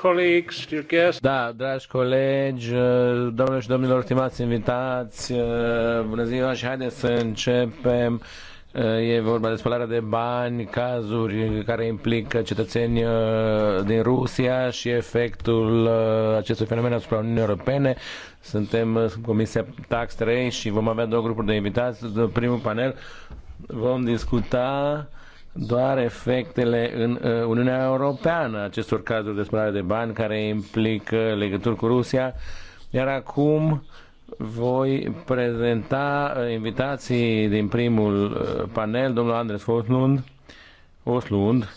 colleagues, dear guests. Da, dragi colegi, uh, domnilor și domnilor, stimați invitați, uh, bună ziua și haideți să începem. Uh, e vorba de spălarea de bani, cazuri care implică cetățeni din Rusia și efectul acestui fenomen asupra Uniunii Europene. Suntem în Comisia Tax 3 și vom avea două grupuri de invitați. Primul panel vom discuta uh, doar efectele în uh, Uniunea Europeană acestor cazuri de spălare de bani care implică legături cu Rusia. Iar acum voi prezenta uh, invitații din primul uh, panel, domnul Andres Oslund. Oslund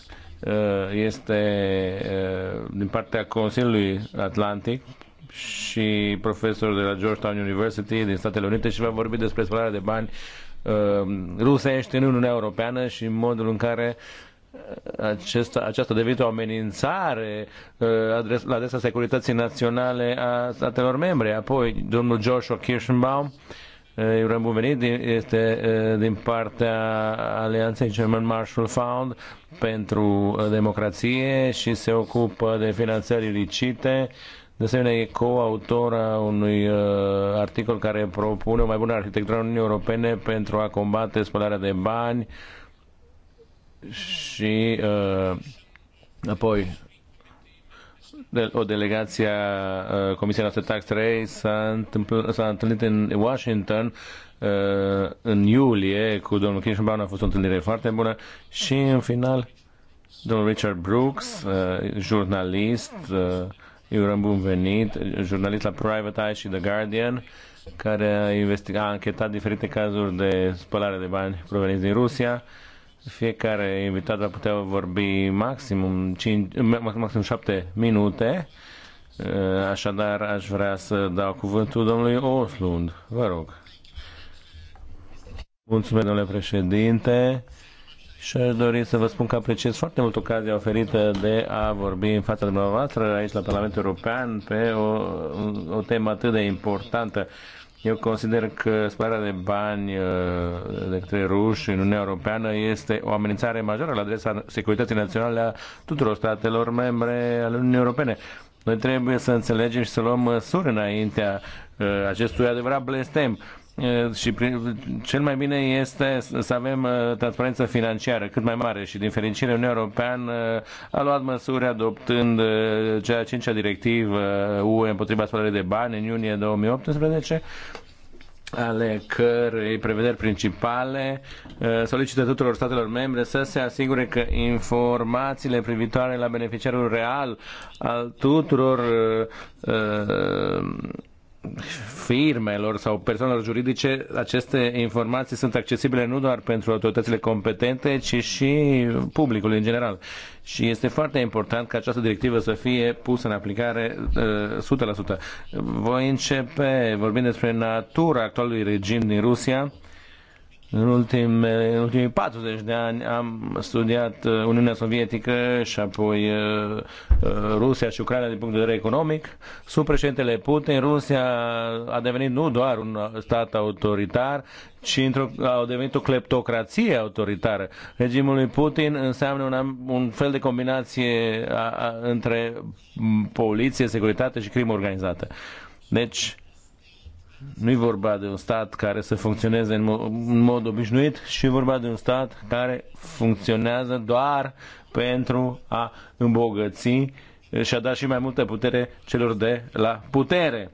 este din partea Consiliului Atlantic și profesor de la Georgetown University din Statele Unite și va vorbi despre spălarea de bani Uh, rusești în Uniunea Europeană și în modul în care uh, acesta, aceasta devine o amenințare uh, adres, la adresa securității naționale a statelor membre. Apoi, domnul Joshua Kirschenbaum, eu urăm bun venit, este din partea Alianței German Marshall Fund pentru democrație și se ocupă de finanțări ilicite de asemenea, e coautor a unui uh, articol care propune o mai bună arhitectură a Uniunii Europene pentru a combate spălarea de bani și uh, apoi de, o delegație a uh, Comisiei noastre Tax 3 s-a, întâlnit în Washington uh, în iulie cu domnul Kirschenbaum, a fost o întâlnire foarte bună și în final domnul Richard Brooks, uh, jurnalist, uh, eu bun venit, jurnalist la Private Eye și The Guardian, care a, investigat, a anchetat diferite cazuri de spălare de bani proveniți din Rusia. Fiecare invitat va putea vorbi maximum, 5, maxim 7 minute. Uh, așadar, aș vrea să dau cuvântul domnului Oslund. Vă rog. Mulțumesc, domnule președinte. Și aș dori să vă spun că apreciez foarte mult ocazia oferită de a vorbi în fața dumneavoastră aici la Parlamentul European pe o, o temă atât de importantă. Eu consider că spălarea de bani uh, de către ruși în Uniunea Europeană este o amenințare majoră la adresa securității naționale a tuturor statelor membre ale Uniunii Europene. Noi trebuie să înțelegem și să luăm măsuri înaintea uh, acestui adevărat blestem și cel mai bine este să avem transparență financiară cât mai mare și din fericire Uniunea Europeană a luat măsuri adoptând cea cincea directivă UE împotriva spălării de bani în iunie 2018 ale cărei prevederi principale solicită tuturor statelor membre să se asigure că informațiile privitoare la beneficiarul real al tuturor uh, firmelor sau persoanelor juridice, aceste informații sunt accesibile nu doar pentru autoritățile competente, ci și publicului în general. Și este foarte important ca această directivă să fie pusă în aplicare uh, 100%. Voi începe vorbind despre natura actualului regim din Rusia în, ultimele, în ultimii 40 de ani am studiat uh, Uniunea Sovietică și apoi uh, uh, Rusia și Ucraina din punct de vedere economic. Sub președintele Putin, Rusia a devenit nu doar un stat autoritar, ci într-o, a devenit o cleptocrație autoritară. Regimul lui Putin înseamnă un, un fel de combinație a, a, între poliție, securitate și crimă organizată. Deci, nu e vorba de un stat care să funcționeze în mod, în mod obișnuit, și e vorba de un stat care funcționează doar pentru a îmbogăți și a da și mai multă putere celor de la putere.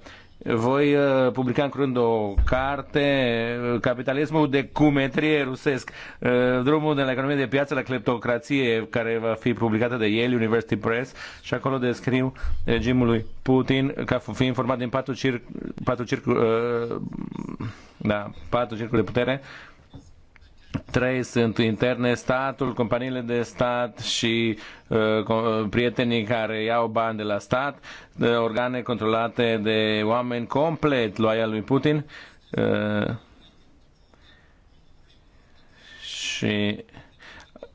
Voi uh, publica în curând o carte, uh, Capitalismul de cumetrie rusesc, uh, drumul de la economie de piață la cleptocrație, care va fi publicată de Yale University Press și acolo descriu regimul lui Putin ca fiind format din patru, circuri, patru, circu- da, patru circuri de putere Trei sunt interne statul, companiile de stat și uh, prietenii care iau bani de la stat, organe controlate de oameni complet loiali lui Putin. Uh, și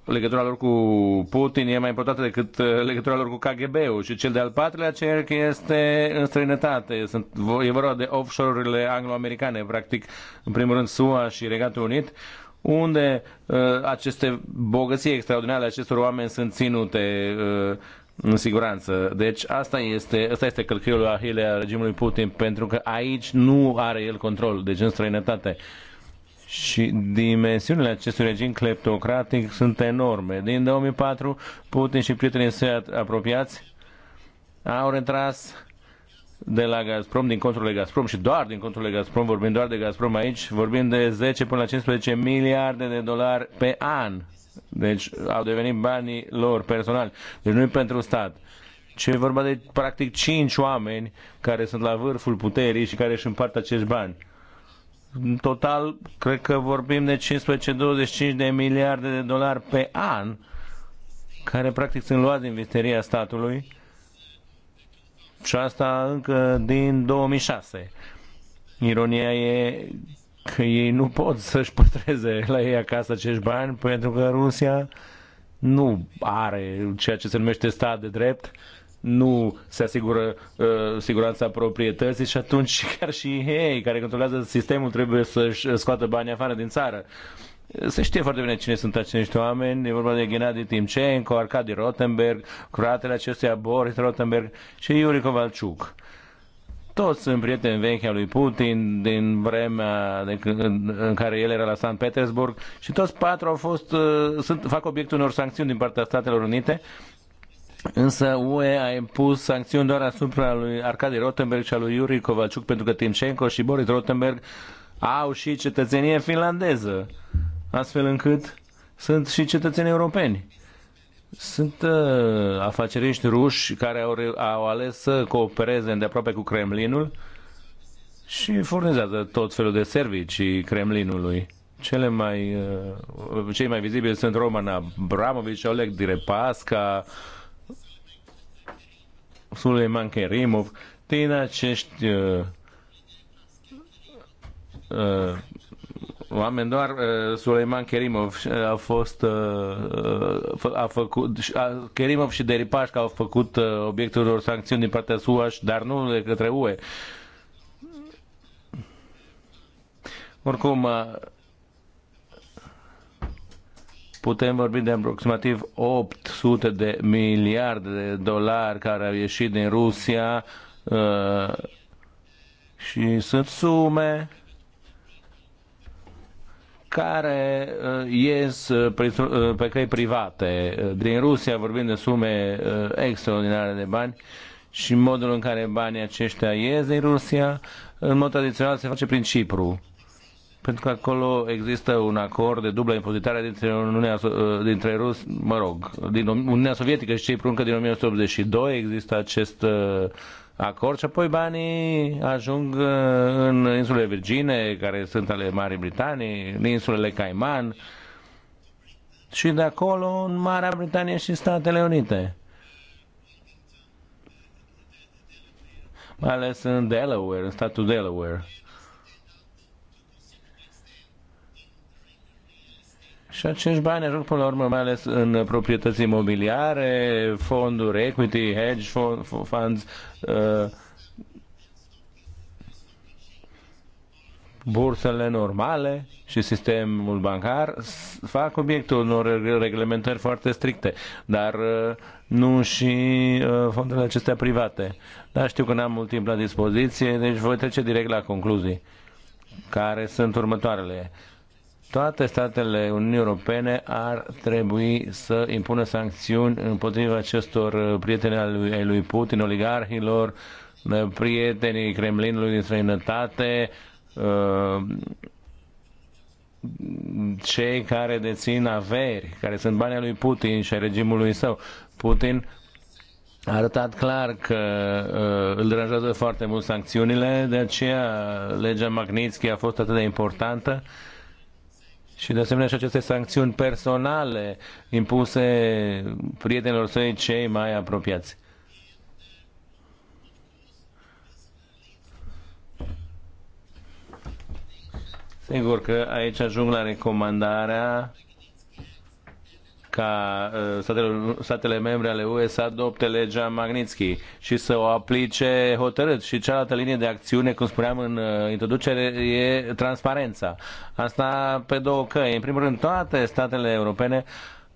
legătura lor cu Putin e mai importantă decât uh, legătura lor cu KGB-ul și cel de-al patrulea cerc este în străinătate. Sunt, e vorba de offshore-urile anglo-americane, practic, în primul rând SUA și Regatul Unit. Uh, unde uh, aceste bogății extraordinare acestor oameni sunt ținute uh, în siguranță. Deci asta este, asta este călcâiul Ahile al regimului Putin, pentru că aici nu are el control, deci în străinătate. Și dimensiunile acestui regim cleptocratic sunt enorme. Din 2004, Putin și prietenii săi apropiați au retras de la Gazprom, din conturile Gazprom și doar din conturile Gazprom, vorbim doar de Gazprom aici, vorbim de 10 până la 15 miliarde de dolari pe an. Deci au devenit banii lor personali. Deci nu pentru stat. Ce e vorba de practic 5 oameni care sunt la vârful puterii și care își împart acești bani. În total, cred că vorbim de 15-25 de miliarde de dolari pe an care practic sunt luați din visteria statului și asta încă din 2006. Ironia e că ei nu pot să-și păstreze la ei acasă acești bani pentru că Rusia nu are ceea ce se numește stat de drept, nu se asigură uh, siguranța proprietății și atunci chiar și ei care controlează sistemul trebuie să-și scoată banii afară din țară. Uh, se știe foarte bine cine sunt acești oameni, e vorba de Gennady Timchenko, Arkady Rottenberg, fratele acestuia Boris Rottenberg și Iuri Kovalciuc. Toți sunt prieteni vechi al lui Putin din vremea de când, în care el era la St. Petersburg și toți patru au fost, uh, sunt, fac obiectul unor sancțiuni din partea Statelor Unite Însă UE a impus sancțiuni doar asupra lui Arcadi Rotenberg și a lui Yuri Kovalciuc pentru că Timchenko și Boris Rotenberg au și cetățenie finlandeză astfel încât sunt și cetățeni europeni. Sunt uh, afaceriști ruși care au, au ales să coopereze îndeaproape cu Kremlinul și furnizează tot felul de servicii Kremlinului. Cele mai, uh, cei mai vizibili sunt Roman Abramovici, Oleg Direpasca, Suleiman Kerimov. Din acești uh, uh, oameni, doar uh, Suleiman Kerimov uh, a fost uh, uh a făcut a, Kerimov și Deripașca au făcut uh, obiectul unor sancțiuni din partea SUA, dar nu de către UE. Oricum, uh, putem vorbi de aproximativ 800 de miliarde de dolari care au ieșit din Rusia uh, și sunt sume care uh, ies uh, uh, pe căi private. Din Rusia vorbim de sume extraordinare de bani și modul în care banii aceștia ies din Rusia, în mod tradițional se face prin Cipru. Pentru că acolo există un acord de dublă impozitare dintre, Uniunea, dintre Rus, mă rog, din Uniunea Sovietică și Cipru încă din 1982 există acest acord și apoi banii ajung uh, în insulele Virgine, care sunt ale Marii Britanii, în insulele Caiman și de acolo în Marea Britanie și Statele Unite. Mai ales în Delaware, în statul Delaware. Și acești bani ajung până la urmă mai ales în proprietăți imobiliare, fonduri, equity, hedge funds, uh, bursele normale și sistemul bancar fac obiectul unor reglementări foarte stricte, dar uh, nu și uh, fondurile acestea private. Dar știu că n-am mult timp la dispoziție, deci voi trece direct la concluzii, care sunt următoarele toate statele Uniunii Europene ar trebui să impună sancțiuni împotriva acestor uh, prieteni ai lui, ai lui Putin, oligarhilor, uh, prietenii Kremlinului din străinătate, uh, cei care dețin averi, care sunt banii lui Putin și a regimului său. Putin a arătat clar că uh, îl deranjează foarte mult sancțiunile, de aceea legea Magnitsky a fost atât de importantă uh, și de asemenea și aceste sancțiuni personale impuse prietenilor săi cei mai apropiați. Sigur că aici ajung la recomandarea ca uh, statele, statele membre ale UE să adopte legea Magnitsky și să o aplice hotărât. Și cealaltă linie de acțiune, cum spuneam în uh, introducere, e transparența. Asta pe două căi. În primul rând, toate statele europene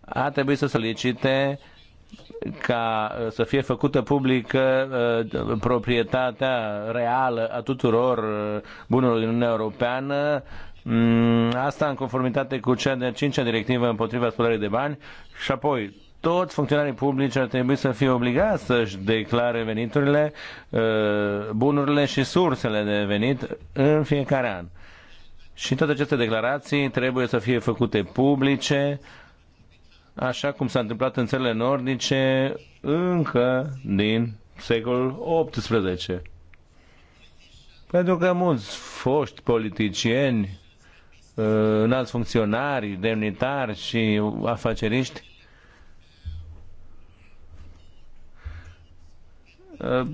a trebuit să solicite ca uh, să fie făcută publică proprietatea reală a tuturor bunurilor din Uniunea Europeană Mm, asta în conformitate cu cea de-a cincea directivă împotriva spălării de bani și apoi toți funcționarii publici ar trebui să fie obligați să-și declare veniturile, uh, bunurile și sursele de venit în fiecare an. Și toate aceste declarații trebuie să fie făcute publice, așa cum s-a întâmplat în țările nordice încă din secolul XVIII. Pentru că mulți foști politicieni Uh, înalți funcționari, demnitari și afaceriști uh,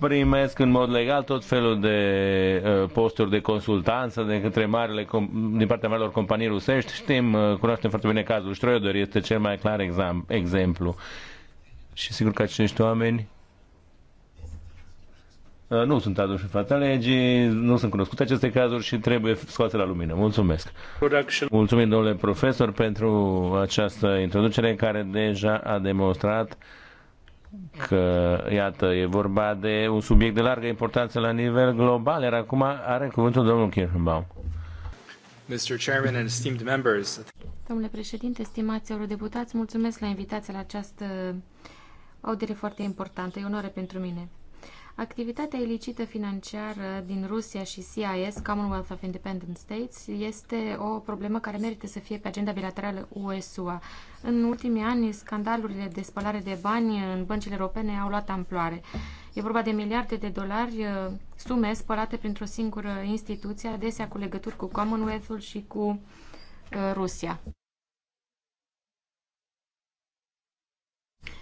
primesc în mod legal tot felul de uh, posturi de consultanță de către marile, din partea marilor companii rusești. Știm, cunoaștem foarte bine cazul Schröder, este cel mai clar exemplu. Și sigur că acești oameni Uh, nu sunt aduși în fața legii, nu sunt cunoscute aceste cazuri și trebuie scoase la lumină. Mulțumesc! Production. Mulțumim, domnule profesor, pentru această introducere care deja a demonstrat că, iată, e vorba de un subiect de largă importanță la nivel global, iar acum are cuvântul domnul Kirchenbaum. Mr. Chairman and esteemed members. Domnule președinte, stimați eurodeputați, mulțumesc la invitația la această audiere foarte importantă. E onoare pentru mine. Activitatea ilicită financiară din Rusia și CIS, Commonwealth of Independent States, este o problemă care merită să fie pe agenda bilaterală UE-SUA. În ultimii ani, scandalurile de spălare de bani în băncile europene au luat amploare. E vorba de miliarde de dolari, uh, sume spălate printr-o singură instituție, adesea cu legături cu Commonwealth-ul și cu uh, Rusia.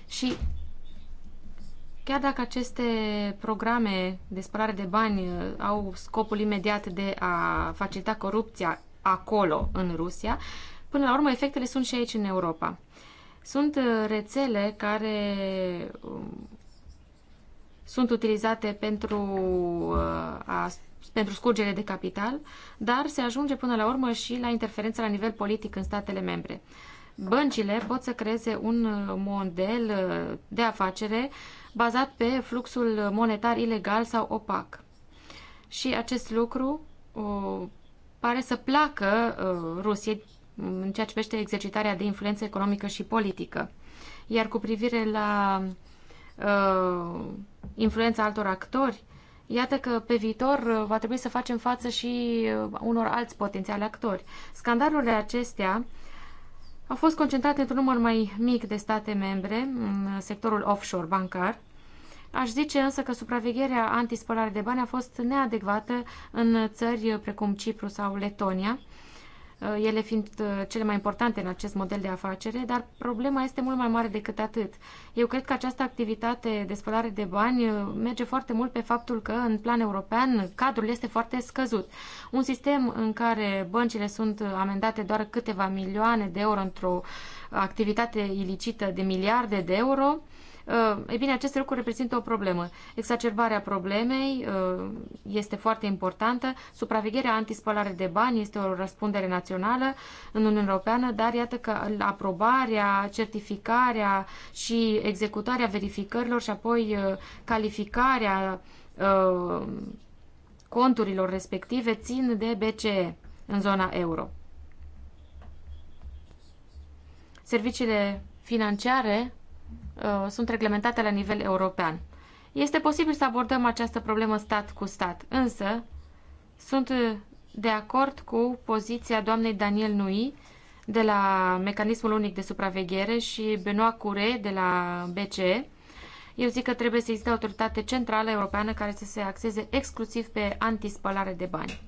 Și Chiar dacă aceste programe de spălare de bani uh, au scopul imediat de a facilita corupția acolo, în Rusia, până la urmă efectele sunt și aici, în Europa. Sunt uh, rețele care um, sunt utilizate pentru, uh, a, pentru scurgere de capital, dar se ajunge până la urmă și la interferența la nivel politic în statele membre. Băncile pot să creeze un model de afacere bazat pe fluxul monetar ilegal sau opac. Și acest lucru uh, pare să placă uh, Rusiei în ceea ce privește exercitarea de influență economică și politică. Iar cu privire la uh, influența altor actori, Iată că pe viitor va trebui să facem față și unor alți potențiali actori. Scandalurile acestea au fost concentrate într-un număr mai mic de state membre în sectorul offshore bancar. Aș zice însă că supravegherea antispălare de bani a fost neadecvată în țări precum Cipru sau Letonia, Uh, ele fiind uh, cele mai importante în acest model de afacere, dar problema este mult mai mare decât atât. Eu cred că această activitate de spălare de bani uh, merge foarte mult pe faptul că în plan european cadrul este foarte scăzut. Un sistem în care băncile sunt amendate doar câteva milioane de euro într-o activitate ilicită de miliarde de euro, uh, Eh, e bine, aceste lucruri reprezintă o problemă. Exacerbarea problemei eh, este foarte importantă, supravegherea antispălare de bani este o răspundere națională în Uniunea Europeană, dar iată că aprobarea, certificarea și executarea verificărilor și apoi eh, calificarea conturilor respective țin de BCE în zona euro. Serviciile financiare Uh, sunt reglementate la nivel european. Este posibil să abordăm această problemă stat cu stat, însă sunt de acord cu poziția doamnei Daniel Nui de la Mecanismul Unic de Supraveghere și Benoît Cure de la BCE. Eu zic că trebuie să existe o autoritate centrală europeană care să se axeze exclusiv pe antispălare de bani.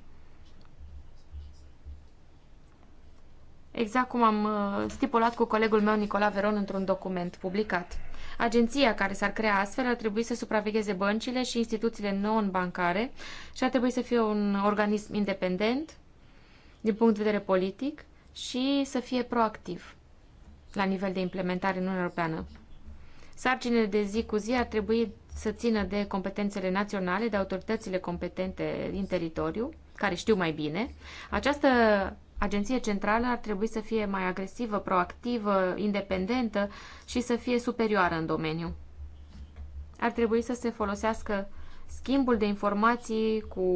exact cum am uh, stipulat cu colegul meu Nicola Veron într-un document publicat. Agenția care s-ar crea astfel ar trebui să supravegheze băncile și instituțiile non-bancare și ar trebui să fie un organism independent din punct de vedere politic și să fie proactiv la nivel de implementare în Uniunea Europeană. Sarcinile de zi cu zi ar trebui să țină de competențele naționale, de autoritățile competente din teritoriu, care știu mai bine. Această agenție centrală ar trebui să fie mai agresivă, proactivă, independentă și să fie superioară în domeniu. Ar trebui să se folosească schimbul de informații cu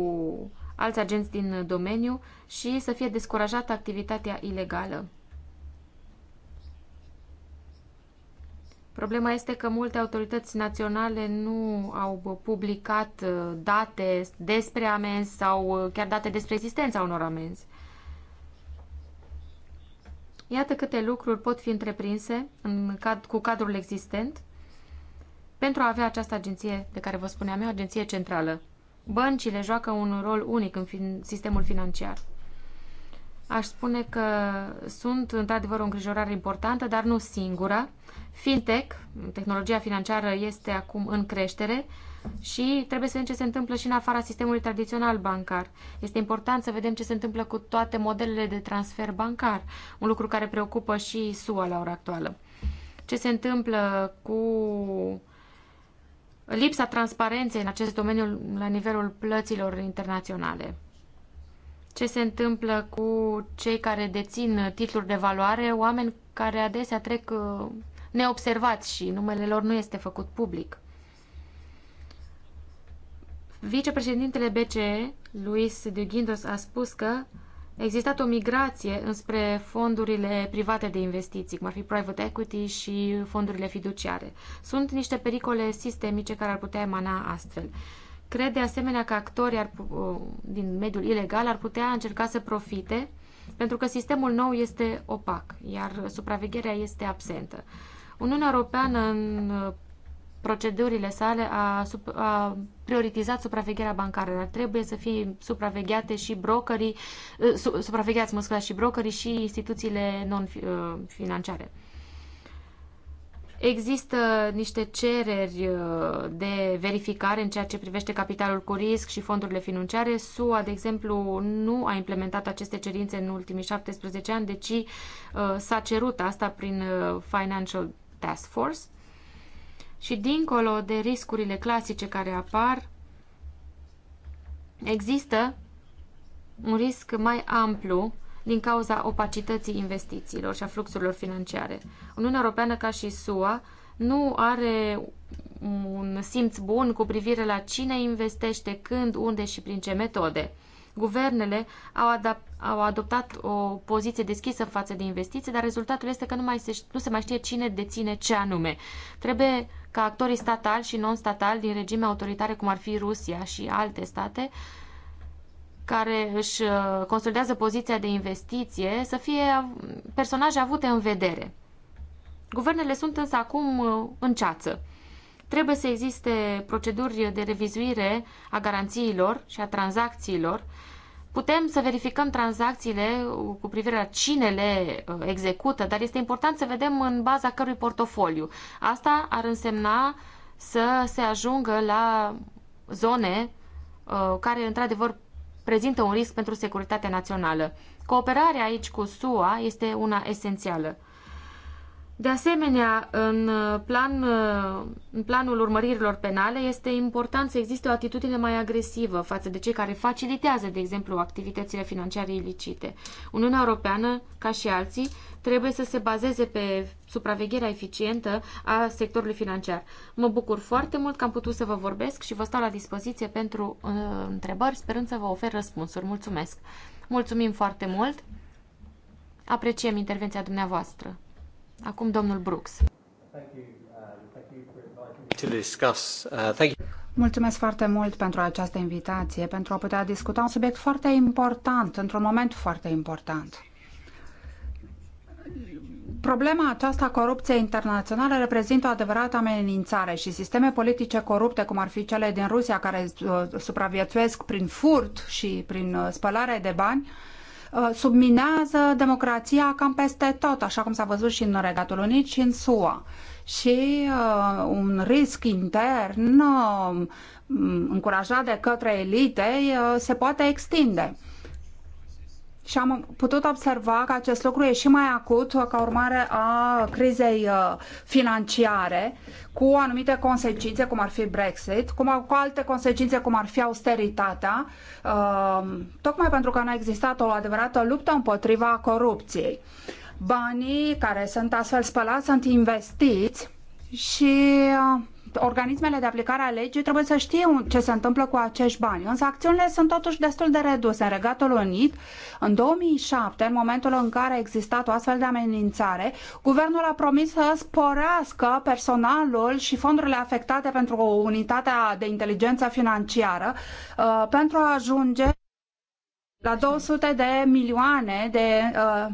alți agenți din domeniu și să fie descurajată activitatea ilegală. Problema este că multe autorități naționale nu au publicat uh, date despre amenzi sau uh, chiar date despre existența unor amenzi. Iată câte lucruri pot fi întreprinse în cad, cu cadrul existent pentru a avea această agenție de care vă spuneam eu, agenție centrală. Băncile joacă un rol unic în fin, sistemul financiar. Aș spune că sunt într-adevăr o îngrijorare importantă, dar nu singura. Fintech, tehnologia financiară, este acum în creștere și trebuie să vedem ce se întâmplă și în afara sistemului tradițional bancar. Este important să vedem ce se întâmplă cu toate modelele de transfer bancar, un lucru care preocupă și SUA la ora actuală. Ce se întâmplă cu lipsa transparenței în acest domeniu la nivelul plăților internaționale. Ce se întâmplă cu cei care dețin titluri de valoare, oameni care adesea trec uh, neobservați și numele lor nu este făcut public. Vicepreședintele BCE, Luis de Guindos, a spus că a existat o migrație înspre fondurile private de investiții, cum ar fi private equity și fondurile fiduciare. Sunt niște pericole sistemice care ar putea emana astfel. Cred de asemenea că actorii ar, din mediul ilegal ar putea încerca să profite pentru că sistemul nou este opac, iar supravegherea este absentă. Uniunea Europeană în procedurile sale a, a prioritizat supravegherea bancară, dar trebuie să fie supravegheate și brokerii, eh, su, supravegheați, mă scuzați, și brokerii și instituțiile non-financiare. Eh, Există niște cereri eh, de verificare în ceea ce privește capitalul cu risc și fondurile financiare. SUA, de exemplu, nu a implementat aceste cerințe în ultimii 17 ani, deci s-a cerut asta prin Financial Task Force și dincolo de riscurile clasice care apar, există un risc mai amplu din cauza opacității investițiilor și a fluxurilor financiare. Uniunea Europeană, ca și SUA, nu are un simț bun cu privire la cine investește, când, unde și prin ce metode. Guvernele au, au adoptat o poziție deschisă în față de investiții, dar rezultatul este că nu, mai se, nu se mai știe cine deține ce anume. Trebuie ca actorii statali și non-statali din regime autoritare, cum ar fi Rusia și alte state, care își uh, consolidează poziția de investiție, să fie personaje avute în vedere. Guvernele sunt însă acum uh, în ceață. Trebuie să existe proceduri de revizuire a garanțiilor și a tranzacțiilor. Putem să verificăm tranzacțiile cu privire la cine le uh, execută, dar este important să vedem în baza cărui portofoliu. Asta ar însemna să se ajungă la zone uh, care, într-adevăr, prezintă un risc pentru securitatea națională. Cooperarea aici cu SUA este una esențială. De asemenea, în, plan, în planul urmăririlor penale este important să existe o atitudine mai agresivă față de cei care facilitează, de exemplu, activitățile financiare ilicite. Uniunea Europeană, ca și alții, trebuie să se bazeze pe supravegherea eficientă a sectorului financiar. Mă bucur foarte mult că am putut să vă vorbesc și vă stau la dispoziție pentru uh, întrebări, sperând să vă ofer răspunsuri. Mulțumesc! Mulțumim foarte mult! Apreciem intervenția dumneavoastră! Acum domnul Brooks. Mulțumesc foarte mult pentru această invitație, pentru a putea discuta un subiect foarte important, într-un moment foarte important. Problema aceasta corupției internaționale reprezintă o adevărată amenințare și sisteme politice corupte, cum ar fi cele din Rusia, care uh, supraviețuiesc prin furt și prin uh, spălare de bani, uh, Uh, subminează democrația cam peste tot, așa cum s-a văzut și în Regatul Unit și în SUA. Și uh, un risc intern uh, încurajat de către elite uh, se poate extinde și am putut observa că acest lucru e și mai acut ca urmare a crizei uh, financiare, cu anumite consecințe, cum ar fi Brexit, cum, cu alte consecințe, cum ar fi austeritatea, uh, tocmai pentru că nu a existat o adevărată luptă împotriva corupției. Banii care sunt astfel spălați sunt investiți și uh, organismele de aplicare a legii trebuie să știe ce se întâmplă cu acești bani. Însă acțiunile sunt totuși destul de reduse. În Regatul Unit, în 2007, în momentul în care a existat o astfel de amenințare, guvernul a promis să sporească personalul și fondurile afectate pentru unitatea de inteligență financiară uh, pentru a ajunge la 200 de milioane de uh,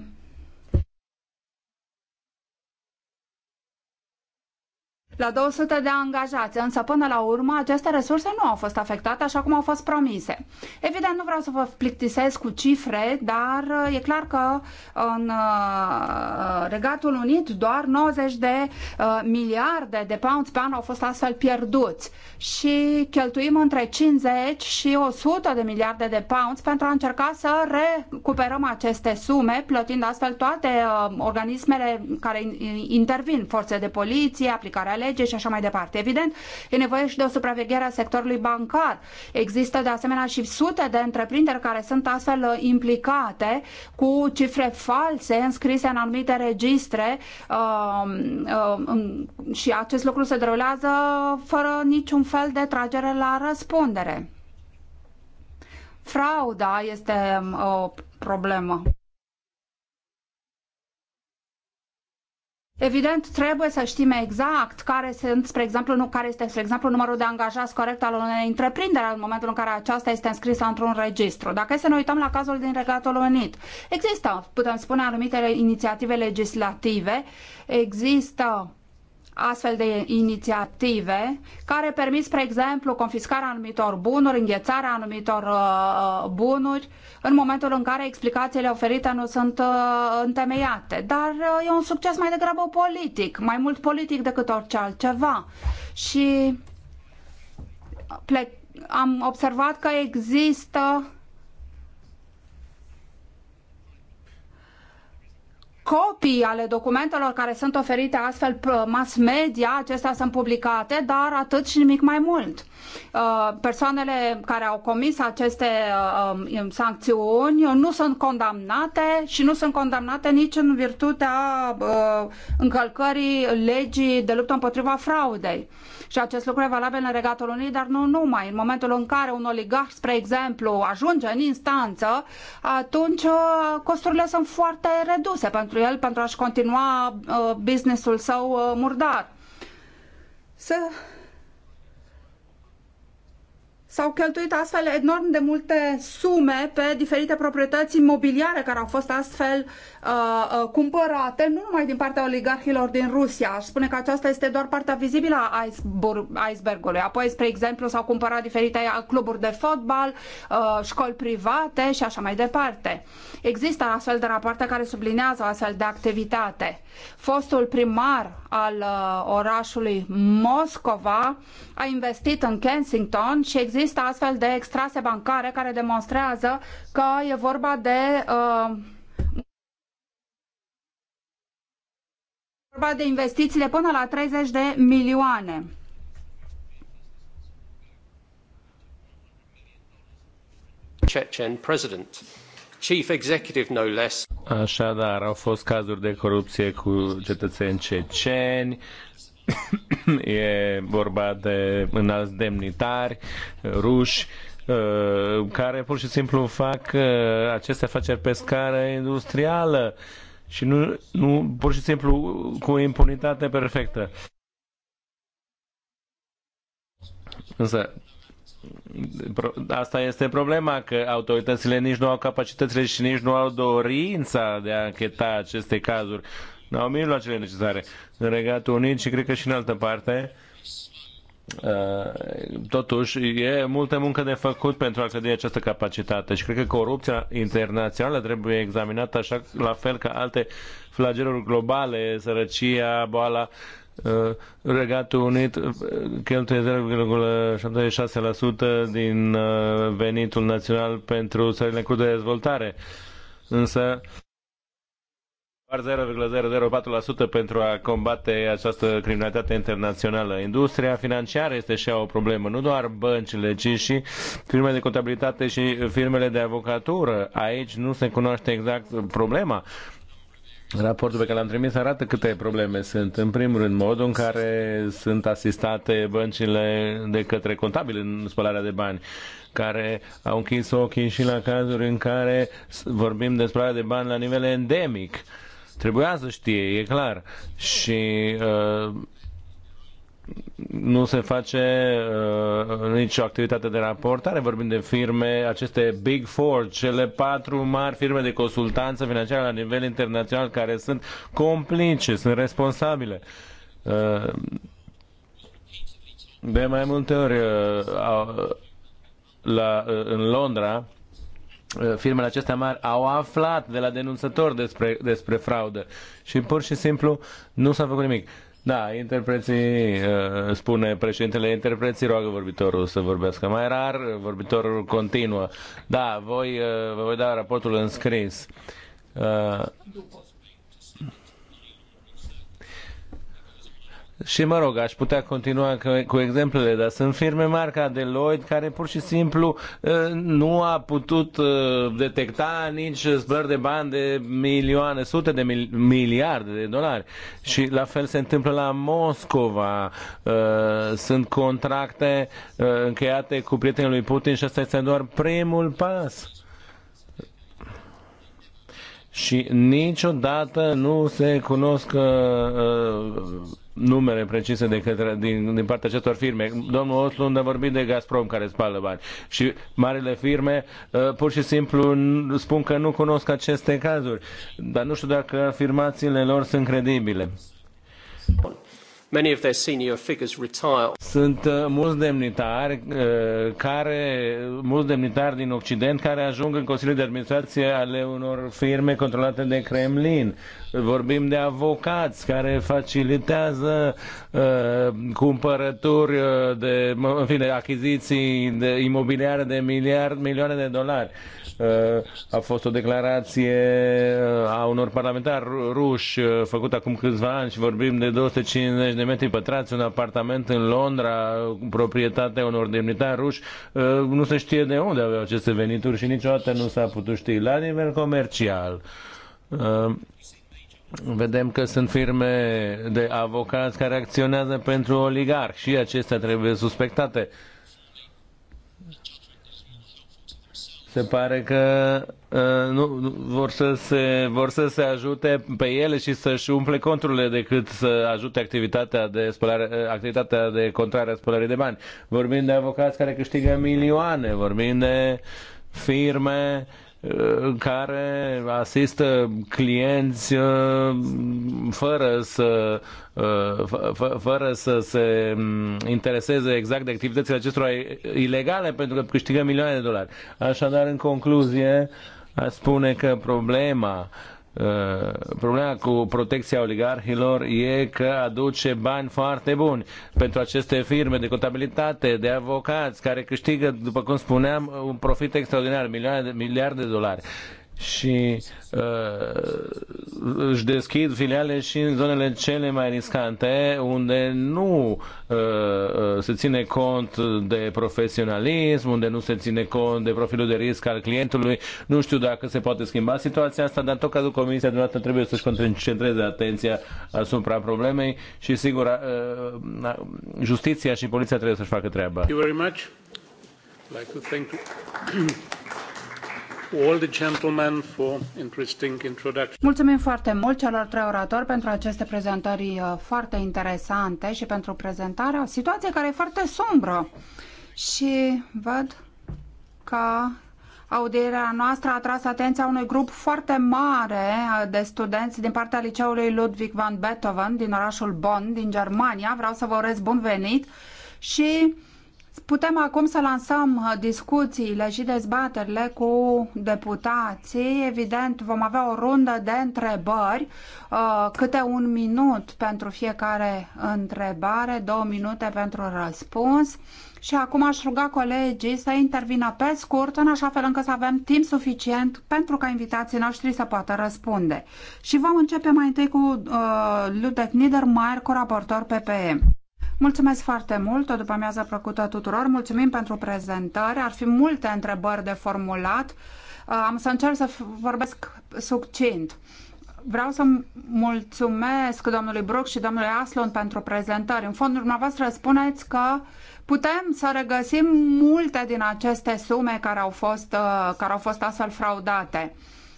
la 200 de angajați, însă până la urmă aceste resurse nu au fost afectate așa cum au fost promise. Evident, nu vreau să vă plictisesc cu cifre, dar uh, e clar că uh, în uh, Regatul Unit doar 90 de miliarde de pounds pe an au fost astfel pierduți și cheltuim între 50 și 100 de miliarde de pounds pentru a încerca să recuperăm aceste sume, plătind astfel toate organismele care intervin, forțe de poliție, aplicarea legii, lege și așa mai departe. Evident, e nevoie și de o supraveghere a sectorului bancar. Există de asemenea și sute de întreprinderi care sunt astfel uh, implicate cu cifre false înscrise în anumite registre uh, uh, și acest lucru se derulează fără niciun fel de tragere la răspundere. Frauda este uh, o problemă. Evident, trebuie să știm exact care sunt, spre exemplu, nu, care este, spre exemplu, numărul de angajați corect al unei întreprinderi în momentul în care aceasta este înscrisă într-un registru. Dacă să ne uităm la cazul din Regatul Unit, există, putem spune, anumite inițiative legislative, există astfel de inițiative care permit, spre exemplu, confiscarea anumitor bunuri, înghețarea anumitor uh, bunuri în momentul în care explicațiile oferite nu sunt uh, întemeiate. Dar uh, e un succes mai degrabă politic, mai mult politic decât orice altceva. Și am observat că există copii ale documentelor care sunt oferite astfel uh, mass media, acestea sunt publicate, dar atât și nimic mai mult. Uh, persoanele care au comis aceste uh, um, sancțiuni nu sunt condamnate și nu sunt condamnate nici în virtutea încălcării legii de luptă împotriva fraudei. Și acest lucru e valabil în Regatul Unit, dar nu numai. În momentul în care un oligar, spre exemplu, ajunge în instanță, atunci uh, costurile sunt foarte reduse pentru el, pentru a-și continua uh, businessul său uh, murdar. Să S-au cheltuit astfel enorm de multe sume pe diferite proprietăți imobiliare care au fost astfel uh, uh, cumpărate, nu numai din partea oligarhilor din Rusia. Aș spune că aceasta este doar partea vizibilă a icebergului. Apoi, spre exemplu, s-au cumpărat diferite cluburi de fotbal, uh, școli private și așa mai departe. Există astfel de rapoarte care sublinează astfel de activitate. Fostul primar al uh, orașului Moscova a investit în Kensington și există există astfel de extrase bancare care demonstrează că e vorba de uh, vorba de investițiile până la 30 de milioane. Chechen president. Chief executive, no less. Așadar, au fost cazuri de corupție cu cetățeni ceceni, e vorba de înalți demnitari, ruși, ă, care pur și simplu fac ă, aceste afaceri pe scară industrială și nu, nu pur și simplu cu impunitate perfectă. Însă, asta este problema, că autoritățile nici nu au capacitățile și nici nu au dorința de a încheta aceste cazuri. Nu au mijloacele necesare în Regatul Unit și cred că și în altă parte. Uh, totuși, e multă muncă de făcut pentru a crede această capacitate și cred că corupția internațională trebuie examinată așa la fel ca alte flageluri globale, sărăcia, boala, uh, Regatul Unit uh, cheltuie 0,76% din venitul național pentru țările cu de dezvoltare. Însă 0,004% pentru a combate această criminalitate internațională. Industria financiară este și ea o problemă, nu doar băncile, ci și firmele de contabilitate și firmele de avocatură. Aici nu se cunoaște exact problema. Raportul pe care l-am trimis arată câte probleme sunt. În primul rând, modul în care sunt asistate băncile de către contabili în spălarea de bani care au închis ochii și la cazuri în care vorbim despre de bani la nivel endemic. Trebuia să știe, e clar. Și uh, nu se face uh, nicio activitate de raportare. Vorbim de firme, aceste Big Four, cele patru mari firme de consultanță financiară la nivel internațional care sunt complice, sunt responsabile. Uh, de mai multe ori uh, la, uh, în Londra, Uh, firmele acestea mari au aflat de la denunțători despre, despre fraudă și pur și simplu nu s-a făcut nimic. Da, interpreții, uh, spune președintele, interpreții roagă vorbitorul să vorbească mai rar, vorbitorul continuă. Da, voi, uh, vă voi da raportul în scris. Și mă rog, aș putea continua cu exemplele, dar sunt firme marca Deloitte care pur și simplu uh, nu a putut uh, detecta nici zbări de bani de milioane, sute de mil- miliarde de dolari. Și la fel se întâmplă la Moscova. Uh, sunt contracte încheiate cu prietenii lui Putin și asta este doar primul pas și niciodată nu se cunosc uh, numere precise de către, din, din partea acestor firme. Domnul Oslund a vorbit de Gazprom care spală bani și marile firme uh, pur și simplu spun că nu cunosc aceste cazuri, dar nu știu dacă afirmațiile lor sunt credibile. Many of their senior figures retire. Sunt uh, mulți demnitari uh, care mulți demnitari din Occident care ajung în consiliul de administrație ale unor firme controlate de Kremlin vorbim de avocați care facilitează uh, cumpărături uh, de, în fine, achiziții de imobiliare de miliard, milioane de dolari. Uh, a fost o declarație uh, a unor parlamentari ruși uh, făcută acum câțiva ani și vorbim de 250 de metri pătrați, un apartament în Londra, proprietatea unor demnitari ruși. Uh, nu se știe de unde aveau aceste venituri și niciodată nu s-a putut ști. La nivel comercial, Vedem că sunt firme de avocați care acționează pentru oligarhi și acestea trebuie suspectate. Se pare că uh, nu, vor, să se, vor să se ajute pe ele și să-și umple conturile decât să ajute activitatea de, spălare, uh, activitatea de contrare a spălării de bani. Vorbim de avocați care câștigă milioane, vorbim de firme în care asistă clienți uh, fără să, uh, fără să se mm, intereseze exact de activitățile acestora ilegale pentru că câștigă milioane de dolari. Așadar, în concluzie, aș spune că problema uh, Uh, problema cu protecția oligarhilor e că aduce bani foarte buni pentru aceste firme de contabilitate, de avocați, care câștigă, după cum spuneam, un profit extraordinar, miliarde, miliarde de dolari și uh, își deschid filiale și în zonele cele mai riscante, unde nu uh, uh, se ține cont de profesionalism, unde nu se ține cont de profilul de risc al clientului. Nu știu dacă se poate schimba situația asta, dar în tot cazul comisia dumneavoastră trebuie să-și concentreze atenția asupra problemei și sigur uh, uh, justiția și poliția trebuie să-și facă treaba. Thank you very much. I'd like to thank you. Mulțumim foarte mult celor trei oratori pentru aceste prezentări uh, foarte interesante și pentru prezentarea. situației care e foarte sombră. Și văd că audierea noastră a atras atenția unui grup foarte mare uh, de studenți din partea liceului Ludwig van Beethoven din orașul Bonn, din Germania. Vreau să vă urez bun venit și Putem acum să lansăm uh, discuțiile și dezbaterile cu deputații. Evident, vom avea o rundă de întrebări, uh, câte un minut pentru fiecare întrebare, două minute pentru răspuns. Și acum aș ruga colegii să intervină pe scurt, în așa fel încât să avem timp suficient pentru ca invitații noștri să poată răspunde. Și vom începe mai întâi cu uh, Ludek Niedermayer, cu raportor PPM. Mulțumesc foarte mult, o după amiază plăcută tuturor. Mulțumim pentru prezentare. Ar fi multe întrebări de formulat. Uh, am să încerc să vorbesc succint. Vreau să mulțumesc domnului Brook și domnului Aslon pentru prezentări. În fondul dumneavoastră spuneți că putem să regăsim multe din aceste sume care au fost, uh, care au fost astfel fraudate.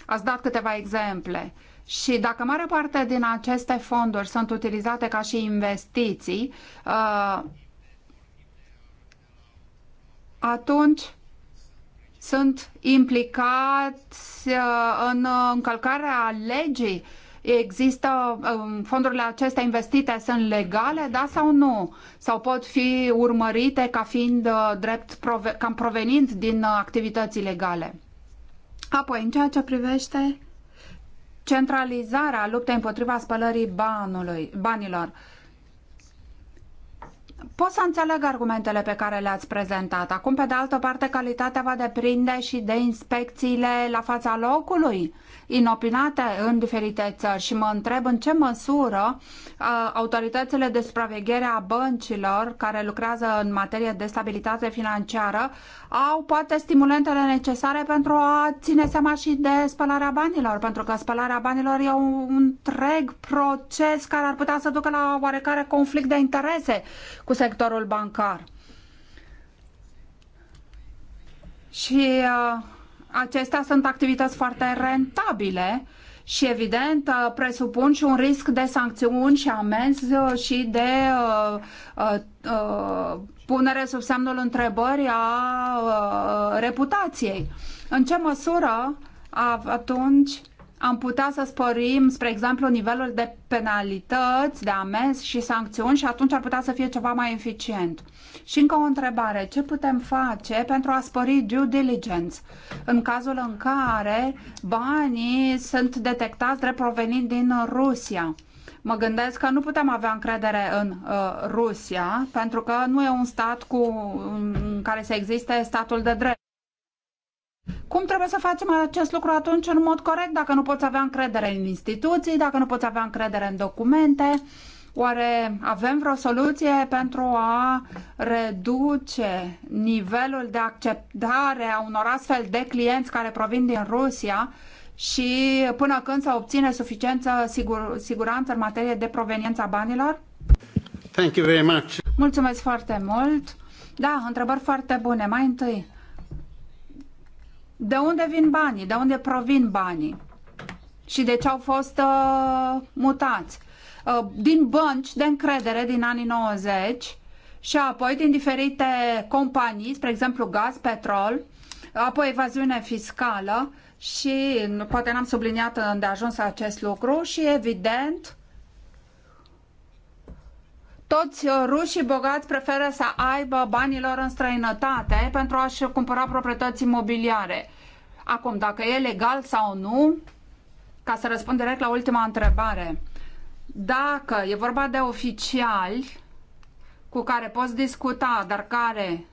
Ați dat câteva exemple. Și dacă mare parte din aceste fonduri sunt utilizate ca și investiții, uh, atunci sunt implicați uh, în încălcarea legii există um, fondurile acestea investite sunt legale, da sau nu? Sau pot fi urmărite ca fiind uh, drept cam provenind din activități legale? Apoi, în ceea ce privește centralizarea luptei împotriva spălării banului, banilor. Pot să înțeleg argumentele pe care le-ați prezentat. Acum, pe de altă parte, calitatea va depinde și de inspecțiile la fața locului, inopinate în diferite țări și mă întreb în ce măsură uh, autoritățile de supraveghere a băncilor care lucrează în materie de stabilitate financiară au poate stimulentele necesare pentru a ține seama și de spălarea banilor, pentru că spălarea banilor e un întreg proces care ar putea să ducă la oarecare conflict de interese cu sectorul bancar. Și uh, acestea sunt activități foarte rentabile și evident uh, presupun și un risc de sancțiuni și amenzi uh, și de uh, uh, uh, punere sub semnul întrebării a reputației. În ce măsură atunci am putea să sporim, spre exemplu, nivelul de penalități, de amenzi și sancțiuni și atunci ar putea să fie ceva mai eficient. Și încă o întrebare. Ce putem face pentru a spori due diligence în cazul în care banii sunt detectați drept provenind din Rusia? mă gândesc că nu putem avea încredere în uh, Rusia, pentru că nu e un stat cu, în care să existe statul de drept. Cum trebuie să facem acest lucru atunci în mod corect dacă nu poți avea încredere în instituții, dacă nu poți avea încredere în documente? Uh, Oare avem vreo soluție pentru a reduce nivelul de acceptare a unor astfel de clienți care provin din Rusia și până când se obține suficientă sigur, siguranță în materie de proveniența banilor? Thank you very much. Mulțumesc foarte mult. Da, întrebări foarte bune. Mai întâi, de unde vin banii? De unde provin banii? Și de ce au fost uh, mutați? Uh, din bănci de încredere din anii 90 și apoi din diferite companii, spre exemplu gaz, petrol, apoi evaziune fiscală și poate n-am subliniat ajuns acest lucru și evident toți uh, rușii bogați preferă să aibă banilor în străinătate pentru a-și cumpăra proprietăți imobiliare. Acum, dacă e legal sau nu, ca să răspund direct la ultima întrebare, dacă e vorba de oficiali cu care poți discuta, dar care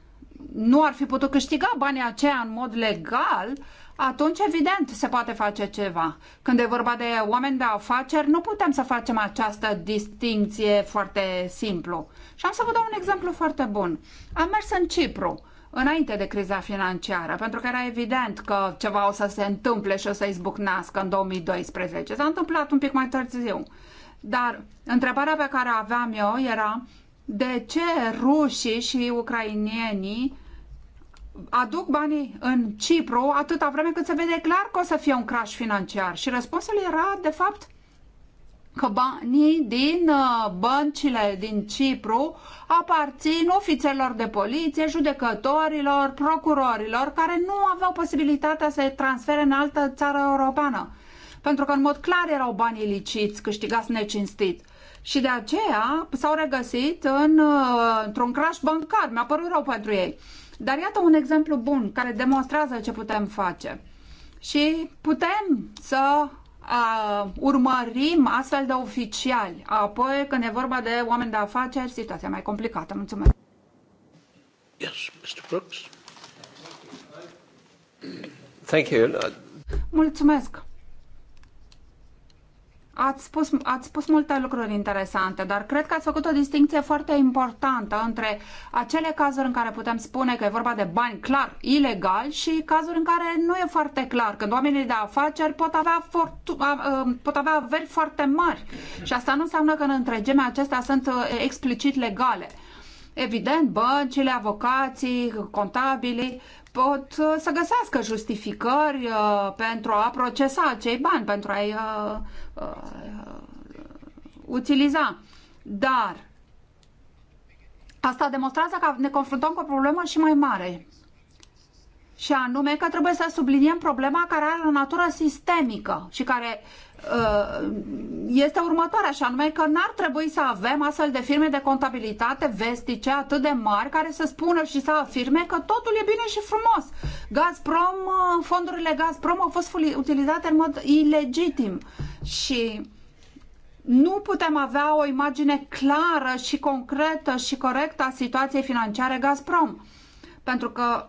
nu ar fi putut câștiga banii aceia în mod legal, atunci, evident, se poate face ceva. Când e vorba de oameni de afaceri, nu putem să facem această distinție foarte simplu. Și am să vă dau un exemplu foarte bun. Am mers în Cipru, înainte de criza financiară, pentru că era evident că ceva o să se întâmple și o să izbucnească în 2012. S-a întâmplat un pic mai târziu. Dar întrebarea pe care aveam eu era de ce rușii și ucrainienii aduc banii în Cipru atâta vreme cât se vede clar că o să fie un crash financiar. Și răspunsul era, de fapt, că banii din uh, băncile din Cipru aparțin ofițerilor de poliție, judecătorilor, procurorilor, care nu aveau posibilitatea să transfere în altă țară europeană pentru că în mod clar erau bani iliciți, câștigați necinstit. Și de aceea s-au regăsit în, uh, într-un crash bancar. Mi-a părut rău pentru ei. Dar iată un exemplu bun care demonstrează ce putem face. Și putem să uh, urmărim astfel de oficiali. Apoi, când e vorba de oameni de afaceri, situația mai complicată. Mulțumesc. Yes, Mr. Brooks. Thank you. Mulțumesc. Ați spus, ați spus multe lucruri interesante, dar cred că ați făcut o distinție foarte importantă între acele cazuri în care putem spune că e vorba de bani clar, ilegal și cazuri în care nu e foarte clar, când oamenii de afaceri pot avea, fortu- pot avea averi foarte mari și asta nu înseamnă că în întregime acestea sunt uh, explicit legale. Evident, băncile, avocații, contabilii pot uh, să găsească justificări uh, pentru a procesa acei bani, pentru a-i uh, uh, utiliza. Dar asta demonstrează că ne confruntăm cu o problemă și mai mare. Și anume că trebuie să subliniem problema care are o natură sistemică și care uh, este următoarea, și anume că n-ar trebui să avem astfel de firme de contabilitate vestice atât de mari care să spună și să afirme că totul e bine și frumos. Gazprom, uh, fondurile Gazprom au fost utilizate în mod ilegitim. Uh, și nu putem avea o imagine clară și concretă și corectă a situației financiare Gazprom. Pentru că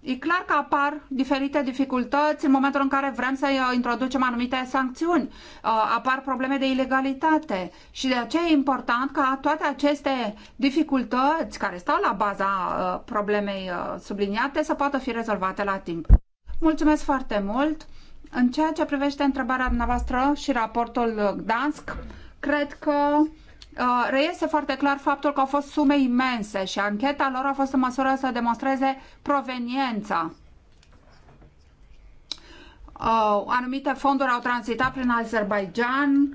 e clar că apar diferite dificultăți în momentul în care vrem să uh, introducem anumite sancțiuni, uh, apar probleme de ilegalitate și de aceea e important ca toate aceste dificultăți care stau la baza uh, problemei subliniate să poată fi rezolvate la timp. Mulțumesc foarte mult! În ceea ce privește întrebarea dumneavoastră și raportul uh, Gdansk, cred că Uh, reiese foarte clar faptul că au fost sume imense și ancheta lor a fost în măsură să demonstreze proveniența. Uh, anumite fonduri au tranzitat prin Azerbaijan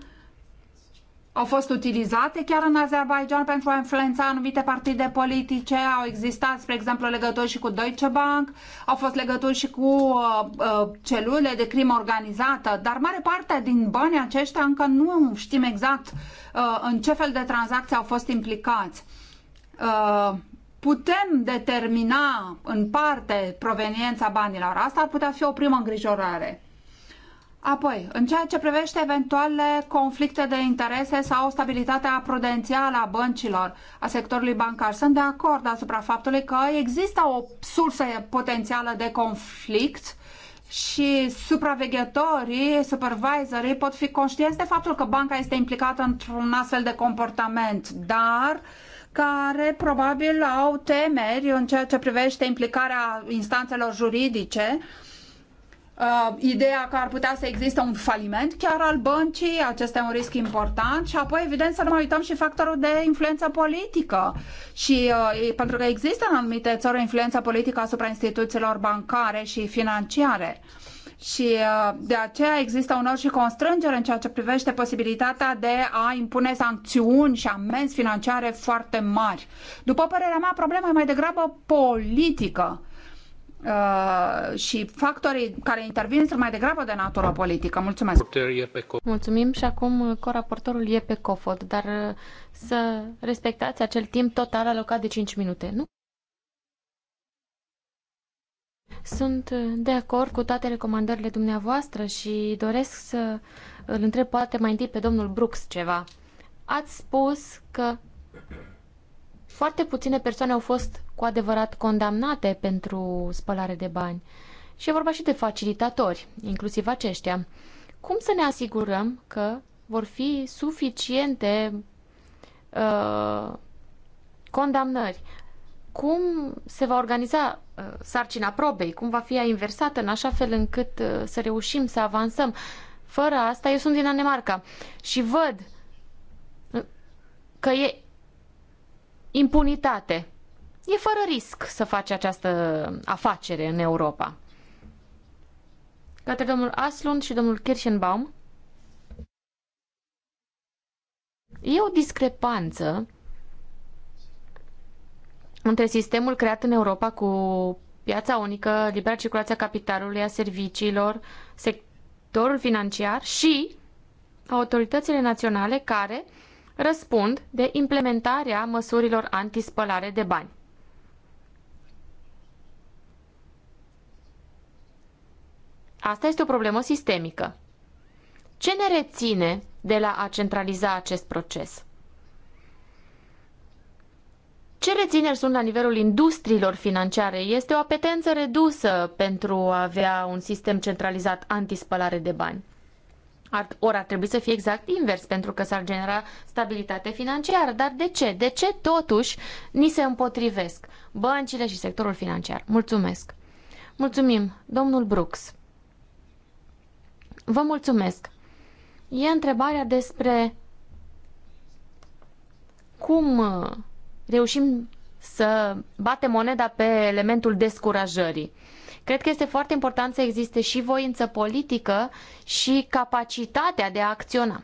au fost utilizate chiar în Azerbaijan pentru a influența anumite partide politice, au existat, spre exemplu, legături și cu Deutsche Bank, au fost legături și cu uh, uh, celule de crimă organizată, dar mare parte din banii aceștia încă nu știm exact uh, în ce fel de tranzacții au fost implicați. Uh, putem determina în parte proveniența banilor. Asta ar putea fi o primă îngrijorare. Apoi, în ceea ce privește eventuale conflicte de interese sau stabilitatea prudențială a băncilor, a sectorului bancar, sunt de acord asupra faptului că există o sursă potențială de conflict și supraveghetorii, supervisorii pot fi conștienți de faptul că banca este implicată într-un astfel de comportament, dar care probabil au temeri în ceea ce privește implicarea instanțelor juridice uh, uh, ideea că ar putea să existe un faliment chiar al băncii, acesta e un risc important și apoi evident să nu mai uităm și factorul de influență politică și uh, pentru că există în anumite țări o influență politică asupra instituțiilor bancare și financiare și uh, de aceea există unor și constrângere în ceea ce privește posibilitatea de a impune sancțiuni și amenzi financiare foarte mari. După părerea mea, problema e mai degrabă politică uh, și factorii care intervin sunt mai degrabă de natură politică. Mulțumesc! Mulțumim și acum coraportorul e pe cofot, dar uh, să respectați acel timp total alocat de 5 minute, nu? Sunt uh, de acord cu toate recomandările dumneavoastră și doresc să îl întreb poate mai întâi pe domnul Brooks ceva. Ați spus că foarte puține persoane au fost cu adevărat condamnate pentru spălare de bani. Și e vorba și de facilitatori, inclusiv aceștia. Cum să ne asigurăm că vor fi suficiente uh, condamnări? Cum se va organiza uh, sarcina probei? Cum va fi ea inversată în așa fel încât uh, să reușim să avansăm? Fără asta, eu sunt din Danemarca și văd uh, că e impunitate. E fără risc să faci această afacere în Europa. Către domnul Aslund și domnul Kirschenbaum, e o discrepanță între sistemul creat în Europa cu piața unică, libera circulație a capitalului, a serviciilor, sectorul financiar și autoritățile naționale care răspund de implementarea măsurilor antispălare de bani. Asta este o problemă sistemică. Ce ne reține de la a centraliza acest proces? Ce rețineri sunt la nivelul industriilor financiare? Este o apetență redusă pentru a avea un sistem centralizat antispălare de bani. Ori ar trebui să fie exact invers, pentru că s-ar genera stabilitate financiară. Dar de ce? De ce totuși ni se împotrivesc băncile și sectorul financiar? Mulțumesc! Mulțumim, domnul Brooks! Vă mulțumesc! E întrebarea despre cum uh, reușim să batem moneda pe elementul descurajării. Cred că este foarte important să existe și voință politică și capacitatea de a acționa.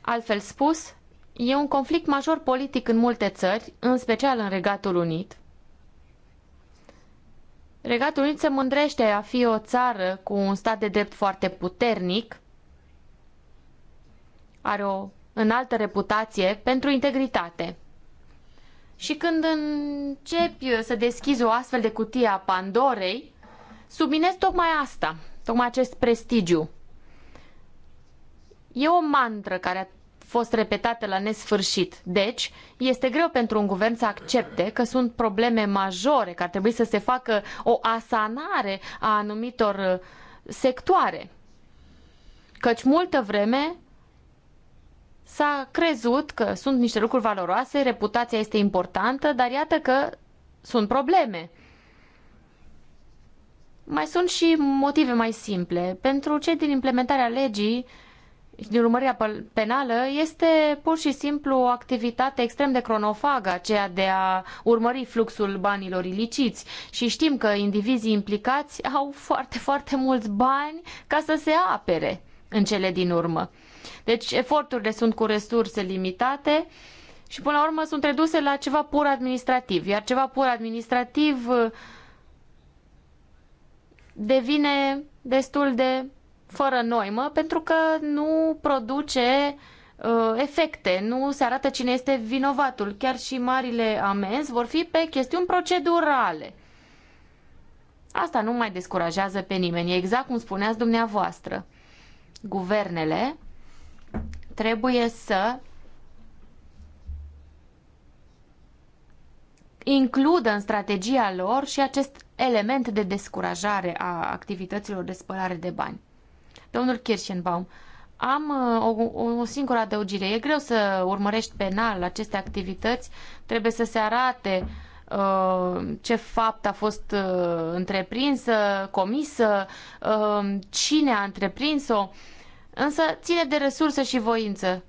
Altfel spus, e un conflict major politic în multe țări, în special în Regatul Unit. Regatul Unit se mândrește a fi o țară cu un stat de drept foarte puternic, are o înaltă reputație pentru integritate. Și când începi să deschizi o astfel de cutie a Pandorei, subminezi tocmai asta, tocmai acest prestigiu. E o mantră care a fost repetată la nesfârșit. Deci, este greu pentru un guvern să accepte că sunt probleme majore, că ar trebui să se facă o asanare a anumitor sectoare. Căci multă vreme s-a crezut că sunt niște lucruri valoroase, reputația este importantă, dar iată că sunt probleme. Mai sunt și motive mai simple. Pentru cei din implementarea legii, din urmărirea penală este pur și simplu o activitate extrem de cronofagă, aceea de a urmări fluxul banilor iliciți. Și știm că indivizii implicați au foarte, foarte mulți bani ca să se apere în cele din urmă. Deci eforturile sunt cu resurse limitate și până la urmă sunt reduse la ceva pur administrativ, iar ceva pur administrativ uh, devine destul de fără noimă pentru că nu produce uh, efecte, nu se arată cine este vinovatul. Chiar și marile amenzi vor fi pe chestiuni procedurale. Asta nu mai descurajează pe nimeni, e exact cum spuneați dumneavoastră. Guvernele trebuie să includă în strategia lor și acest element de descurajare a activităților de spălare de bani. Domnul Kirschenbaum, am uh, o, o singură adăugire. E greu să urmărești penal aceste activități. Trebuie să se arate uh, ce fapt a fost uh, întreprinsă, comisă, uh, cine a întreprins-o. Uh, Însă ține de resurse și voință.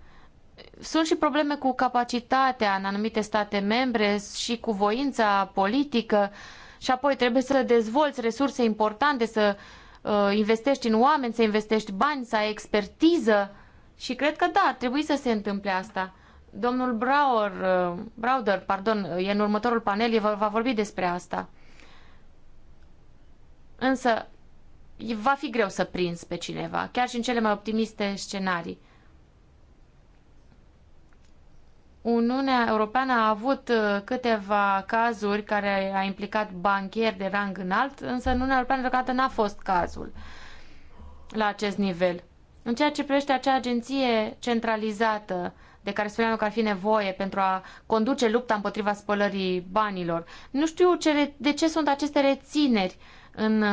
Sunt și probleme cu capacitatea în anumite state membre și cu voința politică și apoi trebuie să dezvolți resurse importante, să uh, investești în oameni, să investești bani, să ai expertiză și cred că da, trebuie să se întâmple asta. Domnul Brauer, uh, Browder, pardon, e în următorul panel, va, va vorbi despre asta. Însă, va fi greu să prinzi pe cineva, chiar și în cele mai optimiste scenarii. Uniunea Europeană a avut uh, câteva cazuri care a implicat banchieri de rang înalt, însă în Uniunea Europeană deocamdată n-a fost cazul la acest nivel. În ceea ce privește acea agenție centralizată de care spuneam că ar fi nevoie pentru a conduce lupta împotriva spălării banilor, nu știu ce, de ce sunt aceste rețineri uh, în uh,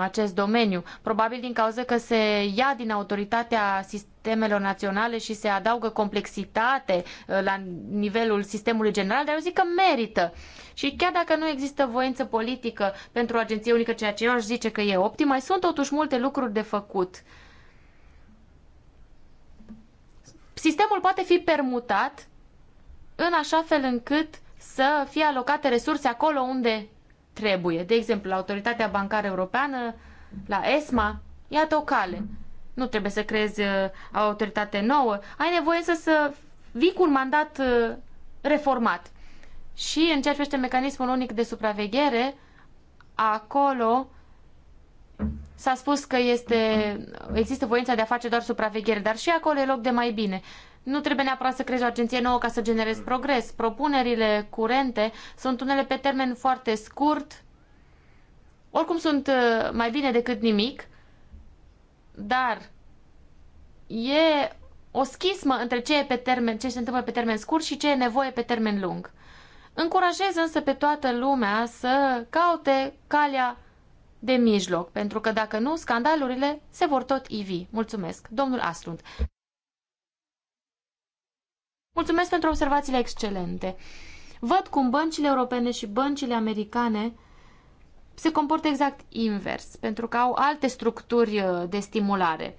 acest domeniu, probabil din cauza că se ia din autoritatea sistemelor naționale și se adaugă complexitate uh, la nivelul sistemului general, dar eu zic că merită. Și chiar dacă nu există voință politică pentru o agenție unică, ceea ce eu aș zice că e optim, mai sunt totuși multe lucruri de făcut. Sistemul poate fi permutat în așa fel încât să fie alocate resurse acolo unde trebuie. De exemplu, la Autoritatea Bancară Europeană, la ESMA, iată o cale. Nu trebuie să creezi uh, o autoritate nouă. Ai nevoie să, să vii cu un mandat uh, reformat. Și în ceea ce privește mecanismul unic de supraveghere, acolo s-a spus că este, există voința de a face doar supraveghere, dar și acolo e loc de mai bine. Nu trebuie neapărat să crezi o agenție nouă ca să generezi mm. progres. Propunerile curente sunt unele pe termen foarte scurt, oricum sunt uh, mai bine decât nimic, dar e o schismă între ce, e pe termen, ce se întâmplă pe termen scurt și ce e nevoie pe termen lung. Încurajez însă pe toată lumea să caute calea de mijloc, pentru că dacă nu, scandalurile se vor tot ivi. Mulțumesc, domnul Aslund. Mulțumesc pentru observațiile excelente. Văd cum băncile europene și băncile americane se comportă exact invers, pentru că au alte structuri uh, de stimulare.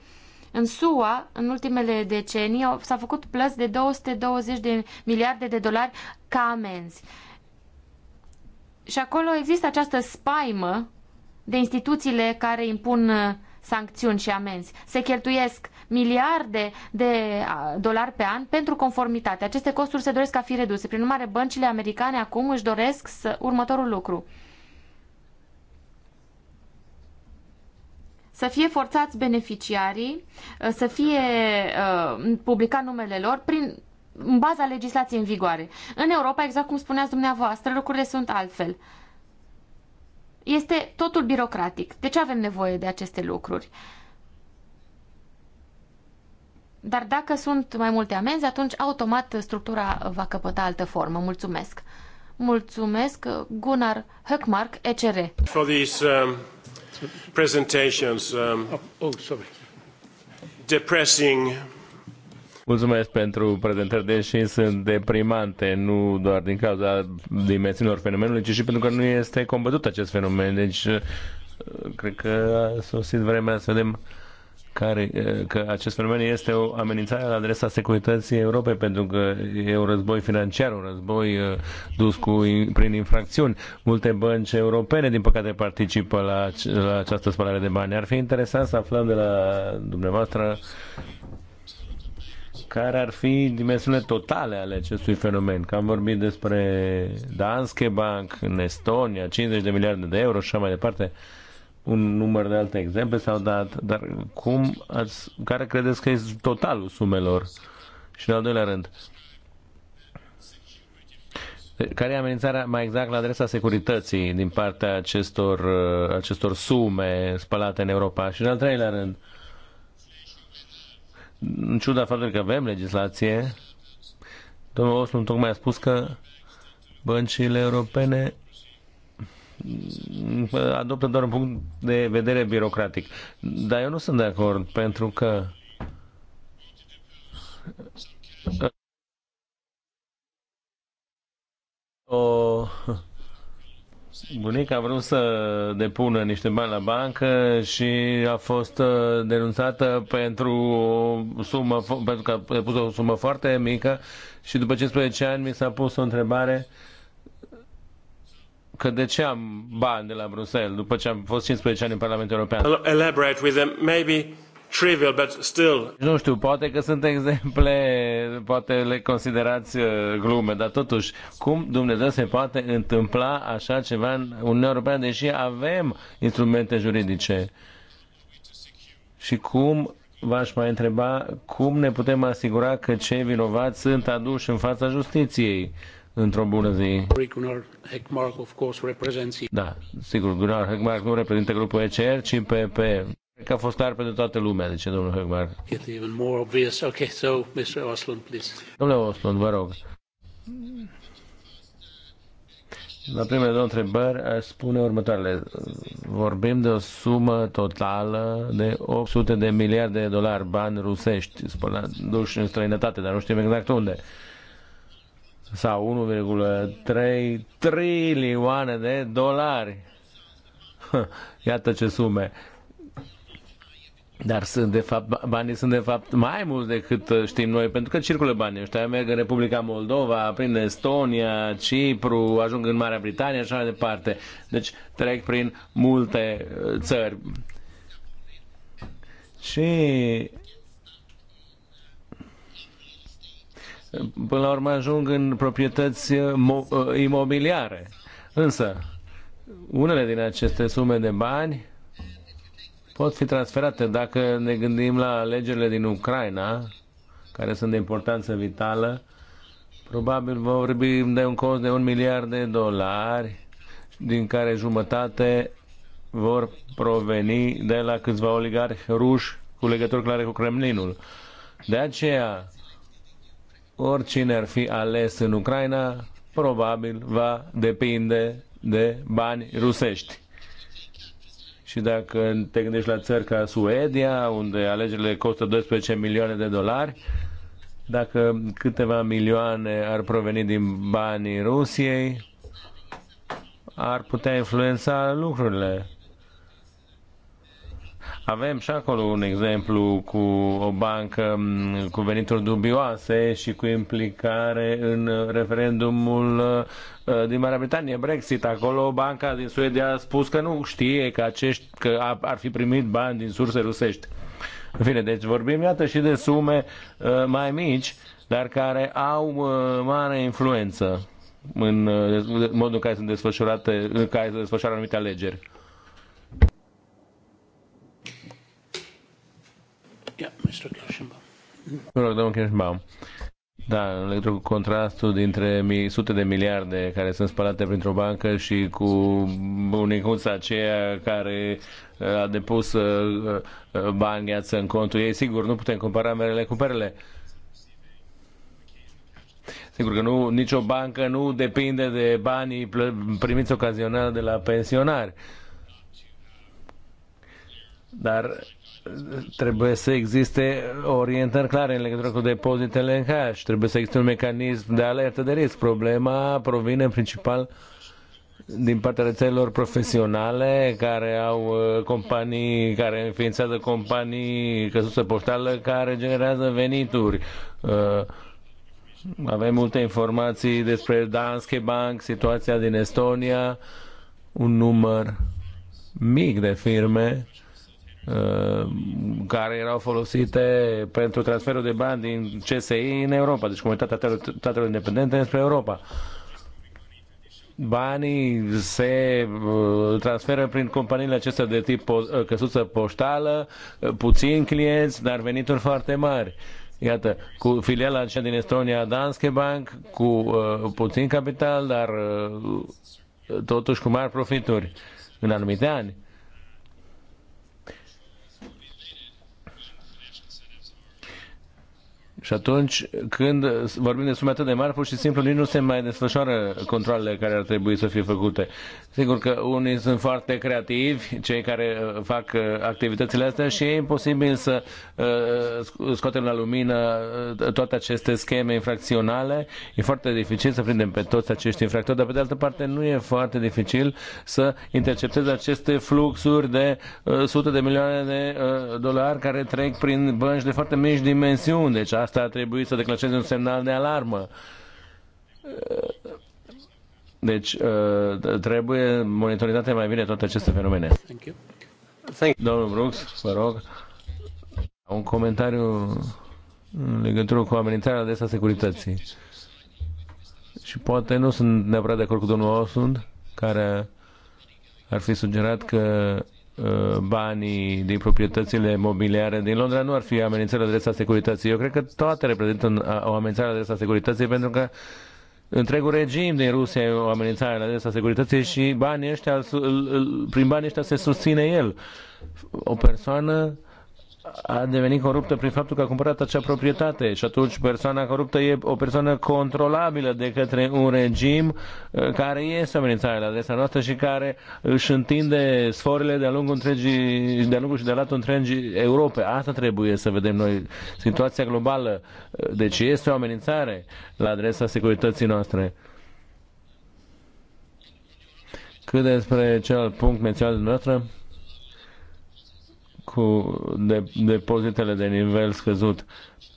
În SUA, în ultimele decenii, s-a făcut plăți de 220 de miliarde de dolari ca amenzi. Și acolo există această spaimă de instituțiile care impun uh, sancțiuni și amenzi. Se cheltuiesc miliarde de dolari pe an pentru conformitate. Aceste costuri se doresc a fi reduse. Prin urmare, băncile americane acum își doresc să, următorul lucru. Să fie forțați beneficiarii, uh, să fie uh, publicat numele lor prin, în baza legislației în vigoare. În Europa, exact cum spuneați dumneavoastră, lucrurile sunt altfel. Uh, este totul birocratic. De ce avem nevoie de aceste lucruri? Dar dacă sunt mai multe amenzi, atunci automat structura va căpăta altă formă. Mulțumesc! Mulțumesc, Gunnar Höckmark, ECR. For these um, presentations, um, oh, oh, sorry. depressing Mulțumesc pentru prezentări, deși sunt deprimante, nu doar din cauza dimensiunilor fenomenului, ci și pentru că nu este combătut acest fenomen. Deci, eh, cred că a sosit vremea să vedem care, eh, că acest fenomen este o amenințare la adresa securității Europei, pentru că e un război financiar, un război eh, dus cu, prin infracțiuni. Multe bănci europene, din păcate, participă la, la această spălare de bani. Ar fi interesant să aflăm de la dumneavoastră care ar fi dimensiunile totale ale acestui fenomen. Că am vorbit despre Danske Bank în Estonia, 50 de miliarde de euro și așa mai departe. Un număr de alte exemple s-au dat, dar cum ați, care credeți că este totalul sumelor? Și în al doilea rând, care e amenințarea mai exact la adresa securității din partea acestor, acestor sume spălate în Europa? Și în al treilea rând, uh, în ciuda faptului că avem legislație, domnul Oslund tocmai a spus că băncile europene mm, adoptă doar un punct de vedere birocratic. Dar eu nu sunt de acord, pentru că uh, o bunica a vrut să depună niște bani la bancă și a fost uh, denunțată pentru o sumă, pentru că a pus o sumă foarte mică și după 15 ani mi s-a pus o întrebare că de ce am bani de la Bruxelles după ce am fost 15 ani în Parlamentul European. Elaborate with them, maybe trivial, but still. Nu știu, poate că sunt exemple, poate le considerați uh, glume, dar totuși, cum Dumnezeu se poate întâmpla așa ceva în Uniunea Europeană, deși avem instrumente juridice? Și cum v-aș mai întreba cum ne putem asigura că cei vinovați sunt aduși în fața justiției într-o bună zi. Da, sigur, Gunnar Heckmark nu reprezintă grupul ECR, ci PP. Cred că a fost clar pentru toată lumea, ce domnul Hegmar. even Okay, so, Mr. Oslund, please. Domnule Oslund, vă rog. La primele două întrebări aș spune următoarele. Vorbim de o sumă totală de 800 de miliarde de dolari bani rusești duși în străinătate, dar nu știm exact unde. Sau 1,3 trilioane de dolari. Iată ce sume. Dar sunt de fapt, banii sunt de fapt mai mulți decât uh, știm noi, pentru că circulă banii ăștia, merg în Republica Moldova, prin Estonia, Cipru, ajung în Marea Britanie și așa mai departe. Deci trec prin multe uh, țări. Și uh, până la urmă ajung în proprietăți imobiliare. Însă, unele din aceste sume de bani pot fi transferate. Dacă ne gândim la alegerile din Ucraina, care sunt de importanță vitală, probabil vorbim de un cost de un miliard de dolari, din care jumătate vor proveni de la câțiva oligarhi ruși cu legături clare cu Kremlinul. De aceea, oricine ar fi ales în Ucraina, probabil va depinde de bani rusești. Și dacă te gândești la țări ca Suedia, unde alegerile costă 12 milioane de dolari, dacă câteva milioane ar proveni din banii Rusiei, ar putea influența lucrurile. Avem și acolo un exemplu cu o bancă mm, cu venituri dubioase și cu implicare în referendumul uh, din Marea Britanie, Brexit. Acolo banca din Suedia a spus că nu știe că, acești, că ar fi primit bani din surse rusești. În fine, deci vorbim, iată, și de sume uh, mai mici, dar care au uh, mare influență în modul în care sunt desfășurate, în care se desfășoară anumite alegeri. Mr. Kirschenbaum. Vă rog, domnul Kirschenbaum. Da, în legătură cu contrastul dintre mii, sute de miliarde care sunt spălate printr-o bancă și cu bunicuța aceea care uh, a depus uh, uh, bani gheață în contul ei. Sigur, nu putem compara merele cu perele. Sigur că nu, nicio bancă nu depinde de banii primiți ocazional de la pensionari. Dar trebuie să existe orientări clare în legătură cu depozitele în cash, trebuie să existe un mecanism de alertă de risc. Problema provine în principal din partea rețelelor profesionale care au uh, companii, care înființează companii căsuță poștală care generează venituri. Uh, avem multe informații despre Danske Bank, situația din Estonia, un număr mic de firme Uh, care erau folosite pentru transferul de bani din CSI în Europa, deci Comunitatea Statelor Independente spre Europa. Banii se uh, transferă prin companiile acestea de tip uh, căsuță poștală, puțin clienți, dar venituri foarte mari. Iată, cu filiala aceea din Estonia, Danske Bank, cu uh, puțin capital, dar uh, totuși cu mari profituri în anumite ani. Și atunci, când vorbim de sume atât de mari, pur și simplu nici nu se mai desfășoară controlele care ar trebui să fie făcute. Sigur că unii sunt foarte creativi, cei care uh, fac uh, activitățile astea și e imposibil să uh, scoatem la lumină toate aceste scheme infracționale. E foarte dificil să prindem pe toți acești infractori, dar pe de altă parte nu e foarte dificil să interceptezi aceste fluxuri de sute de milioane de dolari care trec prin bănci de foarte mici dimensiuni. Deci asta asta a trebuit să declanșeze un semnal de alarmă. Deci uh, trebuie monitorizate mai bine toate aceste fenomene. Domnul Brooks, vă rog, un comentariu în legătură cu amenințarea adresa securității. Și poate nu sunt neapărat de acord cu domnul Osund, care ar fi sugerat că Uh, banii din proprietățile mobiliare din Londra nu ar fi amenințări la adresa securității. Eu cred că toate reprezintă o amenințare la adresa securității pentru că întregul regim din Rusia e o amenințare la adresa securității și banii ăștia, prin banii ăștia se susține el. O persoană uh, a devenit coruptă prin faptul că a cumpărat acea proprietate și atunci persoana coruptă e o persoană controlabilă de către un regim uh, care este amenințare la adresa noastră și care își întinde sforile de-a lungul, întregii, de-a lungul și de-a latul întregii Europe. Asta trebuie să vedem noi. Situația globală, uh, deci este o amenințare la adresa securității noastre. Cât despre cel punct menționat de dumneavoastră, cu de, depozitele de nivel scăzut.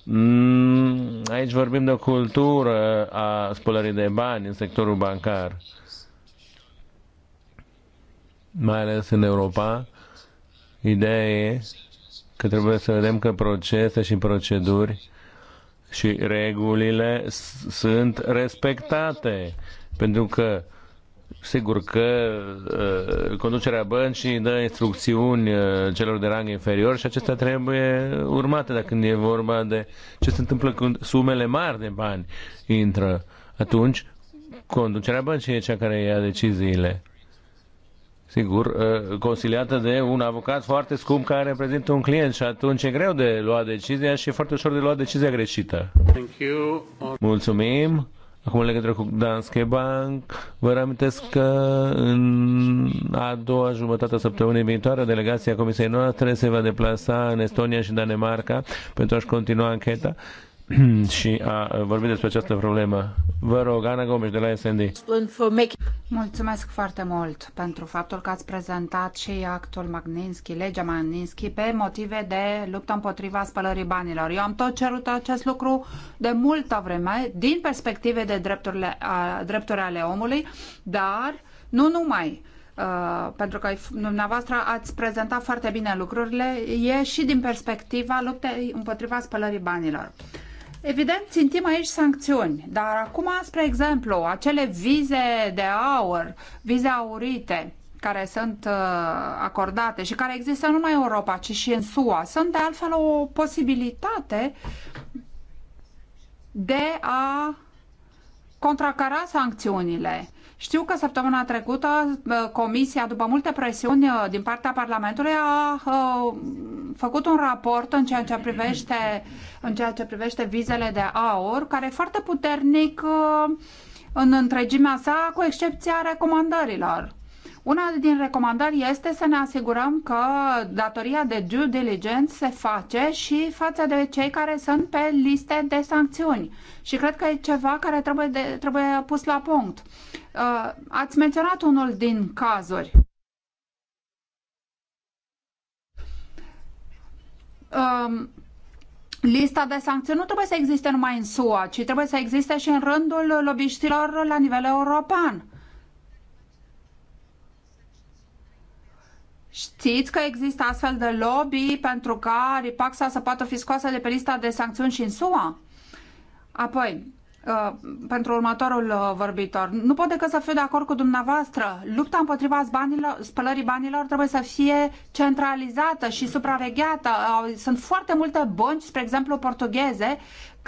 Mm, aici vorbim de o cultură a spălării de bani în sectorul bancar, mai ales în Europa. Ideea e că trebuie să vedem că procese și proceduri și regulile sunt respectate, pentru că Sigur că uh, conducerea băncii dă instrucțiuni uh, celor de rang inferior și acestea trebuie urmate dacă e vorba de ce se întâmplă când sumele mari de bani intră. Atunci, conducerea băncii e cea care ia deciziile. Sigur, uh, consiliată de un avocat foarte scump care reprezintă un client și atunci e greu de luat decizia și e foarte ușor de luat decizia greșită. Mulțumim! Acum, legătură cu Danske Bank, vă reamintesc că în a doua jumătate a săptămânii viitoare, delegația Comisiei noastre se va deplasa în Estonia și Danemarca pentru a-și continua ancheta și a vorbit despre această problemă. Vă rog, Ana Gomes de la SND. Mulțumesc foarte mult pentru faptul că ați prezentat și actul Magninski, legea Magninski, pe motive de luptă împotriva spălării banilor. Eu am tot cerut acest lucru de multă vreme, din perspective de drepturile, a, drepturile ale omului, dar nu numai. Uh, pentru că dumneavoastră ați prezentat foarte bine lucrurile, e și din perspectiva luptei împotriva spălării banilor. Uh, Evident, țintim aici sancțiuni, dar acum, spre exemplu, acele vize de aur, vize aurite, care sunt uh, acordate și care există nu numai în Europa, ci și în SUA, sunt de altfel o posibilitate de a contracara sancțiunile știu că săptămâna trecută Comisia, după multe presiuni uh, din partea Parlamentului, a uh, făcut un raport în ceea ce privește, în ceea ce privește vizele de aur, care e foarte puternic uh, în întregimea sa, cu excepția recomandărilor. Una din recomandări este să ne asigurăm că datoria de due diligence se face și față de cei care sunt pe liste de sancțiuni. Și cred că e ceva care trebuie, de, trebuie pus la punct. Uh, ați menționat unul din cazuri. Um, Lista de sancțiuni nu trebuie să existe numai în SUA, ci trebuie să existe și în rândul lobiștilor la nivel european. Știți că există astfel de lobby pentru ca Ripaxa să poată fi scoasă de pe lista de sancțiuni și în SUA? Apoi, uh, pentru următorul uh, vorbitor. Nu pot decât să fiu de acord cu dumneavoastră. Lupta împotriva banilor, spălării banilor trebuie să fie centralizată și supravegheată. Sunt foarte multe bănci, spre exemplu portugheze,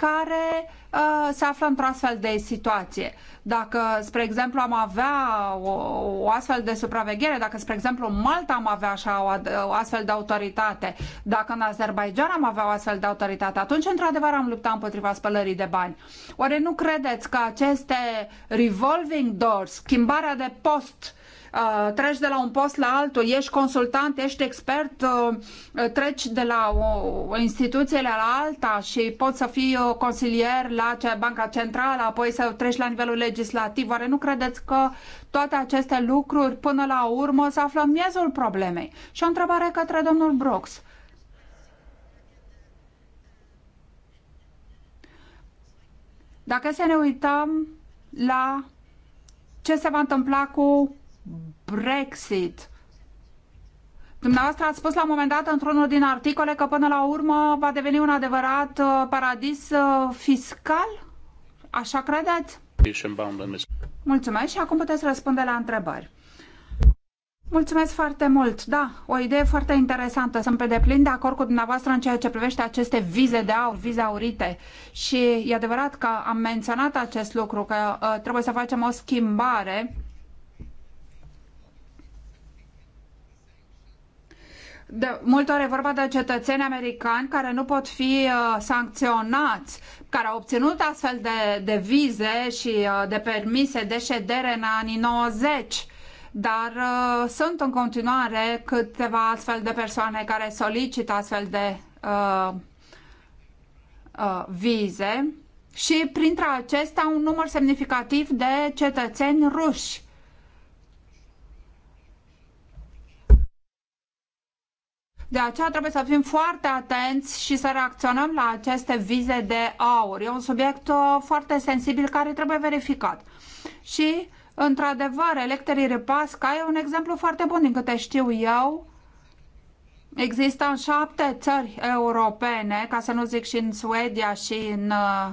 care uh, se află într-o astfel de situație. Dacă, spre exemplu, am avea o, o astfel de supraveghere, dacă, spre exemplu, în Malta am avea așa o, o astfel de autoritate, dacă în Azerbaijan am avea o astfel de autoritate, atunci, într-adevăr, am luptat împotriva spălării de bani. Oare nu credeți că aceste revolving doors, schimbarea de post, treci de la un post la altul, ești consultant, ești expert, treci de la o, instituție la alta și poți să fii uh, consilier la Banca Centrală, apoi să treci la nivelul legislativ. Oare nu credeți că toate aceste lucruri până la urmă se află în miezul problemei? Și o întrebare către domnul Brooks. Dacă să ne uităm la ce se va întâmpla cu Brexit. Dumneavoastră ați spus la un moment dat într-unul din articole că până la urmă va deveni un adevărat uh, paradis uh, fiscal? Așa credeți? Mulțumesc și acum puteți răspunde la întrebări. Mulțumesc foarte mult. Da, o idee foarte interesantă. Sunt pe deplin de acord cu dumneavoastră în ceea ce privește aceste vize de aur, vize aurite. Și e adevărat că am menționat acest lucru, că uh, trebuie să facem o schimbare de multe ori e vorba de cetățeni americani care nu pot fi uh, sancționați, care au obținut astfel de, de vize și uh, de permise de ședere în anii 90 dar uh, sunt în continuare câteva astfel de persoane care solicită astfel de uh, uh, vize și printre acestea un număr semnificativ de cetățeni ruși De aceea trebuie să fim foarte atenți și să reacționăm la aceste vize de aur. E un subiect uh, foarte sensibil care trebuie verificat. Și, într-adevăr, electorii Repasca e un exemplu foarte bun, din câte știu eu. Există în șapte țări europene, ca să nu zic și în Suedia și în uh,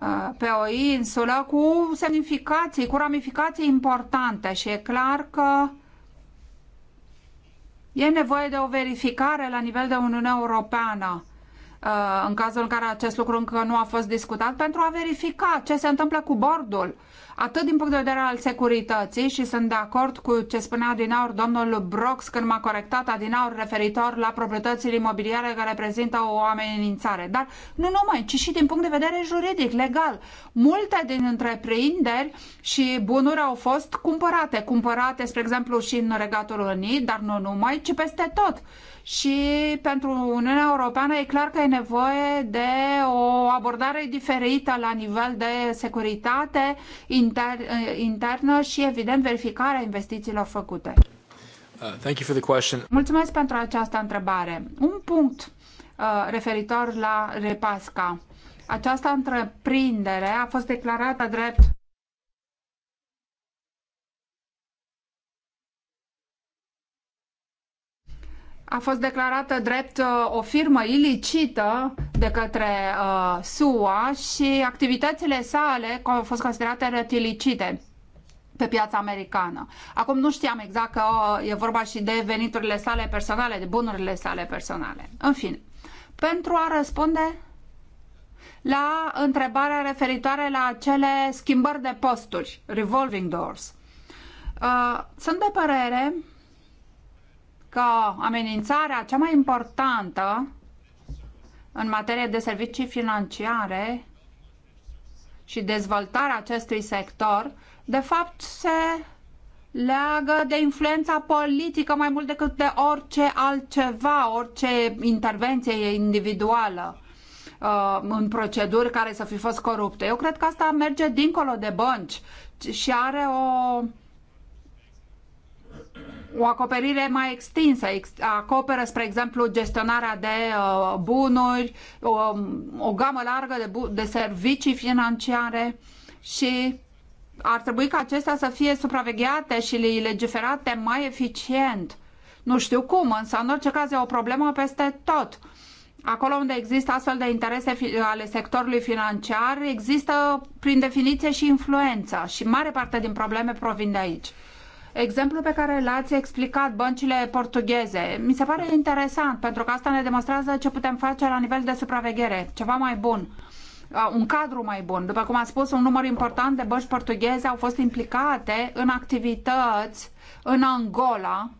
uh, pe o insulă cu semnificații, cu ramificații importante și e clar că uh, E nevoie de o verificare la nivel de Uniunea Europeană uh, în cazul în care acest lucru încă nu a fost discutat, pentru a verifica ce se întâmplă cu bordul, atât din punct de vedere al securității și sunt de acord cu ce spunea adinaur domnul Brox când m-a corectat adinaur referitor la proprietățile imobiliare care reprezintă o amenințare. Dar nu numai, ci și din punct de vedere juridic, legal. Multe din întreprinderi și bunuri au fost cumpărate. Cumpărate, spre exemplu, și în Regatul Unit, dar nu numai, ci peste tot. Și pentru Uniunea Europeană e clar că e nevoie de o abordare diferită la nivel de securitate, in inter, eh, internă și, evident, verificarea investițiilor făcute. Uh, thank you for the question. Mulțumesc pentru această întrebare. Un punct uh, referitor la Repasca. Această întreprindere a fost declarată drept a fost declarată drept uh, o firmă ilicită de către uh, SUA și activitățile sale au fost considerate ilicite pe piața americană. Acum nu știam exact că uh, e vorba și de veniturile sale personale, de bunurile sale personale. În fine, pentru a răspunde la întrebarea referitoare la acele schimbări de posturi, revolving doors, uh, sunt de părere că amenințarea cea mai importantă în materie de servicii financiare și dezvoltarea acestui sector, de fapt se leagă de influența politică mai mult decât de orice altceva, orice intervenție individuală uh, în proceduri care să fi fost corupte. Eu cred că asta merge dincolo de bănci și are o o acoperire mai extinsă, acoperă, spre exemplu, gestionarea de uh, bunuri, o, o gamă largă de, de servicii financiare și ar trebui ca acestea să fie supravegheate și legiferate mai eficient. Nu știu cum, însă în orice caz e o problemă peste tot. Acolo unde există astfel de interese ale sectorului financiar, există prin definiție și influența și mare parte din probleme provin de aici. Exemplul pe care l-ați explicat, băncile portugheze, mi se pare interesant, pentru că asta ne demonstrează ce putem face la nivel de supraveghere, ceva mai bun uh, un cadru mai bun. După cum am spus, un număr important de bănci portugheze au fost implicate în activități în Angola.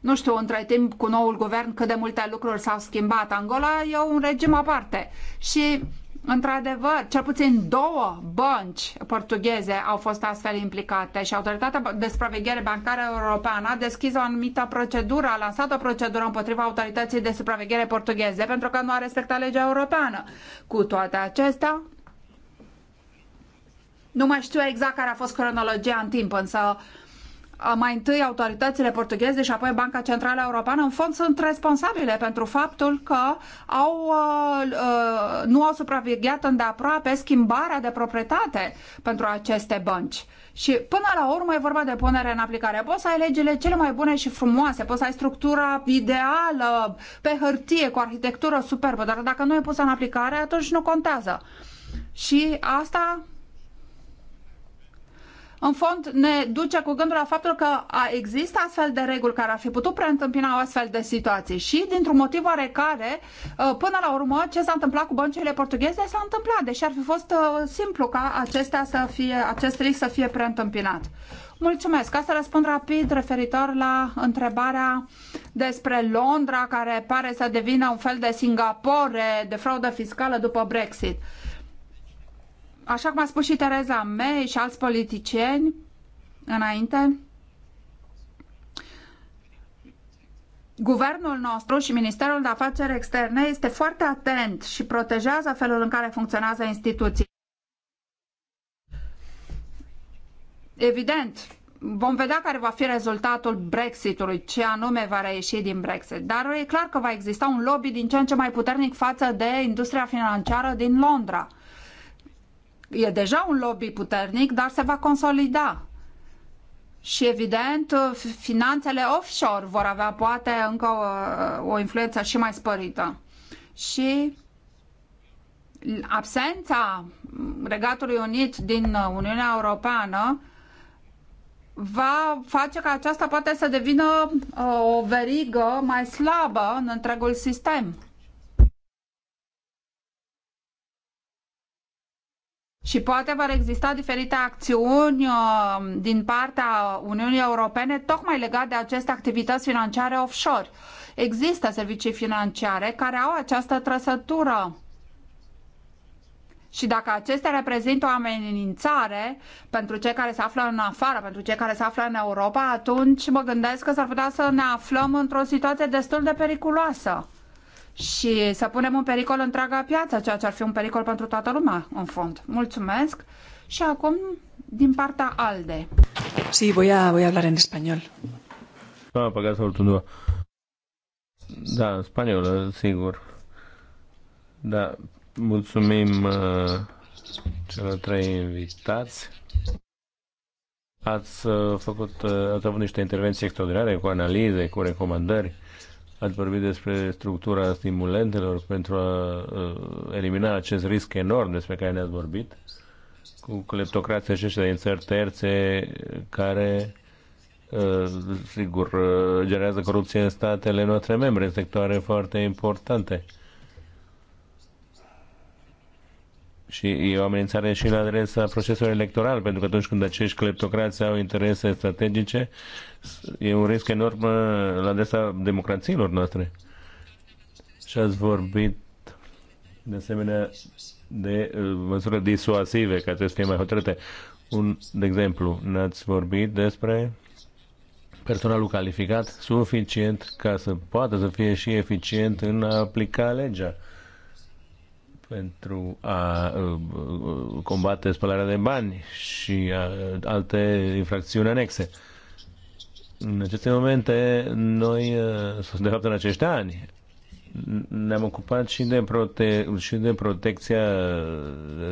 Nu știu, între timp, cu noul guvern, cât de multe lucruri s-au schimbat. Angola e un regim aparte. Și Într-adevăr, cel puțin două bănci portugheze au fost astfel implicate și Autoritatea de Supraveghere Bancară Europeană a deschis o anumită procedură, a lansat o procedură împotriva Autorității de Supraveghere Portugheze pentru că nu a respectat legea europeană. Cu toate acestea, nu mai știu exact care a fost cronologia în timp, însă uh, mai întâi autoritățile portugheze și apoi Banca Centrală Europeană, în fond sunt responsabile pentru faptul că au, uh, uh, nu au supravegheat îndeaproape schimbarea de proprietate pentru aceste bănci. Și până la urmă e vorba de punere în aplicare. Poți să ai legile cele mai bune și frumoase, poți să ai structura ideală pe hârtie cu arhitectură superbă, dar dacă nu e pusă în aplicare, atunci nu contează. Și asta în fond ne duce cu gândul la faptul că există astfel de reguli care ar fi putut preîntâmpina o astfel de situație și dintr-un motiv oarecare, ă, până la urmă, ce s-a întâmplat cu băncile portugheze s-a întâmplat, deși ar fi fost ă, simplu ca acestea să fie, acest risc să fie preîntâmpinat. Mulțumesc. Ca să răspund rapid referitor la întrebarea despre Londra, care pare să devină un fel de Singapore de fraudă fiscală după Brexit. Uh, Așa cum a spus și Tereza May și alți politicieni înainte, Guvernul nostru și Ministerul de Afaceri Externe este foarte atent și protejează felul în care funcționează instituții. Evident, vom vedea care va fi rezultatul Brexitului, ce anume va reieși din Brexit, dar e clar că va exista un lobby din ce în ce mai puternic față de industria financiară din Londra e deja un lobby puternic, dar se va consolida. Și evident, finanțele offshore vor avea poate încă o, o influență și mai spărită. Și absența Regatului Unit din Uniunea Europeană va face ca aceasta poate să devină uh, o verigă mai slabă în întregul sistem. și poate vor exista diferite acțiuni uh, din partea Uniunii Europene tocmai legate de aceste activități financiare offshore. Există servicii financiare care au această trăsătură. Și dacă acestea reprezintă o amenințare pentru cei care se află în afară, pentru cei care se află în Europa, atunci mă gândesc că s-ar putea să ne aflăm într-o situație destul de periculoasă și să punem în pericol întreaga piață, ceea ce ar fi un pericol pentru toată lumea, în fond. Mulțumesc și acum din partea ALDE. Sí, voy a, voy a hablar en español. No, da, apagați ortundua. Da, în spaniolă, sigur. Da, mulțumim uh, celor trei invitați. Ați uh, făcut, uh, ați avut niște intervenții extraordinare cu analize, cu recomandări Ați vorbit despre structura stimulentelor pentru a elimina acest risc enorm despre care ne-ați vorbit cu cleptocrații aceștia din țări terțe care sigur generează corupție în statele noastre membre, în sectoare foarte importante. și e o amenințare și la adresa procesului electoral, pentru că atunci când acești cleptocrați au interese strategice, e un risc enorm uh, la adresa democrațiilor noastre. Și ați vorbit de asemenea de uh, măsuri disuasive, ca să fie mai hotărâte. Un, de exemplu, n ați vorbit despre personalul calificat suficient ca să poată să fie și eficient în a aplica legea pentru a combate spălarea de bani și alte infracțiuni anexe. În aceste momente, noi, de fapt în acești ani, ne-am ocupat și de, prote- și de protecția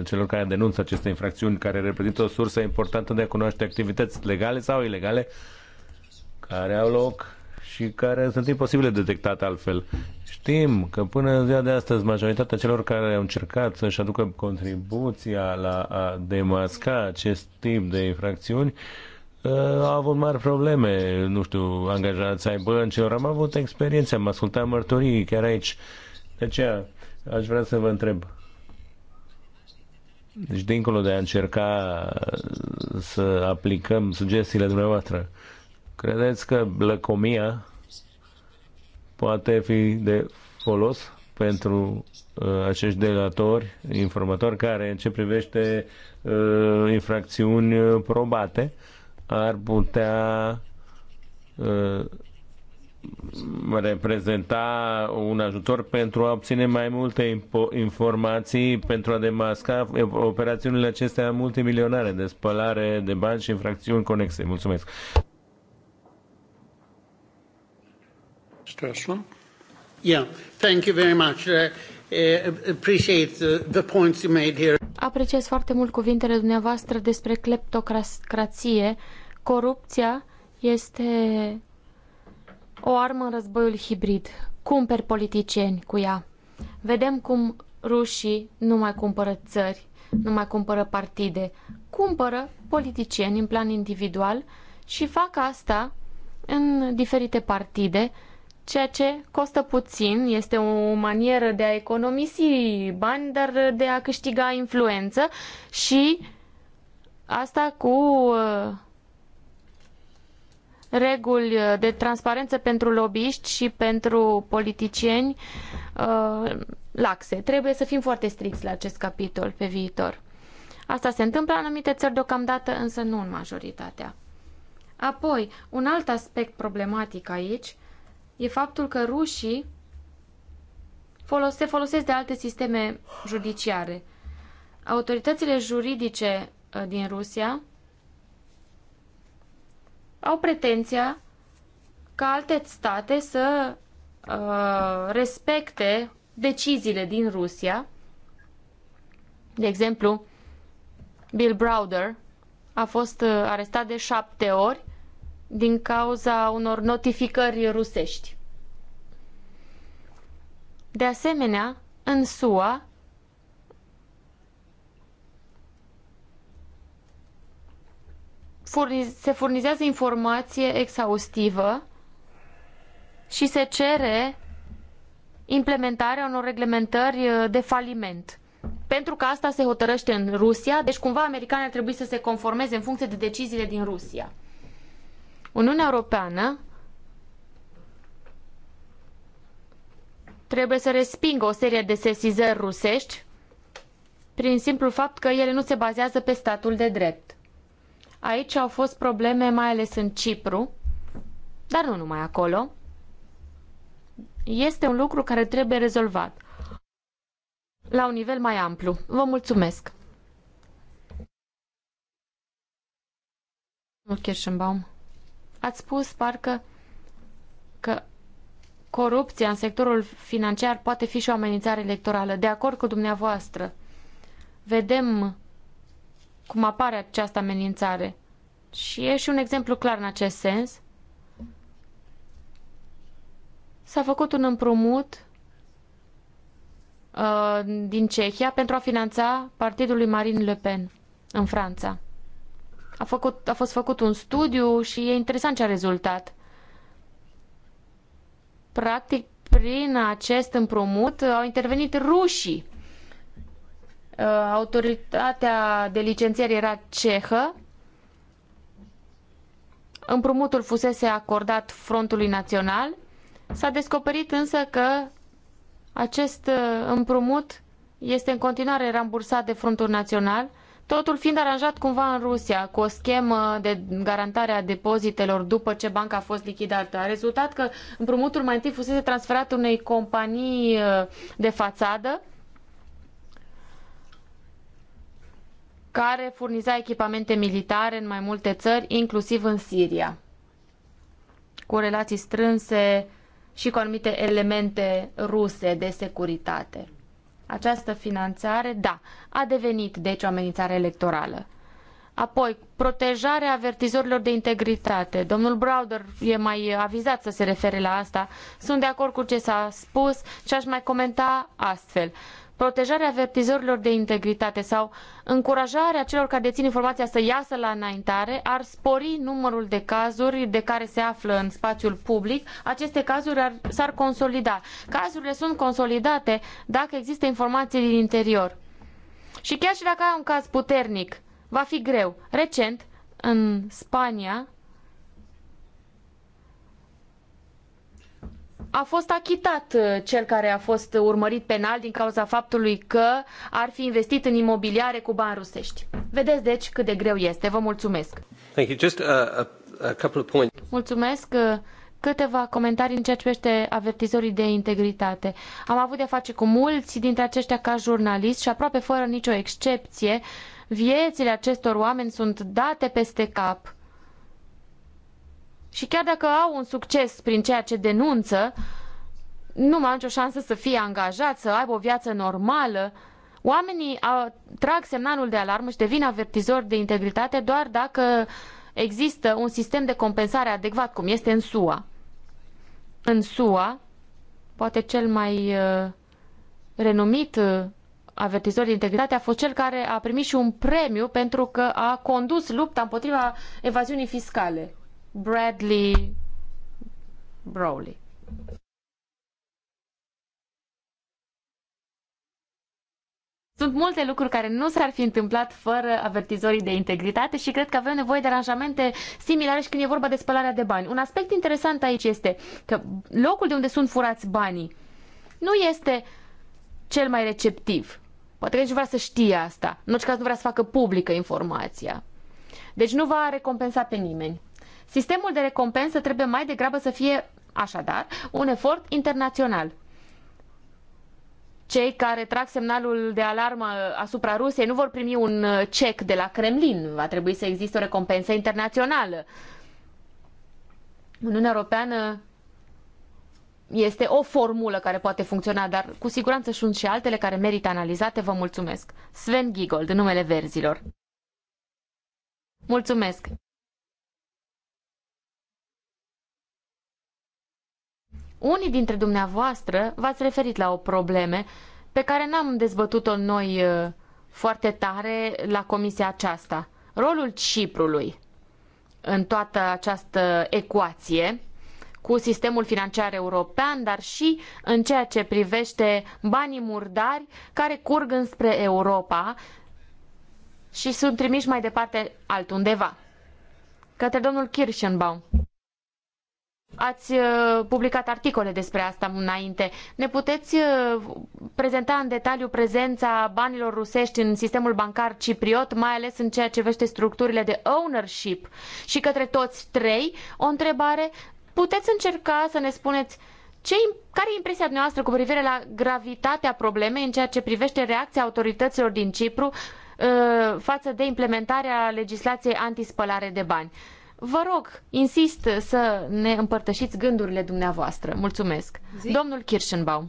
celor care denunță aceste infracțiuni, care reprezintă o sursă importantă de a cunoaște activități legale sau ilegale care au loc și care sunt imposibile detectate altfel. Știm că până în ziua de astăzi majoritatea celor care au încercat să-și aducă contribuția la a demasca acest tip de infracțiuni uh, au avut mari probleme, nu știu, angajați ai băncilor, am avut experiențe, am ascultat mărturii chiar aici. De aceea aș vrea să vă întreb, deci, dincolo de a încerca să aplicăm sugestiile dumneavoastră, Credeți că lăcomia poate fi de folos pentru uh, acești delatori, informatori care, în ce privește uh, infracțiuni uh, probate, ar putea uh, reprezenta un ajutor pentru a obține mai multe informații pentru a demasca operațiunile acestea multimilionare de spălare de bani și infracțiuni conexe. Mulțumesc! Störsson. Yeah, thank you very much. Uh, uh, appreciate the, the points you made here. Apreciez foarte mult cuvintele dumneavoastră despre cleptocrație. Corupția este o armă în războiul hibrid. Cumperi politicieni cu ea. Vedem cum rușii nu mai cumpără țări, nu mai cumpără partide, cumpără politicieni în plan individual și fac asta în diferite partide ceea ce costă puțin, este o manieră de a economisi bani, dar de a câștiga influență și asta cu uh, reguli de transparență pentru lobbyiști și pentru politicieni uh, laxe. Trebuie să fim foarte stricți la acest capitol pe viitor. Asta se întâmplă în anumite țări deocamdată, însă nu în majoritatea. Apoi, un alt aspect problematic aici – e faptul că rușii folose, folosesc de alte sisteme judiciare. Autoritățile juridice uh, din Rusia au pretenția ca alte state să uh, respecte deciziile din Rusia. De exemplu, Bill Browder a fost uh, arestat de șapte ori din cauza unor notificări rusești. De asemenea, în SUA, se furnizează informație exhaustivă și se cere implementarea unor reglementări uh, de faliment. Pentru că asta se hotărăște în Rusia, deci cumva americanii ar trebui să se conformeze în funcție de deciziile din Rusia. Uniunea Europeană trebuie să respingă o serie de sesizări rusești prin simplul fapt că ele nu se bazează pe statul de drept. Aici au fost probleme mai ales în Cipru, dar nu numai acolo. Este un lucru care trebuie rezolvat la un nivel mai amplu. Vă mulțumesc! Kirschenbaum. Ați spus parcă că corupția în sectorul financiar poate fi și o amenințare electorală. De acord cu dumneavoastră, vedem cum apare această amenințare. Și e și un exemplu clar în acest sens. S-a făcut un împrumut uh, din Cehia pentru a finanța partidul lui Marine Le Pen în Franța. A, făcut, a fost făcut un studiu și e interesant ce a rezultat. Practic, prin acest împrumut au intervenit rușii. Uh, autoritatea de licențiere era cehă. Împrumutul fusese acordat Frontului Național. S-a descoperit însă că acest uh, împrumut este în continuare rambursat de Frontul Național – totul fiind aranjat cumva în Rusia, cu o schemă de garantare a depozitelor după ce banca a fost lichidată. A rezultat că împrumutul mai întâi fusese transferat unei companii uh, de fațadă, care furniza echipamente militare în mai multe țări, inclusiv în Siria, cu relații strânse și cu anumite elemente ruse de securitate. Această finanțare, da, a devenit deci o amenințare electorală. Apoi, protejarea avertizorilor de integritate. Domnul Browder e mai avizat să se refere la asta. Sunt de acord cu ce s-a spus și aș mai comenta astfel protejarea avertizorilor de integritate sau încurajarea celor care dețin informația să iasă la înaintare ar spori numărul de cazuri de care se află în spațiul public. Aceste cazuri ar, s-ar consolida. Cazurile sunt consolidate dacă există informații din interior. Și chiar și dacă ai un caz puternic, va fi greu. Recent, în Spania, a fost achitat uh, cel care a fost urmărit penal din cauza faptului că ar fi investit în imobiliare cu bani rusești. Vedeți deci cât de greu este. Vă mulțumesc. Thank you. Just a, a couple of points. Mulțumesc. Uh, câteva comentarii în ceea ce privește avertizorii de integritate. Am avut de-a face cu mulți dintre aceștia ca jurnalist și aproape fără nicio excepție, viețile acestor oameni sunt date peste cap și chiar dacă au un succes prin ceea ce denunță, nu mai au nicio șansă să fie angajat să aibă o viață normală. Oamenii trag semnalul de alarmă și devin avertizori de integritate doar dacă există un sistem de compensare adecvat, cum este în SUA. În SUA, poate cel mai uh, renumit uh, avertizor de integritate a fost cel care a primit și un premiu pentru că a condus lupta împotriva evaziunii fiscale. Bradley Brawley. Sunt multe lucruri care nu s-ar fi întâmplat fără avertizorii de integritate și cred că avem nevoie de aranjamente similare și când e vorba de spălarea de bani. Un aspect interesant aici este că locul de unde sunt furați banii nu este cel mai receptiv. Poate că nici nu vrea să știe asta. În orice caz nu vrea să facă publică informația. Deci nu va recompensa pe nimeni. Sistemul de recompensă trebuie mai degrabă să fie, așadar, un efort internațional. Cei care trag semnalul de alarmă asupra Rusiei nu vor primi un cec de la Kremlin. Va trebui să existe o recompensă internațională. Uniunea Europeană este o formulă care poate funcționa, dar cu siguranță sunt și altele care merită analizate. Vă mulțumesc. Sven Gigold, numele verzilor. Mulțumesc. Unii dintre dumneavoastră v-ați referit la o probleme pe care n-am dezbătut-o noi uh, foarte tare la comisia aceasta. Rolul Ciprului în toată această ecuație cu sistemul financiar european, dar și în ceea ce privește banii murdari care curg înspre Europa și sunt trimiși mai departe altundeva. Către domnul Kirschenbaum ați uh, publicat articole despre asta înainte. Ne puteți uh, prezenta în detaliu prezența banilor rusești în sistemul bancar cipriot, mai ales în ceea ce vește structurile de ownership și către toți trei? O întrebare, puteți încerca să ne spuneți ce, care e impresia noastră cu privire la gravitatea problemei în ceea ce privește reacția autorităților din Cipru uh, față de implementarea legislației antispălare de bani? Vă rog, insist să ne împărtășiți gândurile dumneavoastră. Mulțumesc. Zic? Domnul Kirschenbaum.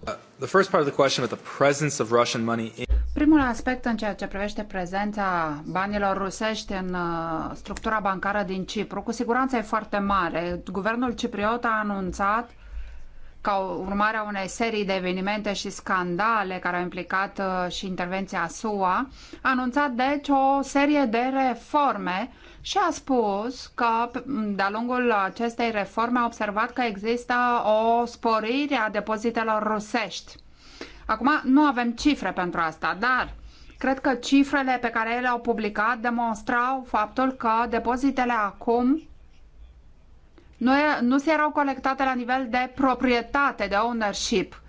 Primul aspect în ceea ce privește prezența banilor rusești în uh, structura bancară din Cipru, cu siguranță e foarte mare. Guvernul cipriot a anunțat ca urmare a unei serii de evenimente și scandale care au implicat uh, și intervenția SUA, a anunțat deci o serie de reforme și a spus că de-a lungul acestei reforme a observat că există o sporire a depozitelor rusești. Acum nu avem cifre pentru asta, dar cred că cifrele pe care ele au publicat demonstrau faptul că depozitele acum nu, nu se erau colectate la nivel de proprietate, de ownership.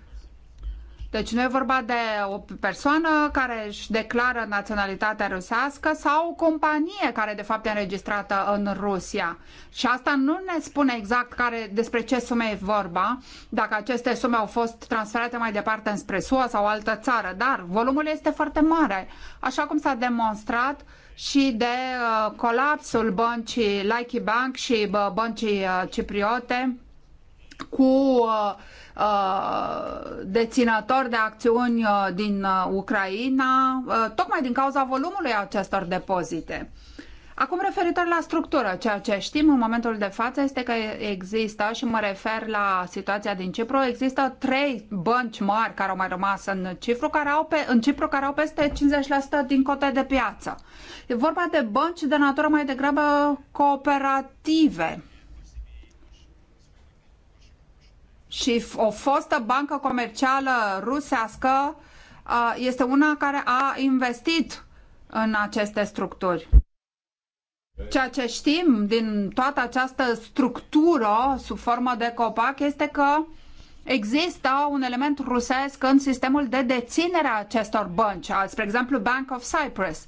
Deci nu e vorba de o persoană care își declară naționalitatea rusească sau o companie care de fapt e înregistrată în Rusia. Și asta nu ne spune exact care, despre ce sume e vorba, dacă aceste sume au fost transferate mai departe înspre SUA sau altă țară, dar volumul este foarte mare, așa cum s-a demonstrat uh, și de uh, colapsul băncii Laiki Bank și uh, băncii uh, cipriote cu deținători de acțiuni din Ucraina, tocmai din cauza volumului acestor depozite. Acum, referitor la structură, ceea ce știm în momentul de față este că există, și mă refer la situația din Cipru, există trei bănci mari care au mai rămas în Cipru, care au, pe, în Cipru, care au peste 50% din cote de piață. E vorba de bănci de natură mai degrabă cooperative. Și o fostă bancă comercială rusească este una care a investit în aceste structuri. Ceea ce știm din toată această structură sub formă de copac este că există un element rusesc în sistemul de deținere a acestor bănci, spre exemplu Bank of Cyprus.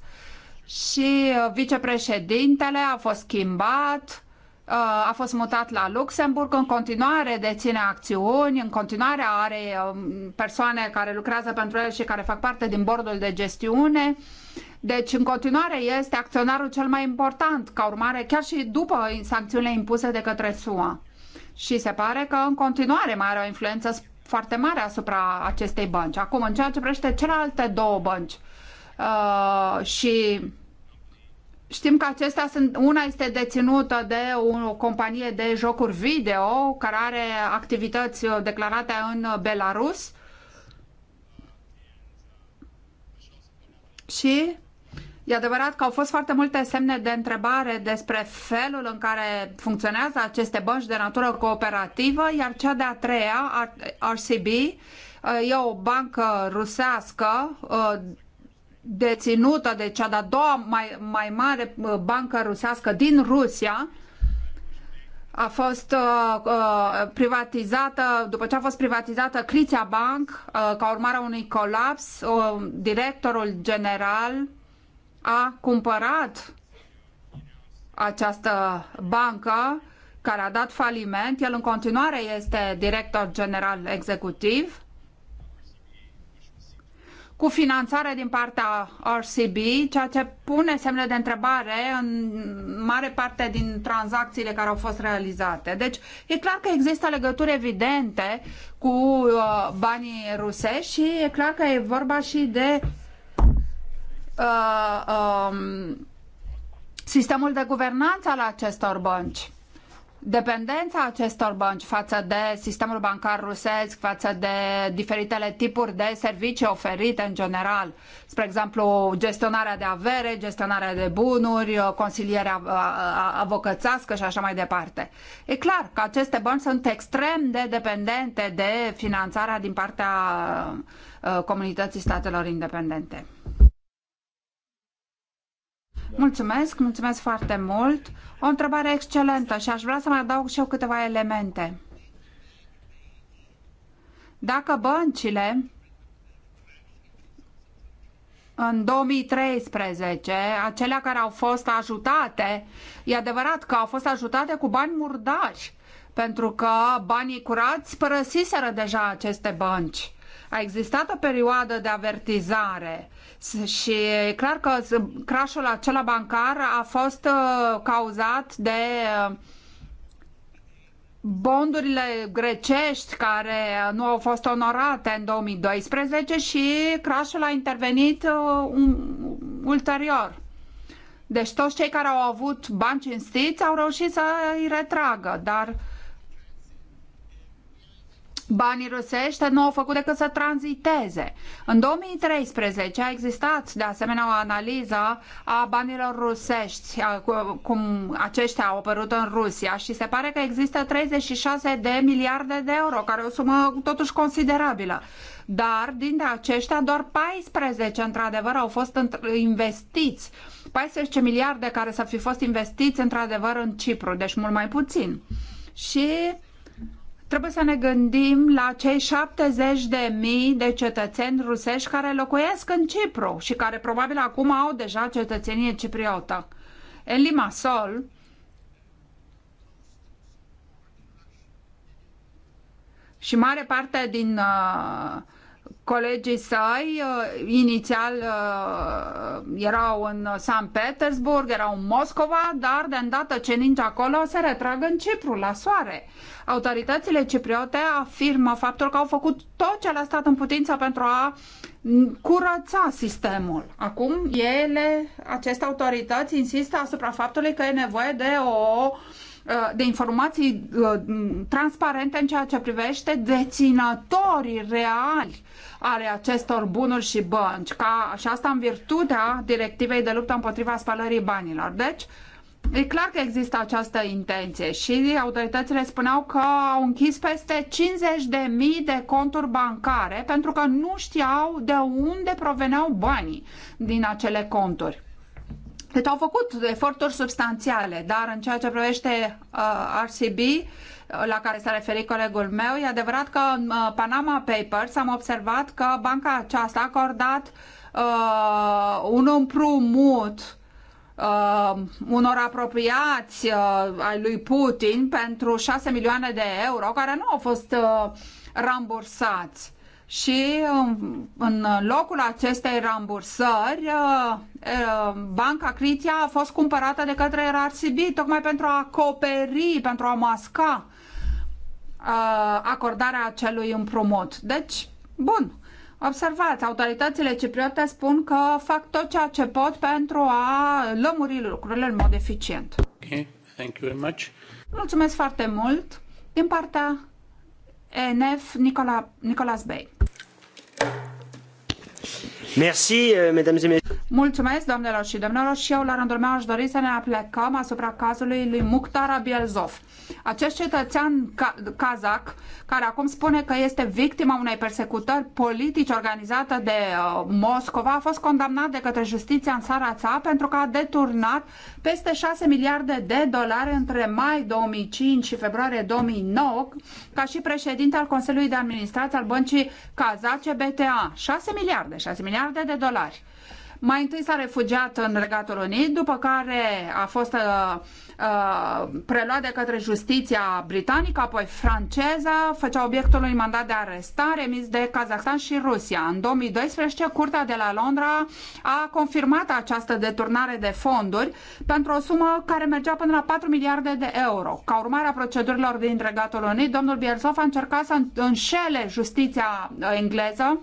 Și uh, vicepreședintele a fost schimbat, uh, a fost mutat la Luxemburg, în continuare deține acțiuni, în continuare are um, persoane care lucrează pentru el și care fac parte din bordul de gestiune. Deci, în continuare, este acționarul cel mai important, ca urmare, chiar și după sancțiunile impuse de către SUA. Și se pare că, în continuare, mai are o influență foarte mare asupra acestei bănci. Acum, în ceea ce privește celelalte două bănci, uh, și Știm că acestea sunt, una este deținută de o companie de jocuri video care are activități uh, declarate în Belarus și E adevărat că au fost foarte multe semne de întrebare despre felul în care funcționează aceste bănci de natură cooperativă, iar cea de-a treia, RCB, uh, e o bancă rusească uh, deținută de cea de-a doua mai, mai mare uh, bancă rusească din Rusia, a fost uh, privatizată, după ce a fost privatizată Criția Bank, uh, ca urmare a unui colaps, uh, directorul general a cumpărat această bancă care a dat faliment. El în continuare este director general executiv cu finanțare din partea RCB, ceea ce pune semne de întrebare în mare parte din tranzacțiile care au fost realizate. Deci e clar că există legături evidente cu uh, banii rusești și e clar că e vorba și de Uh, um, sistemul de guvernanță al acestor bănci dependența acestor bănci față de sistemul bancar rusesc, față de diferitele tipuri de servicii oferite în general, spre exemplu gestionarea de avere, gestionarea de bunuri, uh, consilierea uh, avocățească și așa mai departe. E clar că aceste bănci sunt extrem de dependente de finanțarea din partea comunității statelor independente. Mulțumesc, mulțumesc foarte mult. O întrebare excelentă și aș vrea să mai adaug și eu câteva elemente. Dacă băncile în 2013, acelea care au fost ajutate, e adevărat că au fost ajutate cu bani murdari, pentru că banii curați părăsiseră deja aceste bănci. A existat o perioadă de avertizare și e clar că crashul acela bancar a fost uh, cauzat de uh, bondurile grecești care nu au fost onorate în 2012 și crashul a intervenit uh, ulterior. Deci toți cei care au avut bani cinstiți au reușit să îi retragă, dar uh, Banii rusești nu au făcut decât să tranziteze. În 2013 a existat de asemenea o analiză a banilor rusești, cum aceștia au apărut în Rusia și se pare că există 36 de miliarde de euro, care e o sumă totuși considerabilă. Dar dintre aceștia doar 14 într-adevăr au fost investiți. 14 miliarde care să fi fost investiți într-adevăr în Cipru, deci mult mai puțin. Și Trebuie să ne gândim la cei 70 de mii de cetățeni rusești care locuiesc în Cipru și care probabil acum au deja cetățenie cipriotă. În Limassol, și mare parte din uh, colegii săi uh, inițial uh, erau în San Petersburg, erau în Moscova, dar de îndată ce ninge acolo se retrag în Cipru, la soare. Autoritățile cipriote afirmă faptul că au făcut tot ce le-a stat în putință pentru a curăța sistemul. Acum ele, aceste autorități insistă asupra faptului că e nevoie de o uh, de informații transparente în ceea ce privește deținătorii reali ale acestor bunuri și bănci, ca, și asta în virtutea directivei de luptă împotriva spălării banilor. Deci, E clar că există această intenție și autoritățile spuneau că au închis peste 50.000 de conturi bancare pentru că nu știau de unde proveneau banii din acele conturi. Deci au făcut eforturi substanțiale, dar în ceea ce privește uh, RCB, la care s-a referit colegul meu, e adevărat că în uh, Panama Papers am observat că banca aceasta a acordat uh, un împrumut uh, unor apropiați uh, ai lui Putin pentru 6 milioane de euro care nu au fost uh, rambursați. Și uh, în locul acestei rambursări, uh, uh, banca Critia a fost cumpărată de către RRCB tocmai pentru a acoperi, pentru a masca Uh, acordarea acelui împrumut. Deci, bun, Observați, autoritățile cipriote spun că fac tot ceea ce pot pentru a lămuri lucrurile în mod eficient. Okay, thank you very much. Mulțumesc foarte mult. Din partea ENF, Nicola, Nicolas Bay. Merci, euh, mesdames et messieurs. Mulțumesc, doamnelor și domnilor, și eu la rândul meu aș dori să ne aplecăm asupra cazului lui Mukhtar Abielzov. Acest cetățean ca- kazak, care acum spune că este victima unei persecutări politice organizată de uh, Moscova, a fost condamnat de către justiția în țara sa pentru că a deturnat peste 6 miliarde de dolari între mai 2005 și februarie 2009 ca și președinte al Consiliului de Administrație al Băncii Kazace BTA. 6 miliarde, 6 miliarde de dolari. Mai întâi s-a refugiat în Regatul Unit, după care a fost uh, uh, preluat de către justiția britanică, apoi franceză, făcea obiectul unui mandat de arestare emis de Kazahstan și Rusia. În 2012, Curtea de la Londra a confirmat această deturnare de fonduri pentru o sumă care mergea până la 4 miliarde de euro. Ca urmare a procedurilor din Regatul Unit, domnul Bielsoff a încercat să înșele justiția engleză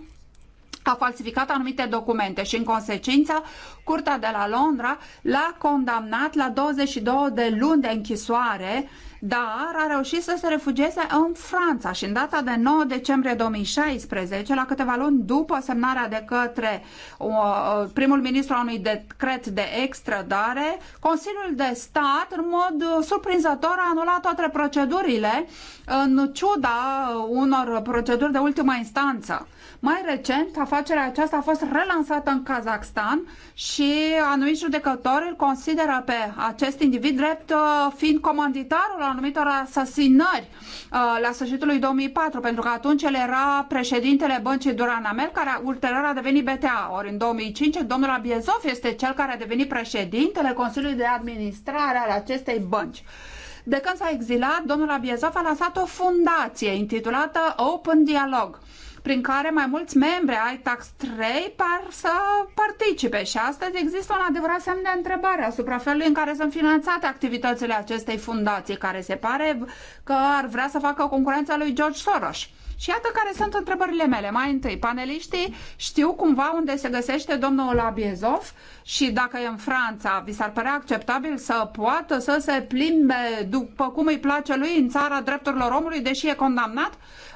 a falsificat anumite documente și, în consecință, Curtea de la Londra l-a condamnat la 22 de luni de închisoare, dar a reușit să se refugieze în Franța și în data de 9 decembrie 2016, la câteva luni după semnarea de către primul ministru a unui decret de extradare, Consiliul de Stat, în mod surprinzător, a anulat toate procedurile în ciuda unor proceduri de ultimă instanță. Mai recent, afacerea aceasta a fost relansată în Kazakhstan și anumiți judecători îl consideră pe acest individ drept uh, fiind comanditarul anumitor asasinări uh, la sfârșitul lui 2004, pentru că atunci el era președintele băncii Duran Amel, care ulterior a devenit BTA. Ori în 2005, domnul Abiezov este cel care a devenit președintele Consiliului de Administrare al acestei bănci. De când s-a exilat, domnul Abiezov a lansat o fundație intitulată Open Dialogue prin care mai mulți membri ai Tax 3 par să participe și astăzi există un adevărat semn de întrebare asupra felului în care sunt finanțate activitățile acestei fundații, care se pare că ar vrea să facă concurența lui George Soros. Și iată care sunt întrebările mele. Mai întâi, paneliștii știu cumva unde se găsește domnul Abiezov și dacă e în Franța, vi s-ar părea acceptabil să poată să se plimbe după cum îi place lui în țara drepturilor omului, deși e condamnat?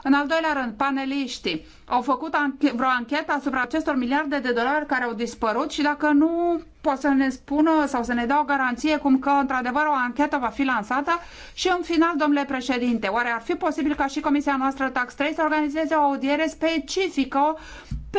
În al doilea rând, paneliștii au făcut anche- vreo anchetă asupra acestor miliarde de dolari care au dispărut și dacă nu pot să ne spună sau să ne dea o garanție cum că, într-adevăr, o anchetă va fi lansată și, în final, domnule președinte, oare ar fi posibil ca și Comisia noastră Tax 3 să organizeze o audiere specifică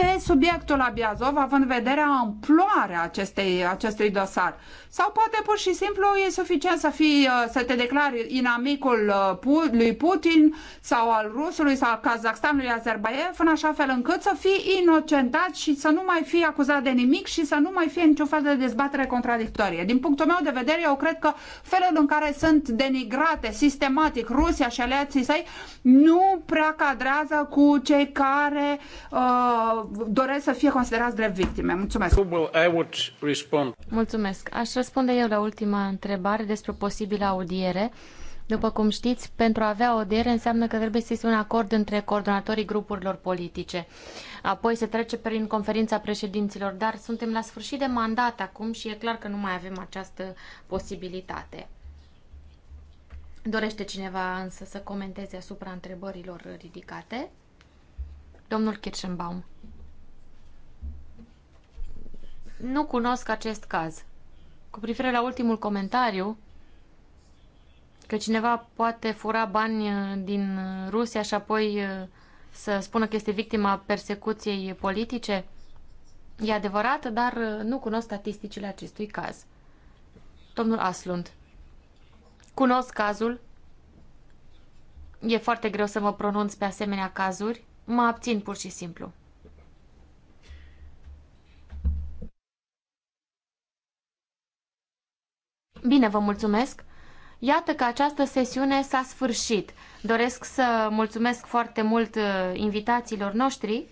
pe subiectul Abiazov, având vederea vedere amploarea acestei, acestui dosar. Sau poate pur și simplu e suficient să, fii, uh, să te declari inamicul uh, lui Putin sau al Rusului sau al Kazakhstanului Azerbaiev, în așa fel încât să fii inocentat și să nu mai fii acuzat de nimic și să nu mai fie niciun fel de dezbatere contradictorie. Din punctul meu de vedere, eu cred că felul în care sunt denigrate sistematic Rusia și aliații săi nu prea cadrează cu cei care uh, doresc să fie considerați drept victime. Mulțumesc. Mulțumesc. Aș răspunde eu la ultima întrebare despre o posibilă audiere. După cum știți, pentru a avea audiere înseamnă că trebuie să existe un acord între coordonatorii grupurilor politice. Apoi se trece prin conferința președinților, dar suntem la sfârșit de mandat acum și e clar că nu mai avem această posibilitate. Dorește cineva însă să comenteze asupra întrebărilor ridicate? Domnul Kirchenbaum. Nu cunosc acest caz. Cu privire la ultimul comentariu, că cineva poate fura bani uh, din Rusia și apoi uh, să spună că este victima persecuției politice, e adevărat, dar uh, nu cunosc statisticile acestui caz. Domnul Aslund, cunosc cazul, e foarte greu să mă pronunț pe asemenea cazuri, mă abțin pur și simplu. Bine, vă mulțumesc. Iată că această sesiune s-a sfârșit. Doresc să mulțumesc foarte mult uh, invitațiilor noștri.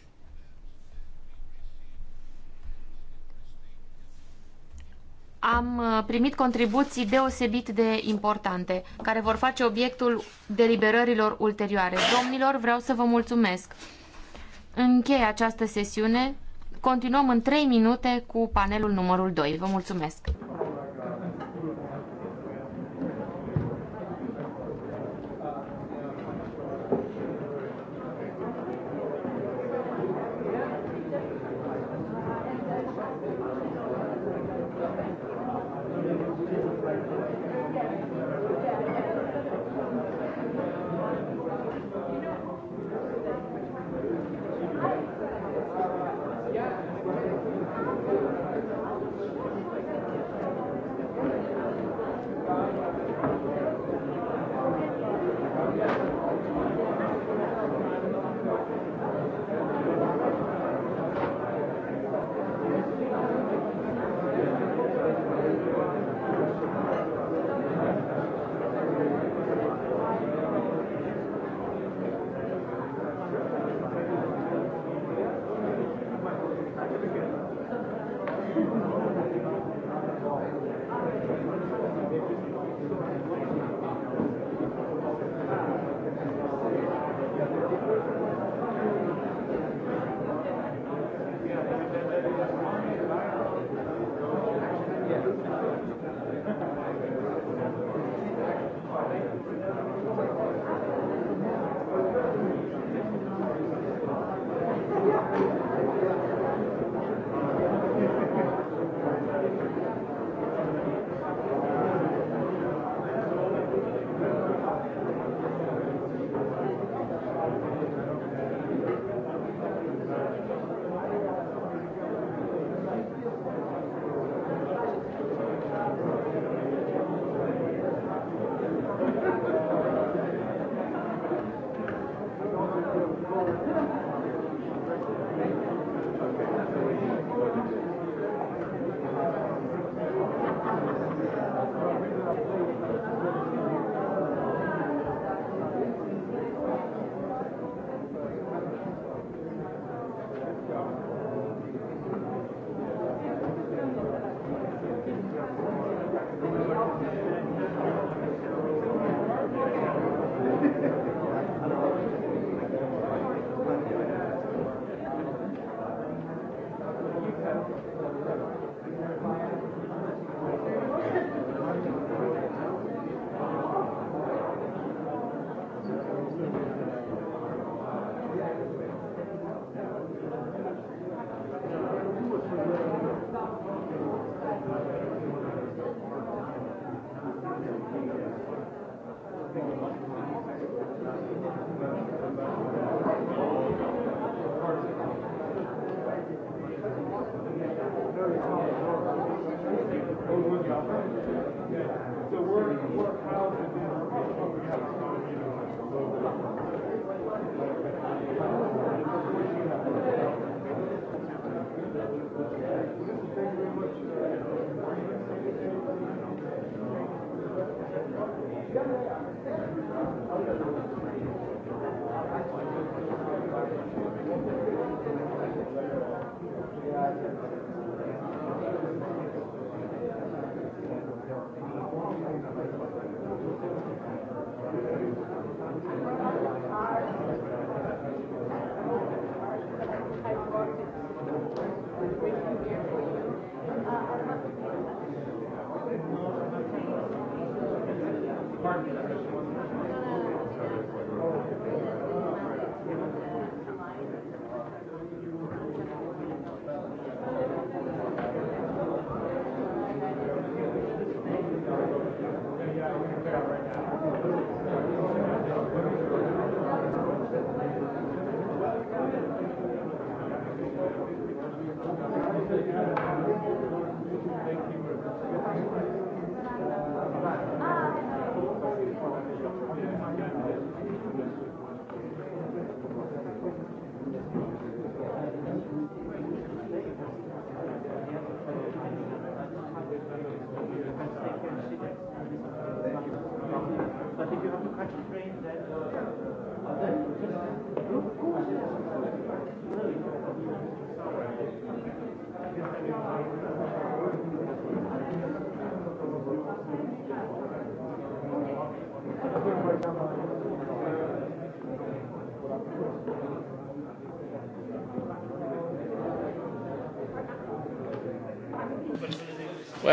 Am uh, primit contribuții deosebit de importante, care vor face obiectul deliberărilor ulterioare. Domnilor, vreau să vă mulțumesc. Închei această sesiune. Continuăm în 3 minute cu panelul numărul 2. Vă mulțumesc!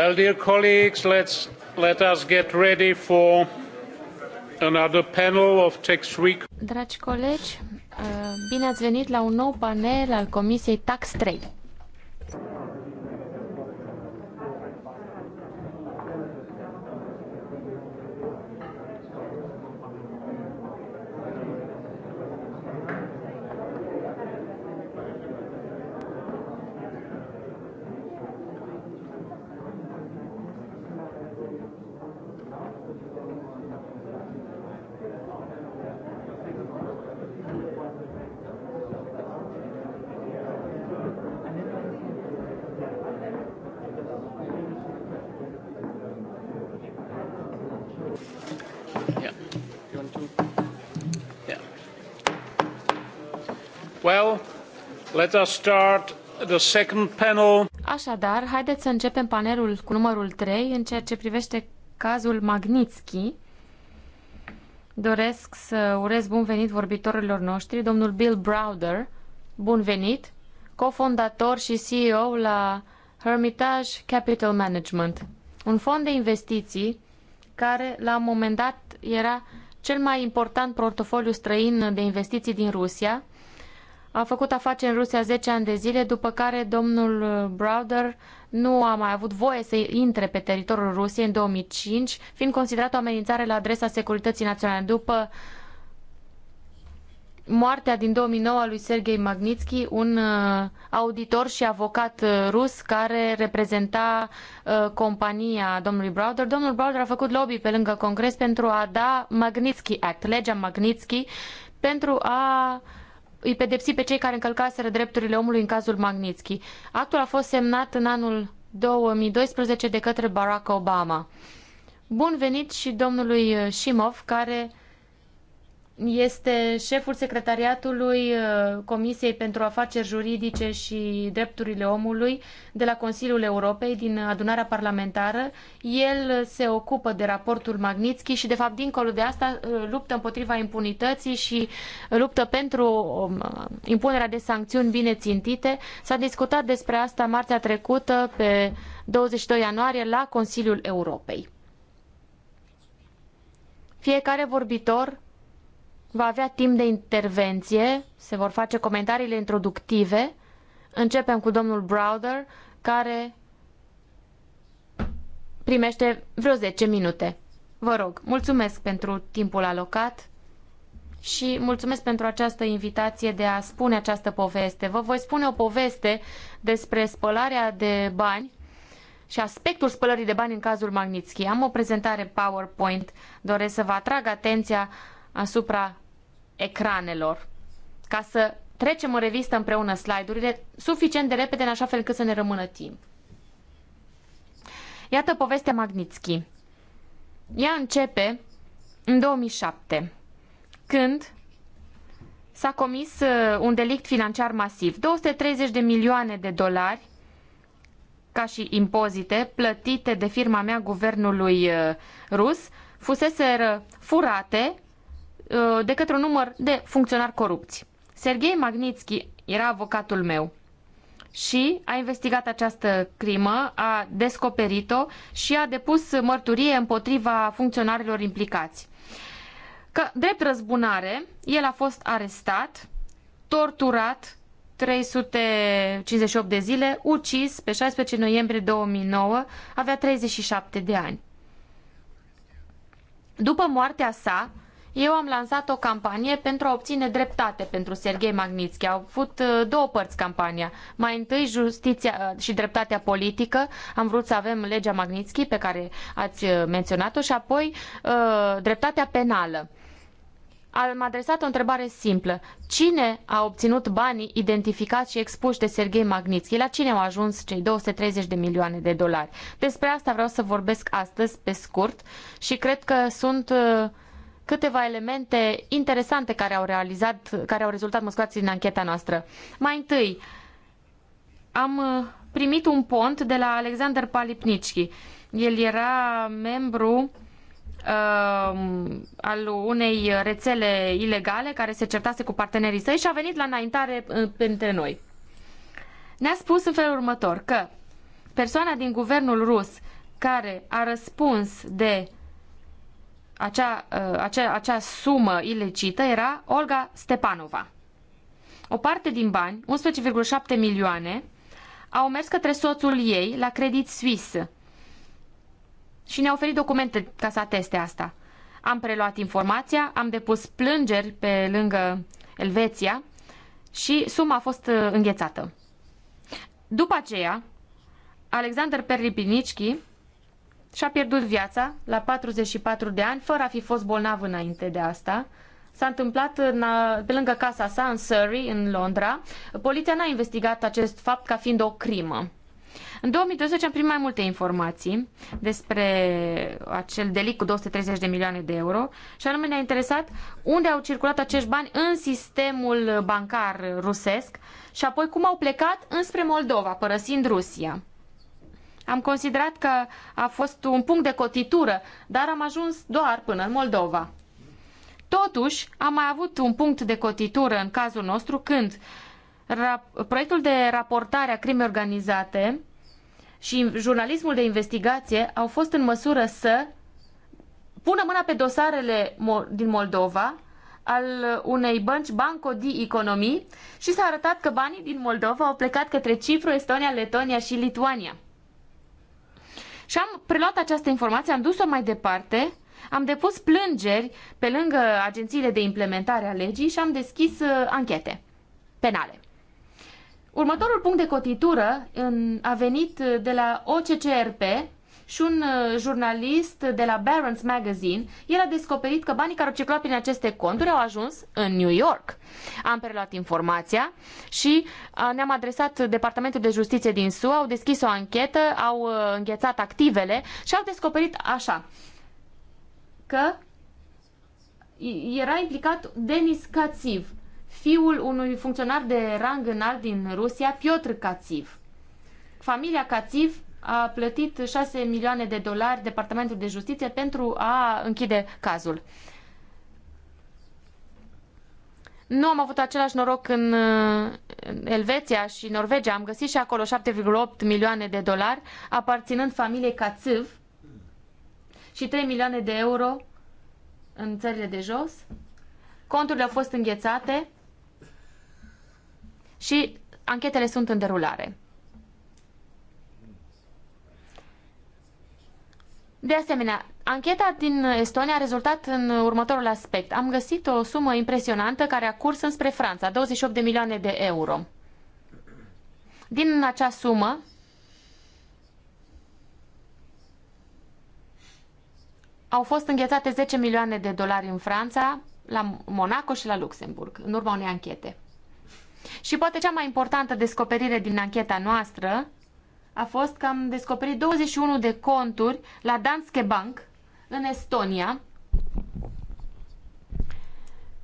Well, dear colleagues, let's, let us get ready for another panel of tax Dragi colegi, uh, bine ați venit la un nou panel al Comisiei Tax 3. Let us start the second panel. Așadar, haideți să începem panelul cu numărul 3 în ceea ce privește cazul Magnitsky. Doresc să urez bun venit vorbitorilor noștri, domnul Bill Browder, bun venit, cofondator și CEO la Hermitage Capital Management, un fond de investiții care la un moment dat era cel mai important portofoliu străin de investiții din Rusia, a făcut afaceri în Rusia 10 ani de zile, după care domnul uh, Browder nu a mai avut voie să intre pe teritoriul Rusiei în 2005, fiind considerat o amenințare la adresa securității naționale. După moartea din 2009 a lui Sergei Magnitsky, un uh, auditor și avocat uh, rus care reprezenta compania domnului Browder. Domnul Browder a făcut lobby pe lângă Congres pentru a da Magnitsky Act, legea Magnitsky, pentru a îi pedepsi pe cei care încălcaseră drepturile omului în cazul Magnitsky. Actul a fost semnat în anul 2012 de către Barack Obama. Bun venit și domnului Shimov, care este șeful secretariatului uh, Comisiei pentru Afaceri Juridice și Drepturile Omului de la Consiliul Europei din adunarea parlamentară. El uh, se ocupă de raportul Magnitsky și, de fapt, dincolo de asta, uh, luptă împotriva impunității și luptă pentru um, impunerea de sancțiuni bine țintite. S-a discutat despre asta marțea trecută, pe 22 ianuarie, la Consiliul Europei. Fiecare vorbitor va avea timp de intervenție, se vor face comentariile introductive. Începem cu domnul Browder, care primește vreo 10 minute. Vă rog, mulțumesc pentru timpul alocat și mulțumesc pentru această invitație de a spune această poveste. Vă voi spune o poveste despre spălarea de bani și aspectul spălării de bani în cazul Magnitsky. Am o prezentare PowerPoint, doresc să vă atrag atenția asupra ecranelor ca să trecem în revistă împreună slide-urile suficient de repede în așa fel cât să ne rămână timp. Iată povestea Magnitsky. Ea începe în 2007, când s-a comis uh, un delict financiar masiv, 230 de milioane de dolari ca și impozite plătite de firma mea guvernului uh, rus, fuseseră furate Uh, de către un număr de funcționari corupți. Serghei Magnitski era avocatul meu și a investigat această crimă, a descoperit-o și a depus mărturie împotriva funcționarilor implicați. Că, drept răzbunare, el a fost arestat, torturat 358 de zile, ucis pe 16 noiembrie 2009, avea 37 de ani. După moartea sa, eu am lansat o campanie pentru a obține dreptate pentru Serghei Magnitsky. Au avut uh, două părți campania. Mai întâi justiția uh, și dreptatea politică. Am vrut să avem legea Magnitsky pe care ați uh, menționat-o și apoi dreptatea penală. Am adresat o întrebare simplă. Cine a obținut banii identificați și expuși de Serghei Magnitsky? La cine au ajuns cei 230 de milioane de dolari? Despre asta vreau să vorbesc astăzi, pe scurt, și cred că sunt uh, câteva elemente interesante care au, realizat, care au rezultat măscuați din ancheta noastră. Mai întâi, am uh, primit un pont de la Alexander Palipnicki. El era membru uh, al unei rețele ilegale care se certase cu partenerii săi și a venit la înaintare între uh, noi. Ne-a spus în felul următor că persoana din guvernul rus care a răspuns de acea, uh, acea, acea sumă ilicită era Olga Stepanova. O parte din bani, 11,7 milioane, au mers către soțul ei la Credit Suisse și ne-a oferit documente ca să ateste asta. Am preluat informația, am depus plângeri pe lângă Elveția și suma a fost uh, înghețată. După aceea, Alexander Perlipinicki și-a pierdut viața la 44 de ani, fără a fi fost bolnav înainte de asta. S-a întâmplat în, pe lângă casa sa, în Surrey, în Londra. Poliția n-a investigat acest fapt ca fiind o crimă. În 2012 am primit mai multe informații despre acel delic cu 230 de milioane de euro și anume ne-a interesat unde au circulat acești bani în sistemul bancar rusesc și apoi cum au plecat înspre Moldova, părăsind Rusia. Am considerat că a fost un punct de cotitură, dar am ajuns doar până în Moldova. Totuși, am mai avut un punct de cotitură în cazul nostru când proiectul de raportare a crimei organizate și jurnalismul de investigație au fost în măsură să pună mâna pe dosarele din Moldova al unei bănci Banco di Economii și s-a arătat că banii din Moldova au plecat către Cipru, Estonia, Letonia și Lituania. Și am preluat această informație, am dus-o mai departe, am depus plângeri pe lângă agențiile de implementare a legii și am deschis uh, anchete penale. Următorul punct de cotitură în, a venit uh, de la OCCRP, și un uh, jurnalist de la Barron's Magazine, el a descoperit că banii care au circulat prin aceste conturi au ajuns în New York. Am preluat informația și uh, ne-am adresat Departamentul de Justiție din SUA, au deschis o anchetă, au uh, înghețat activele și au descoperit așa că era implicat Denis Kațiv, fiul unui funcționar de rang înalt din Rusia, Piotr Kațiv. Familia Kațiv a plătit 6 milioane de dolari Departamentul de Justiție pentru a închide cazul. Nu am avut același noroc în Elveția și Norvegia. Am găsit și acolo 7,8 milioane de dolari aparținând familiei Cațâv și 3 milioane de euro în țările de jos. Conturile au fost înghețate și anchetele sunt în derulare. De asemenea, ancheta din Estonia a rezultat în următorul aspect. Am găsit o sumă impresionantă care a curs înspre Franța, 28 de milioane de euro. Din acea sumă, au fost înghețate 10 milioane de dolari în Franța, la Monaco și la Luxemburg, în urma unei anchete. Și poate cea mai importantă descoperire din ancheta noastră a fost că am descoperit 21 de conturi la Danske Bank în Estonia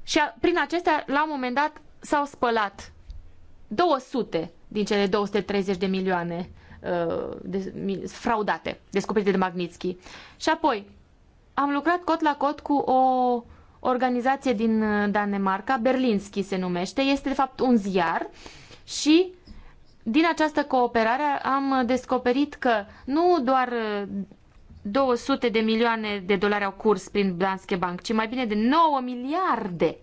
și a, prin acestea la un moment dat s-au spălat 200 din cele 230 de milioane uh, de, mi, fraudate, descoperite de Magnitsky. Și apoi am lucrat cot la cot cu o organizație din uh, Danemarca, Berlinski se numește, este de fapt un ziar și din această cooperare am descoperit că nu doar 200 de milioane de dolari au curs prin Danske Bank, ci mai bine de 9 miliarde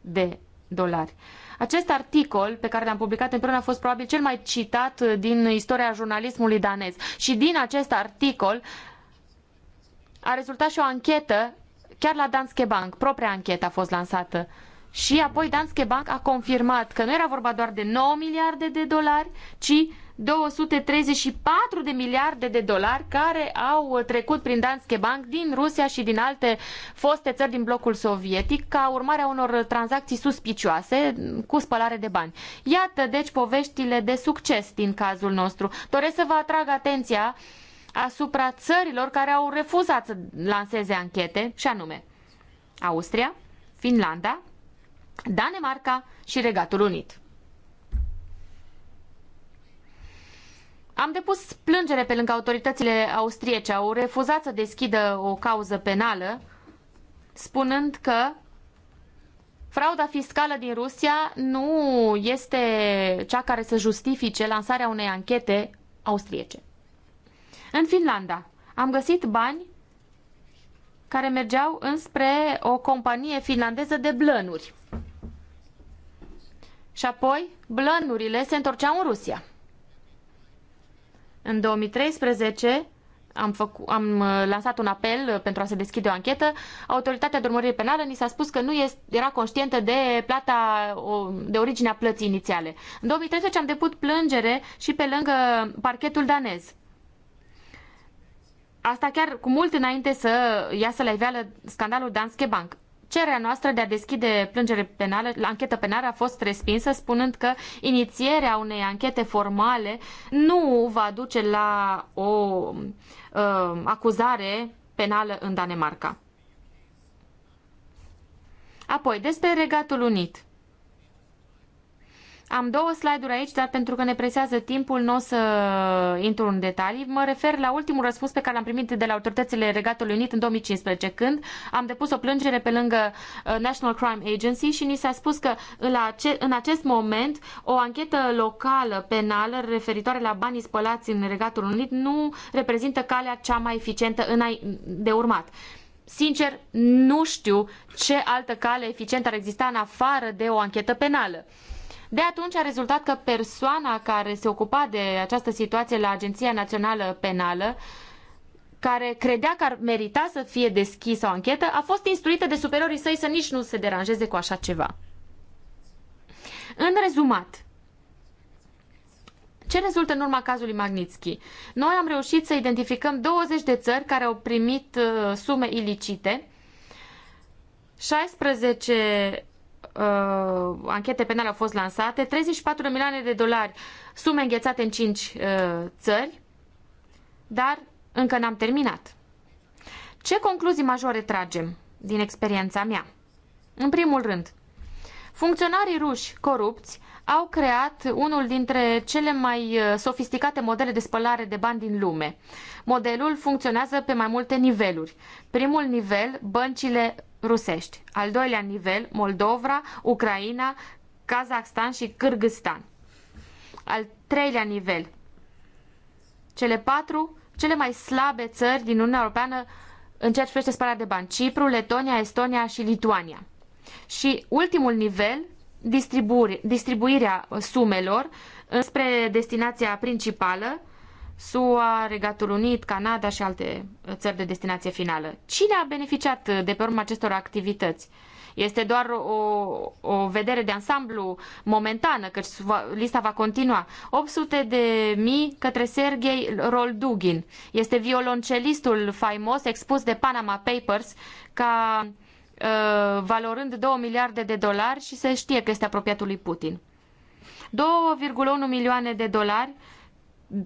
de dolari. Acest articol pe care l-am publicat împreună a fost probabil cel mai citat din istoria jurnalismului danez. Și din acest articol a rezultat și o anchetă chiar la Danske Bank. Propria anchetă a fost lansată. Uh, și apoi Danske Bank a confirmat că nu era vorba doar de 9 miliarde de dolari, ci 234 de miliarde de dolari care au trecut prin Danske Bank din Rusia și din alte foste țări din blocul sovietic ca urmare a unor tranzacții suspicioase cu spălare de bani. Iată deci poveștile de succes din cazul nostru. Doresc să vă atrag atenția asupra țărilor care au refuzat să lanseze anchete, și anume Austria, Finlanda, Danemarca și Regatul Unit. Am depus plângere pe lângă autoritățile austriece, au refuzat să deschidă o cauză penală, spunând că frauda fiscală din Rusia nu este cea care să justifice lansarea unei anchete austriece. În Finlanda am găsit bani care mergeau înspre o companie finlandeză de blănuri. Și apoi blănurile se întorceau în Rusia. În 2013 am, făcu- am uh, lansat un apel uh, pentru a se deschide o anchetă. Autoritatea de urmărire penală ni s-a spus că nu era conștientă de plata, de originea plății inițiale. În 2013 am depus plângere și pe lângă parchetul danez. Asta chiar cu mult înainte să iasă la iveală scandalul Danske Bank. Cererea noastră de a deschide plângere penală, la anchetă penală a fost respinsă, spunând că inițierea unei anchete formale nu va duce la o uh, acuzare penală în Danemarca. Apoi, despre Regatul Unit. Am două slide-uri aici, dar pentru că ne presează timpul, nu o să intru în detalii. Mă refer la ultimul răspuns pe care l-am primit de la autoritățile Regatului Unit în 2015, când am depus o plângere pe lângă uh, National Crime Agency și ni s-a spus că în acest moment o anchetă locală penală referitoare la banii spălați în Regatul Unit nu reprezintă calea cea mai eficientă de urmat. Sincer, nu știu ce altă cale eficientă ar exista în afară de o anchetă penală. De atunci a rezultat că persoana care se ocupa de această situație la Agenția Națională Penală care credea că ar merita să fie deschisă o anchetă, a fost instruită de superiorii săi să nici nu se deranjeze cu așa ceva. În rezumat, ce rezultă în urma cazului Magnitsky? Noi am reușit să identificăm 20 de țări care au primit uh, sume ilicite, 16 uh, anchete penale au fost lansate, 34 de milioane de dolari, sume înghețate în 5 uh, țări, dar încă n-am terminat. Ce concluzii majore tragem din experiența mea? În primul rând, funcționarii ruși corupți au creat unul dintre cele mai uh, sofisticate modele de spălare de bani din lume. Modelul funcționează pe mai multe niveluri. Primul nivel, băncile rusești. Al doilea nivel, Moldova, Ucraina, Kazakhstan și Kyrgyzstan. Al treilea nivel, cele patru cele mai slabe țări din Uniunea Europeană în ceea ce privește spălarea de bani. Cipru, Letonia, Estonia și Lituania. Și ultimul nivel, distribuirea sumelor spre destinația principală, SUA, Regatul Unit, Canada și alte țări de destinație finală. Cine a beneficiat de pe urma acestor activități? Este doar o, o vedere de ansamblu momentană, că lista va continua. 800 de mii către Sergei Roldugin. Este violoncelistul faimos expus de Panama Papers ca uh, Uh, valorând 2 miliarde de dolari și se știe că este apropiatul lui Putin. 2,1 milioane de dolari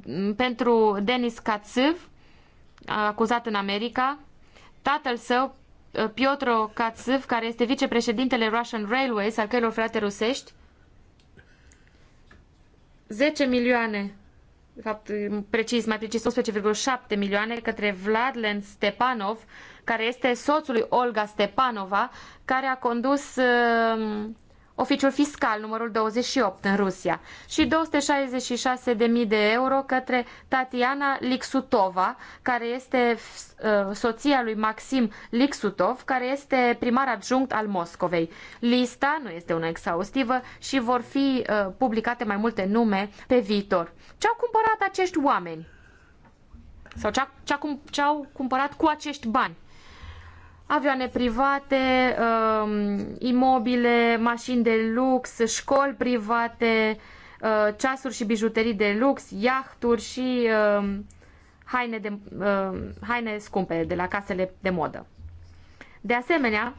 mm, pentru Denis Katsev, acuzat în America, tatăl său, uh, Piotr Katsev, care este vicepreședintele Russian Railways, al căilor frate rusești, 10 milioane, de fapt, mm, precis, mai precis 11,7 milioane către Vladlen Stepanov, care este soțul lui Olga Stepanova, care a condus uh, oficiul fiscal numărul 28 în Rusia și 266.000 de euro către Tatiana Lixutova, care este uh, soția lui Maxim Lixutov, care este primar adjunct al Moscovei. Lista nu este una exhaustivă și vor fi uh, publicate mai multe nume pe viitor. Ce au cumpărat acești oameni? Sau ce-au cumpărat cu acești bani? avioane private, um, imobile, mașini de lux, școli private, uh, ceasuri și bijuterii de lux, iahturi și um, haine, de, um, haine scumpe de la casele de modă. De asemenea,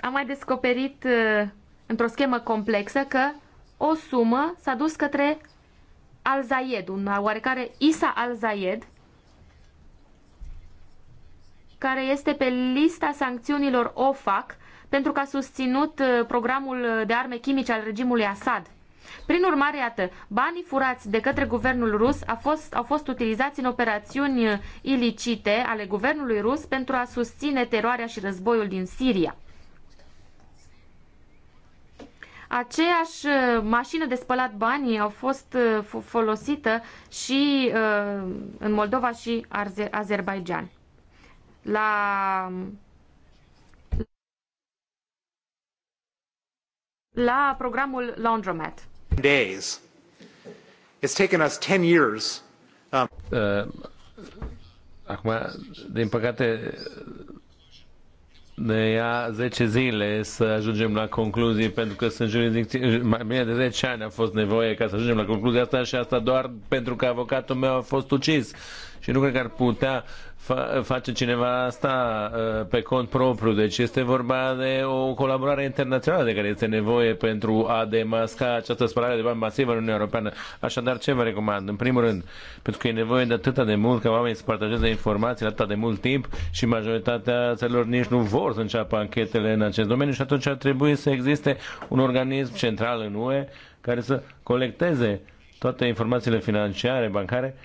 am mai descoperit uh, într-o schemă complexă că o sumă s-a dus către Al-Zayed, un oarecare Isa Al-Zayed, care este pe lista sancțiunilor OFAC pentru că a susținut uh, programul de arme chimice al regimului Assad. Prin urmare, iată, banii furați de către guvernul rus au fost, au fost utilizați în operațiuni uh, ilicite ale guvernului rus pentru a susține teroarea și războiul din Siria. Aceeași uh, mașină de spălat bani a fost folosită și în Moldova și Azerbaijan la la programul Laundromat. Days. It's taken us 10 years. Um... Uh, acum, din păcate, ne ia 10 zile să ajungem la concluzii, pentru că sunt jurisdicții, mai bine de 10 ani a fost nevoie ca să ajungem la concluzia asta și asta doar pentru că avocatul meu a fost ucis și nu cred că ar putea fa- face cineva asta uh, pe cont propriu. Deci este vorba de o colaborare internațională de care este nevoie pentru a demasca această spălare de bani masivă în Uniunea Europeană. Așadar, ce vă recomand? În primul rând, pentru că e nevoie de atâta de mult ca oamenii să partajeze informații atâta de mult timp și majoritatea țărilor nici nu vor să înceapă anchetele în acest domeniu și atunci ar trebui să existe un organism central în UE care să colecteze toate informațiile financiare, bancare,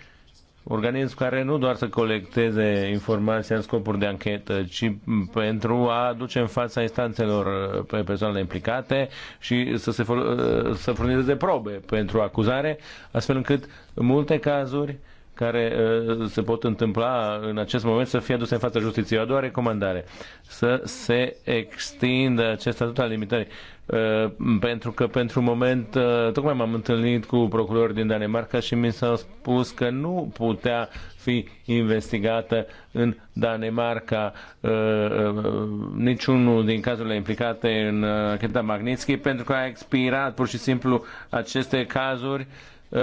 organism care nu doar să colecteze informații în scopuri de anchetă, ci pentru a duce în fața instanțelor uh, pe persoanele implicate și să, se uh, să furnizeze probe pentru acuzare, astfel încât multe cazuri care uh, se pot întâmpla în acest moment să fie aduse în fața justiției. A doua recomandare, să se extindă acest statut al limitării Uh, pentru că pentru moment uh, tocmai m-am întâlnit cu procurori din Danemarca și mi s-a spus că nu putea fi investigată în Danemarca uh, niciunul din cazurile implicate în Cheta Magnitsky pentru că a expirat pur și simplu aceste cazuri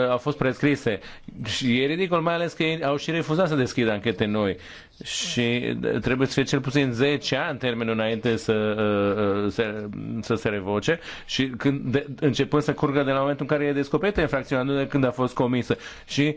au fost prescrise. Și e ridicol, mai ales că ei au și refuzat să deschidă anchete noi și trebuie să fie cel puțin 10 ani termenul înainte să, uh, să, să se revoce și când, de, începând să curgă de la momentul în care e descoperită infracțiunea, nu de când a fost comisă. Și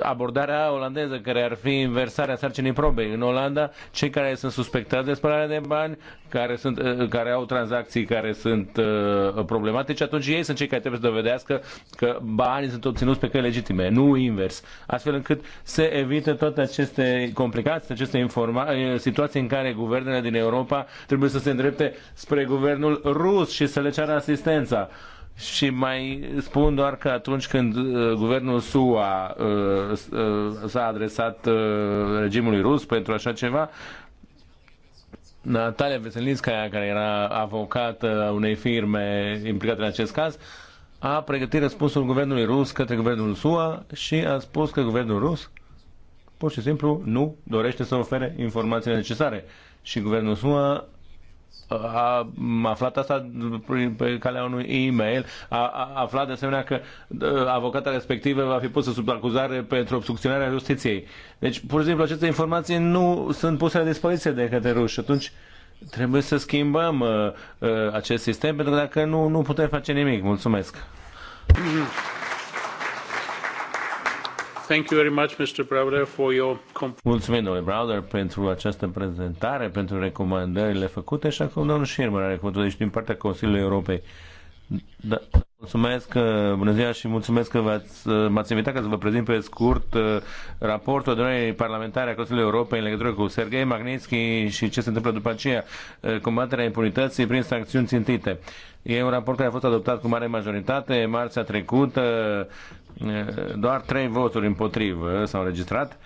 abordarea olandeză, care ar fi inversarea sarcinii probei. În Olanda, cei care sunt suspectați de spălare de bani, care, sunt, uh, care au tranzacții care sunt uh, problematice, atunci ei sunt cei care trebuie să dovedească că banii sunt obținuți pe căi legitime, nu invers. Astfel încât se evită toate aceste complicații această aceste eh, situație în care guvernele din Europa trebuie să se îndrepte spre guvernul rus și să le ceară asistența. Și mai spun doar că atunci când uh, guvernul SUA uh, eh, uh, s-a adresat uh, regimului rus pentru așa ceva, Natalia Veselinskaya, care era avocată unei firme implicate în acest caz, a pregătit răspunsul guvernului rus către guvernul SUA și a spus că guvernul rus pur și simplu nu dorește să ofere informațiile necesare. Și guvernul SUA a aflat asta pe calea unui e-mail, a, aflat de asemenea că ă, avocata respectivă va fi pusă sub acuzare pentru obstrucționarea justiției. Deci, pur și simplu, aceste informații nu sunt puse la dispoziție de către ruși. Atunci, trebuie să schimbăm uh, uh, acest sistem, pentru că dacă nu, nu putem face nimic. Mulțumesc! Thank you very much, Mr. Browder, for your... Mulțumim, domnule Browder, pentru această prezentare, pentru recomandările făcute și acum domnul Schirmer are cuvântul, deci din partea Consiliului Europei. Da, mulțumesc, uh, bună ziua și mulțumesc că v-ați, uh, m-ați invitat ca să vă prezint pe scurt uh, raportul adunării parlamentare a Consiliului Europei în legătură cu Sergei Magnitsky și ce se întâmplă după aceea, combaterea impunității prin sancțiuni țintite. Uh, E un raport care a fost adoptat cu mare majoritate marțea trecută. Doar trei voturi împotrivă s-au registrat.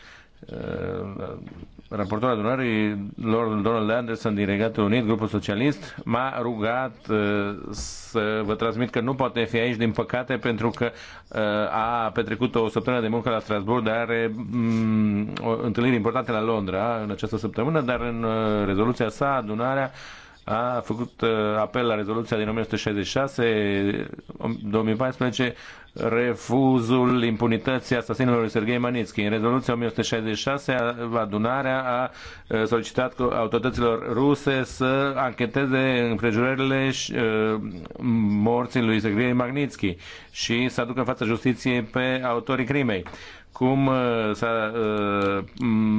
Raportul adunării, Lord Donald Anderson din Regatul Unit, grupul socialist, m-a rugat uh, să vă transmit că nu poate fi aici, din păcate, pentru că uh, a petrecut o săptămână de muncă la Strasbourg, dar are mm, o întâlnire importantă la Londra în această săptămână, dar în uh, rezoluția sa, adunarea, a făcut uh, apel la rezoluția din 1966, 2014, um, refuzul impunității asasinilor Serghei Manitski. În rezoluția 1966, adunarea a uh, solicitat autorităților ruse să ancheteze împrejurările uh, morții lui Serghei Magnitski și să aducă în fața justiției pe autorii crimei cum uh, s-a uh,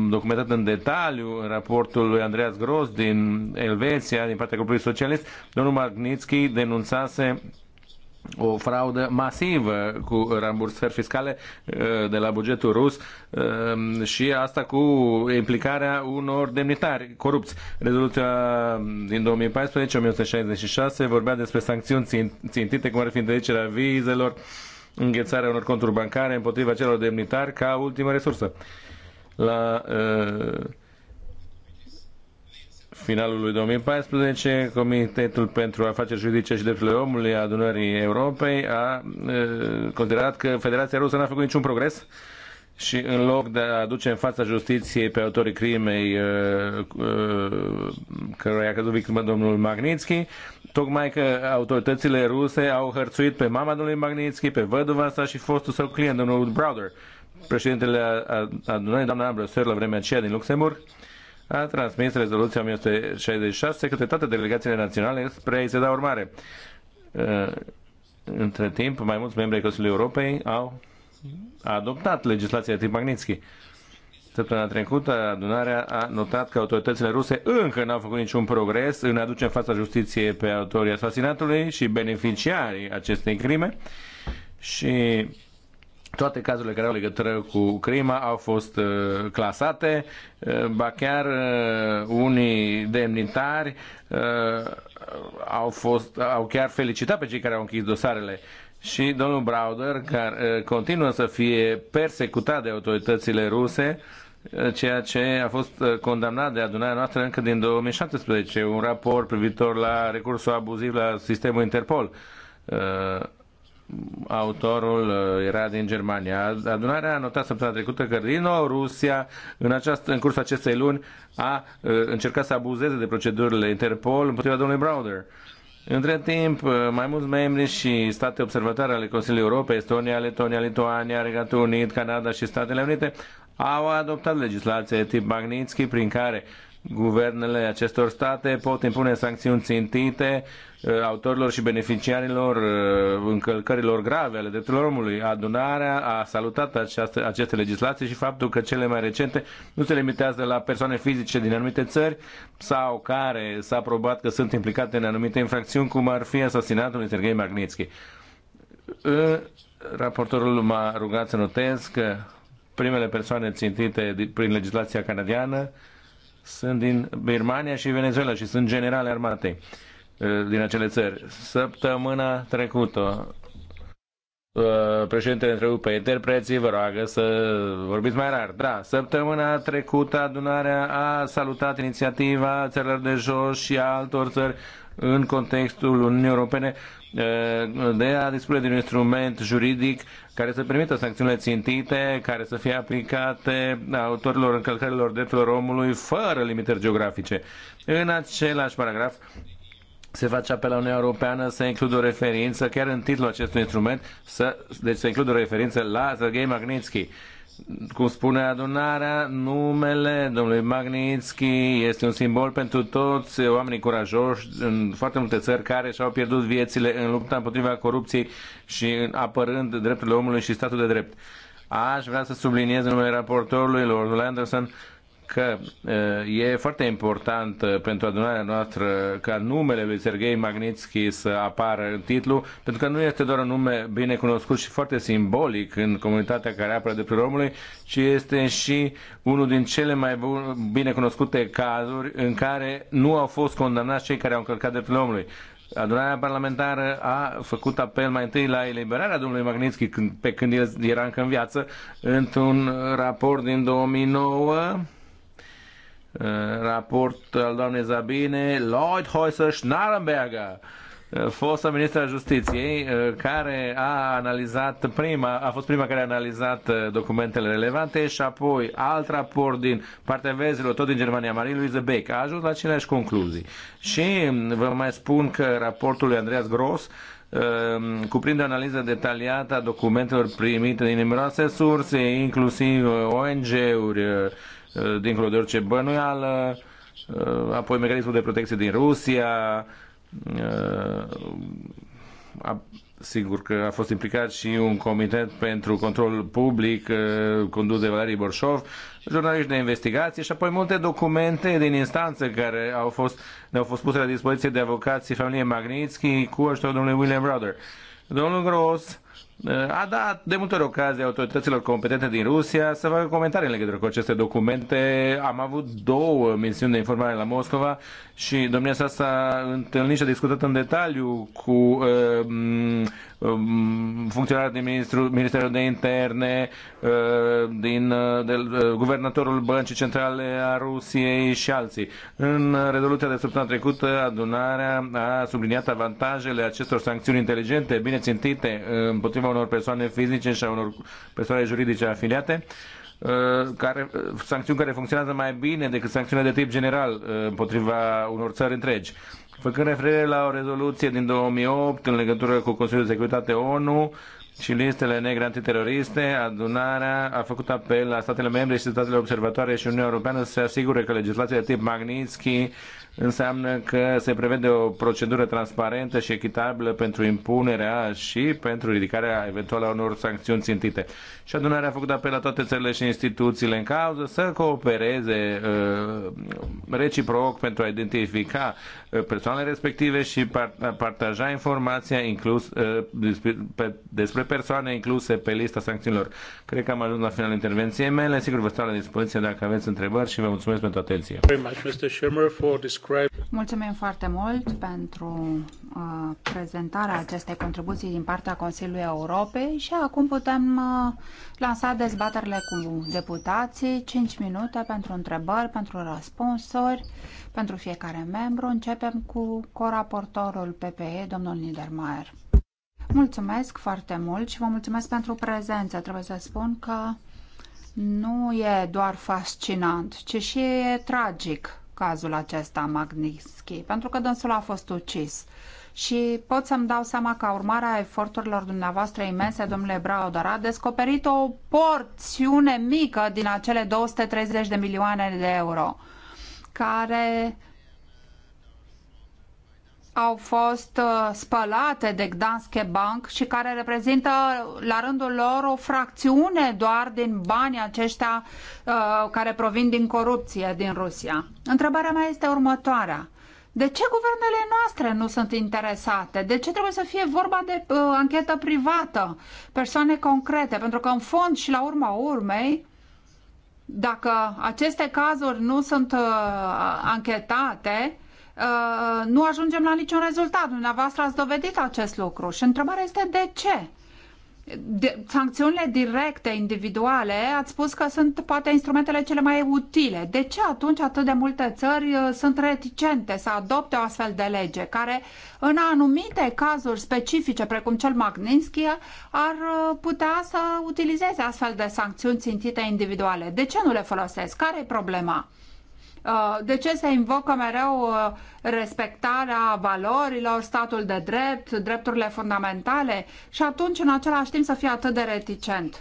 documentat în detaliu în raportul lui Andreas Gros din Elveția, din partea grupului socialist, domnul Magnitsky denunțase o fraudă masivă cu rambursări fiscale uh, de la bugetul rus și asta cu implicarea unor demnitari corupți. Rezoluția din 2014, 1966, vorbea despre sancțiuni țintite, cum ar fi interzicerea vizelor, înghețarea unor conturi bancare împotriva celor demnitari ca ultimă resursă. La uh, finalul lui 2014, Comitetul pentru Afaceri Juridice și Drepturile Omului a Adunării Europei a uh, considerat că Federația Rusă n-a făcut niciun progres uh, și în loc de a aduce în fața justiției pe autorii crimei uh, uh, i a căzut victimă domnului Magnitsky, tocmai că autoritățile ruse au hărțuit pe mama domnului Magnitsky, pe văduva sa și fostul său client, domnul Browder. Președintele adunării, doamna Brăsăr, la vremea aceea din Luxemburg, a transmis rezoluția 1166 către toate delegațiile naționale spre a-i se da urmare. Uh, între timp, mai mulți membri ai Consiliului Europei au a adoptat legislația de tip Magnitsky. Săptămâna trecută, adunarea a notat că autoritățile ruse încă n-au făcut niciun progres în aduce în fața justiției pe autorii asasinatului și beneficiarii acestei crime și toate cazurile care au legătură cu crima au fost uh, clasate, uh, ba chiar uh, unii demnitari au, fost, au chiar felicitat pe cei care au închis dosarele și domnul Browder, care eh, continuă să fie persecutat de autoritățile ruse, eh, ceea ce a fost eh, condamnat de adunarea noastră încă din 2017, un raport privitor la recursul abuziv la sistemul Interpol. Autorul era din Germania. Adunarea a notat săptămâna trecută că din nou Rusia în, această, în cursul acestei luni a încercat să abuzeze de procedurile Interpol împotriva domnului Browder. Între timp, mai mulți membri și state observatoare ale Consiliului Europei, Estonia, Letonia, Lituania, Regatul Unit, Canada și Statele Unite, au adoptat legislație tip Magnitsky prin care Guvernele acestor state pot impune sancțiuni țintite uh, autorilor și beneficiarilor uh, încălcărilor grave ale drepturilor omului. Adunarea a salutat această, aceste legislații și faptul că cele mai recente nu se limitează la persoane fizice din anumite țări sau care s-a probat că sunt implicate în anumite infracțiuni, cum ar fi asasinatul lui Sergei Magnitsky. Uh, raportorul m-a rugat să notez că primele persoane țintite prin legislația canadiană sunt din Birmania și Venezuela și sunt generale armate uh, din acele țări. Săptămâna trecută, uh, președintele pe interpreții, vă roagă să vorbiți mai rar. Da, săptămâna trecută adunarea a salutat inițiativa țărilor de jos și a altor țări în contextul Uniunii Europene eh, de a dispune de un instrument juridic care să permită sancțiunile țintite, care să fie aplicate autorilor încălcărilor drepturilor omului fără limitări geografice. În același paragraf, se face apel la Uniunea Europeană să includă o referință, chiar în titlul acestui instrument, să, deci să includă o referință la Sergei Magnitsky cum spune adunarea, numele domnului Magnitsky este un simbol pentru toți oamenii curajoși în foarte multe țări care și-au pierdut viețile în lupta împotriva corupției și în apărând drepturile omului și statul de drept. Aș vrea să subliniez numele raportorului Lord Anderson că eh, e foarte important eh, pentru adunarea noastră ca numele lui Sergei Magnitsky să apară în titlu, pentru că nu este doar un nume bine cunoscut și foarte simbolic în comunitatea care apără de omului, ci este și unul din cele mai bine cunoscute cazuri în care nu au fost condamnați cei care au încălcat de omului. Adunarea parlamentară a făcut apel mai întâi la eliberarea domnului Magnitsky pe când el era încă în viață, într-un raport din 2009 Eh, raport al doamnei Zabine Heuser Schnarrenberger eh, fosta ministra justiției eh, care a analizat prima, a fost prima care a analizat documentele relevante și apoi alt raport din partea vezilor, tot din Germania, Marie Louise Beck, a ajuns la aceleași concluzii. Și mm, vă mai spun că raportul lui Andreas Gross ehm, cuprinde o analiză detaliată a documentelor primite din numeroase surse, inclusiv ONG-uri, Uh, dincolo de orice bănuială, uh, apoi mecanismul de protecție din Rusia, uh, a, sigur că a fost implicat și un comitet pentru control public condus de Valerii Borșov, jurnaliști de investigație și apoi multe documente din instanță care au fost, ne-au fost puse la dispoziție de avocații familiei Magnitsky cu ajutorul domnului William Brother. Domnul Gross a dat de multe ori ocazie autorităților competente din Rusia să facă comentarii în legătură cu aceste documente. Am avut două misiuni de informare la Moscova și domnia sa s-a întâlnit și a discutat în detaliu cu uh, Um, funcționari din ministru, Ministerul de Interne, uh, din uh, de, uh, guvernatorul Băncii Centrale a Rusiei și alții. În rezoluția de săptămâna trecută, adunarea a subliniat avantajele acestor sancțiuni inteligente, bine țintite, împotriva unor persoane fizice și a unor persoane juridice afiliate care, sancțiuni care funcționează mai bine decât sancțiunile de tip general împotriva unor țări întregi făcând referire la o rezoluție din 2008 în legătură cu Consiliul de Securitate ONU și listele negre antiteroriste, adunarea a făcut apel la statele membre și statele observatoare și Uniunea Europeană să se asigure că legislația de tip Magnitsky înseamnă că se prevede o procedură transparentă și echitabilă pentru impunerea și pentru ridicarea eventuală a unor sancțiuni țintite. Și adunarea a făcut apel la toate țările și instituțiile în cauză să coopereze uh, reciproc pentru a identifica Uh, persoanele respective și uh, partaja informația inclus, uh, despre persoane incluse pe lista sancțiunilor. Cred că am ajuns la finalul intervenției mele. Sigur, vă stau la dispoziție dacă aveți întrebări și vă mulțumesc pentru atenție. Mulțumim foarte mult pentru uh, prezentarea acestei contribuții din partea Consiliului Europei și acum putem uh, lansa dezbaterile cu deputații, 5 minute pentru întrebări, pentru răspunsuri pentru fiecare membru. Începem cu coraportorul PPE, domnul Niedermayer. Mulțumesc foarte mult și vă mulțumesc pentru prezență. Trebuie să spun că nu e doar fascinant, ci și e tragic cazul acesta Magnitsky, pentru că dânsul a fost ucis. Și pot să-mi dau seama că urmarea eforturilor dumneavoastră imense, domnule Braudar, a descoperit o porțiune mică din acele 230 de milioane de euro care au fost uh, spălate de Gdanske Bank și care reprezintă la rândul lor o fracțiune doar din banii aceștia uh, care provin din corupție din Rusia. Întrebarea mea este următoarea. De ce guvernele noastre nu sunt interesate? De ce trebuie să fie vorba de uh, anchetă privată, persoane concrete? Pentru că, în fond și la urma urmei, dacă aceste cazuri nu sunt uh, anchetate, uh, nu ajungem la niciun rezultat. Dumneavoastră ați dovedit acest lucru și întrebarea este de ce? de, sancțiunile directe, individuale, ați spus că sunt poate instrumentele cele mai utile. De ce atunci atât de multe țări uh, sunt reticente să adopte o astfel de lege, care în anumite cazuri specifice, precum cel Magnitsky, ar uh, putea să utilizeze astfel de sancțiuni țintite individuale? De ce nu le folosesc? Care e problema? Uh, de ce se invocă mereu uh, respectarea valorilor, statul de drept, drepturile fundamentale și atunci în același timp să fie atât de reticent?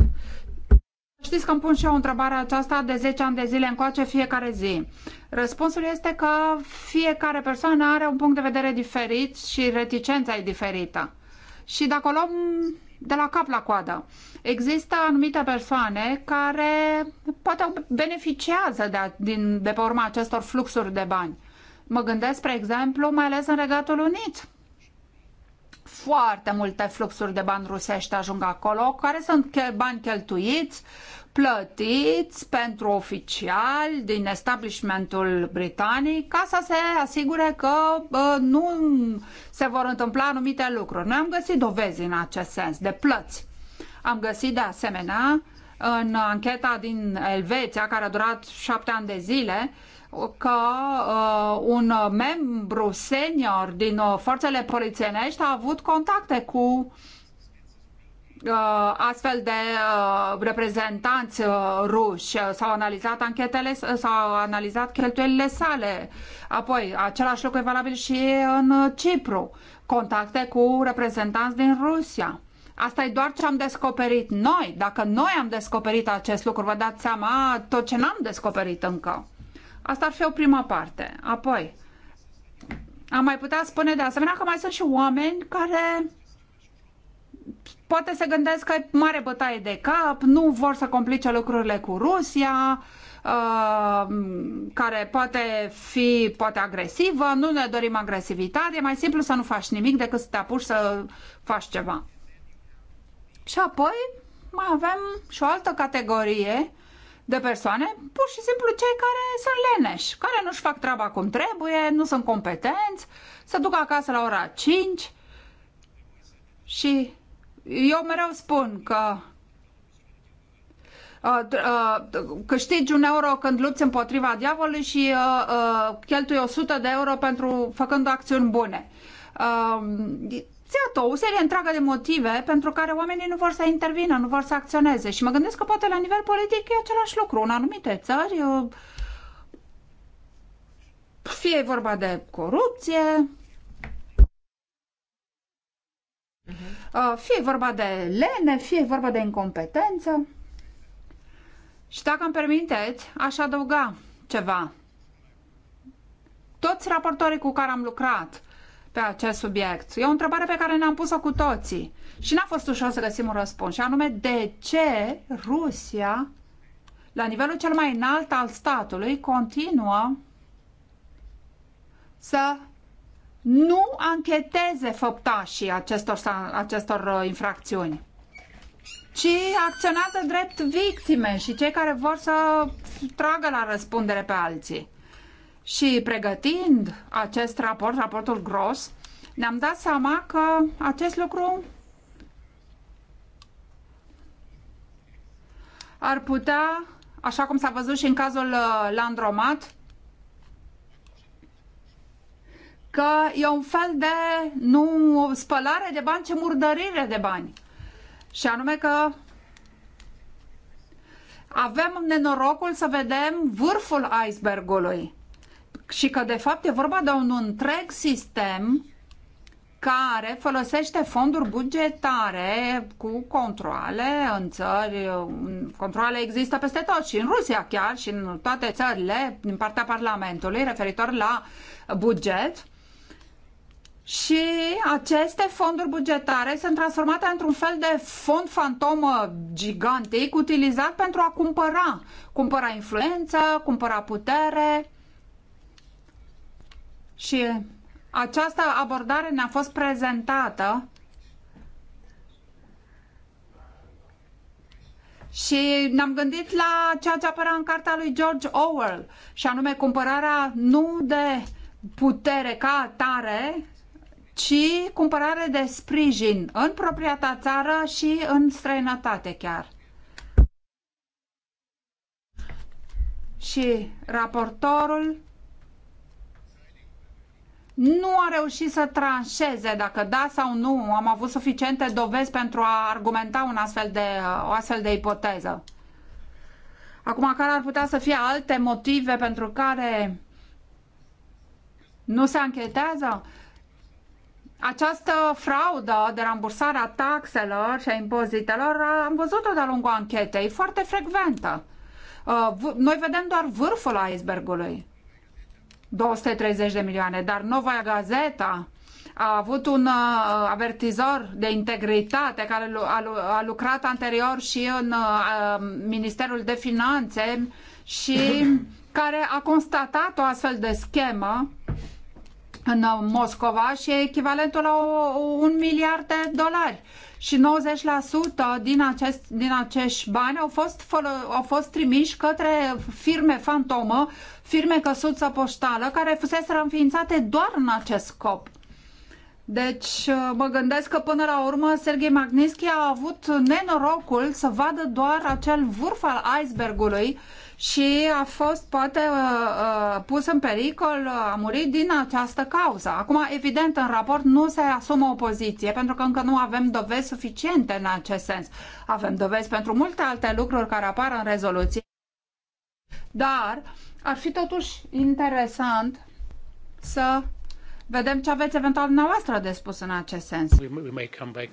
Știți că îmi pun și eu întrebarea aceasta de 10 ani de zile încoace fiecare zi. Răspunsul este că fiecare persoană are un punct de vedere diferit și reticența e diferită. Și dacă luăm de la cap la coadă. Există anumite persoane care poate beneficiază de, a, din, de pe urma acestor fluxuri de bani. Mă gândesc, spre exemplu, mai ales în Regatul Unit. Foarte multe fluxuri de bani rusești ajung acolo, care sunt bani cheltuiți, plătiți pentru oficiali din establishmentul britanic ca să se asigure că bă, nu se vor întâmpla anumite lucruri. Noi am găsit dovezi în acest sens de plăți. Am găsit de asemenea în ancheta din Elveția, care a durat șapte ani de zile, că uh, un membru senior din uh, forțele polițienești a avut contacte cu uh, Uh, astfel de uh, reprezentanți uh, ruși, s-au analizat anchetele, s-au analizat cheltuielile sale. Apoi, același lucru e valabil și în Cipru, contacte cu reprezentanți din Rusia. Asta e doar ce am descoperit noi. Dacă noi am descoperit acest lucru, vă dați seama tot ce n-am descoperit încă. Asta ar fi o prima parte. Apoi, am mai putea spune de asemenea că mai sunt și oameni care poate se gândesc că e mare bătaie de cap, nu vor să complice lucrurile cu Rusia, uh, care poate fi poate agresivă, nu ne dorim agresivitate, e mai simplu să nu faci nimic decât să te apuci să faci ceva. Și apoi mai avem și o altă categorie de persoane, pur și simplu cei care sunt leneși, care nu-și fac treaba cum trebuie, nu sunt competenți, se duc acasă la ora 5 și eu mereu spun că uh, uh, câștigi un euro când lupți împotriva diavolului și uh, cheltui 100 de euro pentru făcând acțiuni bune. Um, Iată, o serie întreagă de motive pentru care oamenii nu vor să intervină, nu vor să acționeze. Și mă gândesc că poate la nivel politic e același lucru. În anumite țări, fie e vorba de corupție, mhm. Uh, fie vorba de lene, fie vorba de incompetență. Și dacă îmi permiteți, aș adăuga ceva. Toți raportorii cu care am lucrat pe acest subiect, e o întrebare pe care ne-am pus-o cu toții și n-a fost ușor să găsim un răspuns, și anume de ce Rusia, la nivelul cel mai înalt al statului, continuă să nu ancheteze făptașii acestor, acestor uh, infracțiuni, ci acționează drept victime și cei care vor să tragă la răspundere pe alții. Și pregătind acest raport, raportul gros, ne-am dat seama că acest lucru ar putea, așa cum s-a văzut și în cazul uh, Landromat, că e un fel de nu spălare de bani, ci murdărire de bani. Și anume că avem nenorocul să vedem vârful icebergului și că de fapt e vorba de un întreg sistem care folosește fonduri bugetare cu controle în țări, controle există peste tot și în Rusia chiar și în toate țările din partea Parlamentului referitor la buget și aceste fonduri bugetare sunt transformate într-un fel de fond fantomă gigantic utilizat pentru a cumpăra. Cumpăra influență, cumpăra putere și această abordare ne-a fost prezentată Și ne-am gândit la ceea ce apărea în cartea lui George Orwell, și anume cumpărarea nu de putere ca atare, ci cumpărare de sprijin în propria ta țară și în străinătate chiar. Și raportorul nu a reușit să tranșeze dacă da sau nu am avut suficiente dovezi pentru a argumenta un astfel de, o astfel de ipoteză. Acum, care ar putea să fie alte motive pentru care nu se anchetează? Această fraudă de rambursare a taxelor și a impozitelor uh, am văzut-o de-a lungul anchetei, foarte frecventă. Uh, noi vedem doar vârful icebergului. 230 de milioane, dar Nova Gazeta a avut un uh, avertizor de integritate care a lucrat anterior și în Ministerul de Finanțe și care a constatat o astfel de schemă în uh, Moscova și e echivalentul la un miliard de dolari. Și 90% din, acest, din acești bani au fost, au fost trimiși către firme fantomă, firme căsuță poștală, care fuseseră înființate doar în acest scop. Deci uh, mă gândesc că până la urmă Sergei Magnitsky a avut nenorocul să vadă doar acel vârf al icebergului și a fost poate uh, uh, pus în pericol, uh, a murit din această cauză. Acum, evident, în raport nu se asumă o poziție, pentru că încă nu avem dovezi suficiente în acest sens. Avem dovezi pentru multe alte lucruri care apar în rezoluție. Dar ar fi totuși interesant să vedem ce aveți eventual dumneavoastră de spus în acest sens. We, may come back,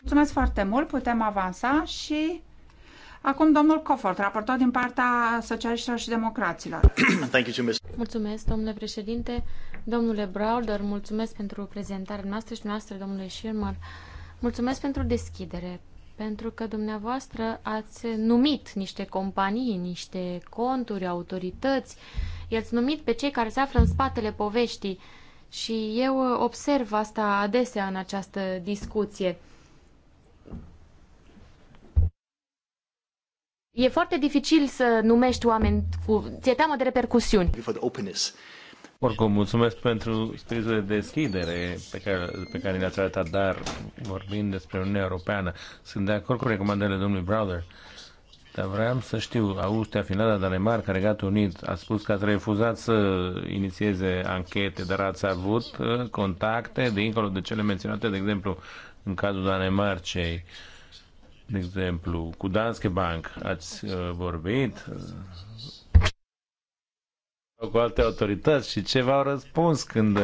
Mulțumesc foarte mult, putem avansa și Acum domnul Cofort, raportor din partea socialiștilor și democraților. Mulțumesc, domnule președinte. Domnule Browder, mulțumesc pentru prezentarea noastră și noastră, domnule Schirmer. Mulțumesc pentru deschidere, pentru că dumneavoastră ați numit niște companii, niște conturi, autorități, i-ați numit pe cei care se află în spatele poveștii și eu observ asta adesea în această discuție. E foarte dificil să numești oameni cu... Ți-e teamă de repercusiuni. Oricum, mulțumesc pentru spiritul de deschidere pe care, pe care le-ați arătat, dar vorbind despre Uniunea Europeană, sunt de acord cu recomandările domnului Browder. Dar vreau să știu, Austria, Finlanda, Danemarca, Regatul Unit, a spus că ați refuzat să inițieze anchete, dar ați avut uh, contacte dincolo de cele menționate, de exemplu, în cazul Danemarcei. Uh, de exemplu, cu Danske Bank ați uh, vorbit uh, cu alte autorități și ce v-au răspuns când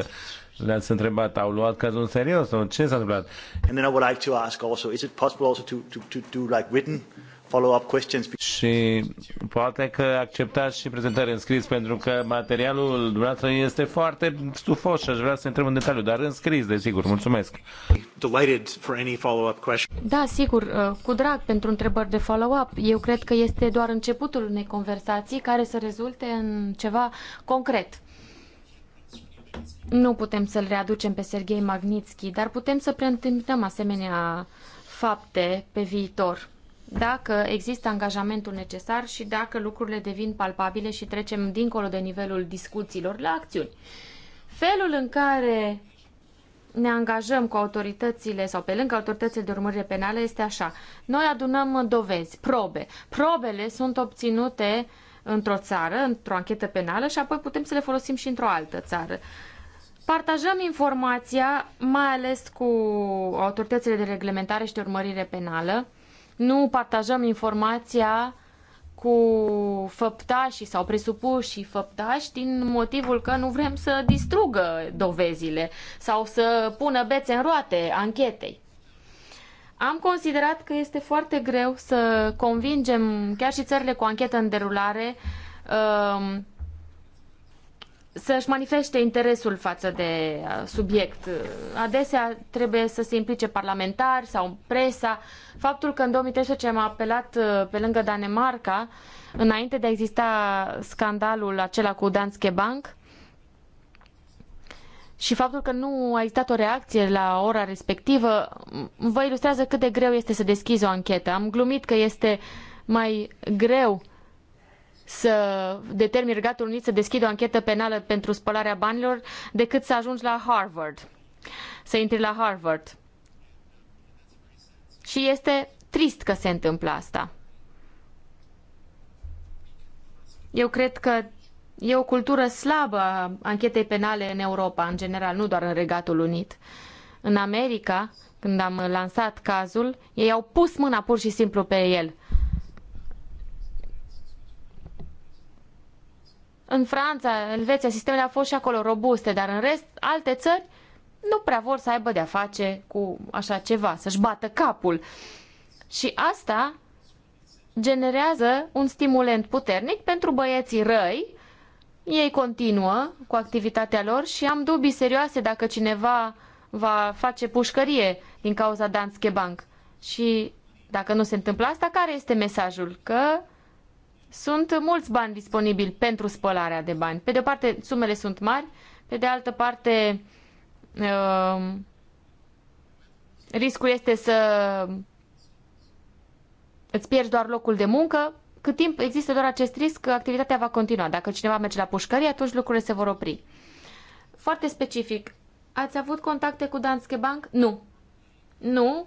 le-ați întrebat, au luat cazul în serios sau ce s-a întâmplat? And then I would like to ask also, is it possible also to, to, to do like written follow-up questions. Și poate că acceptați și prezentări în scris, pentru că materialul dumneavoastră este foarte stufos și aș vrea să intrăm în detaliu, dar în scris, desigur. Mulțumesc. Delighted for any follow-up question. Da, sigur, uh, cu drag pentru întrebări de follow-up. Eu cred că este doar începutul unei conversații care să rezulte în ceva concret. Nu putem să-l readucem pe Serghei Magnitski, dar putem să preîntâmpinăm asemenea fapte pe viitor dacă există angajamentul necesar și dacă lucrurile devin palpabile și trecem dincolo de nivelul discuțiilor la acțiuni. Felul în care ne angajăm cu autoritățile sau pe lângă autoritățile de urmărire penală este așa. Noi adunăm dovezi, probe. Probele sunt obținute într-o țară, într-o anchetă penală și apoi putem să le folosim și într-o altă țară. Partajăm informația, mai ales cu autoritățile de reglementare și de urmărire penală, nu partajăm informația cu făptașii sau presupușii făptași din motivul că nu vrem să distrugă dovezile sau să pună bețe în roate anchetei. Am considerat că este foarte greu să convingem chiar și țările cu anchetă în derulare um, să-și manifeste interesul față de uh, subiect. Adesea trebuie să se implice parlamentari sau presa. Faptul că în 2013 am apelat uh, pe lângă Danemarca, înainte de a exista scandalul acela cu Danske Bank, și faptul că nu a existat o reacție la ora respectivă vă ilustrează cât de greu este să deschizi o anchetă. Am glumit că este mai greu să determini Regatul Unit să deschidă o anchetă penală pentru spălarea banilor decât să ajungi la Harvard, să intri la Harvard. Și este trist că se întâmplă asta. Eu cred că e o cultură slabă a anchetei penale în Europa, în general, nu doar în Regatul Unit. În America, când am lansat cazul, ei au pus mâna pur și simplu pe el În Franța, Elveția, sistemele au fost și acolo robuste, dar în rest, alte țări nu prea vor să aibă de-a face cu așa ceva, să-și bată capul. Și asta generează un stimulent puternic pentru băieții răi. Ei continuă cu activitatea lor și am dubii serioase dacă cineva va face pușcărie din cauza Danske Bank. Și dacă nu se întâmplă asta, care este mesajul? Că sunt mulți bani disponibili pentru spălarea de bani. Pe de o parte, sumele sunt mari, pe de altă parte, uh, riscul este să îți pierzi doar locul de muncă. Cât timp există doar acest risc, activitatea va continua. Dacă cineva merge la pușcărie, atunci lucrurile se vor opri. Foarte specific, ați avut contacte cu Danske Bank? Nu. Nu,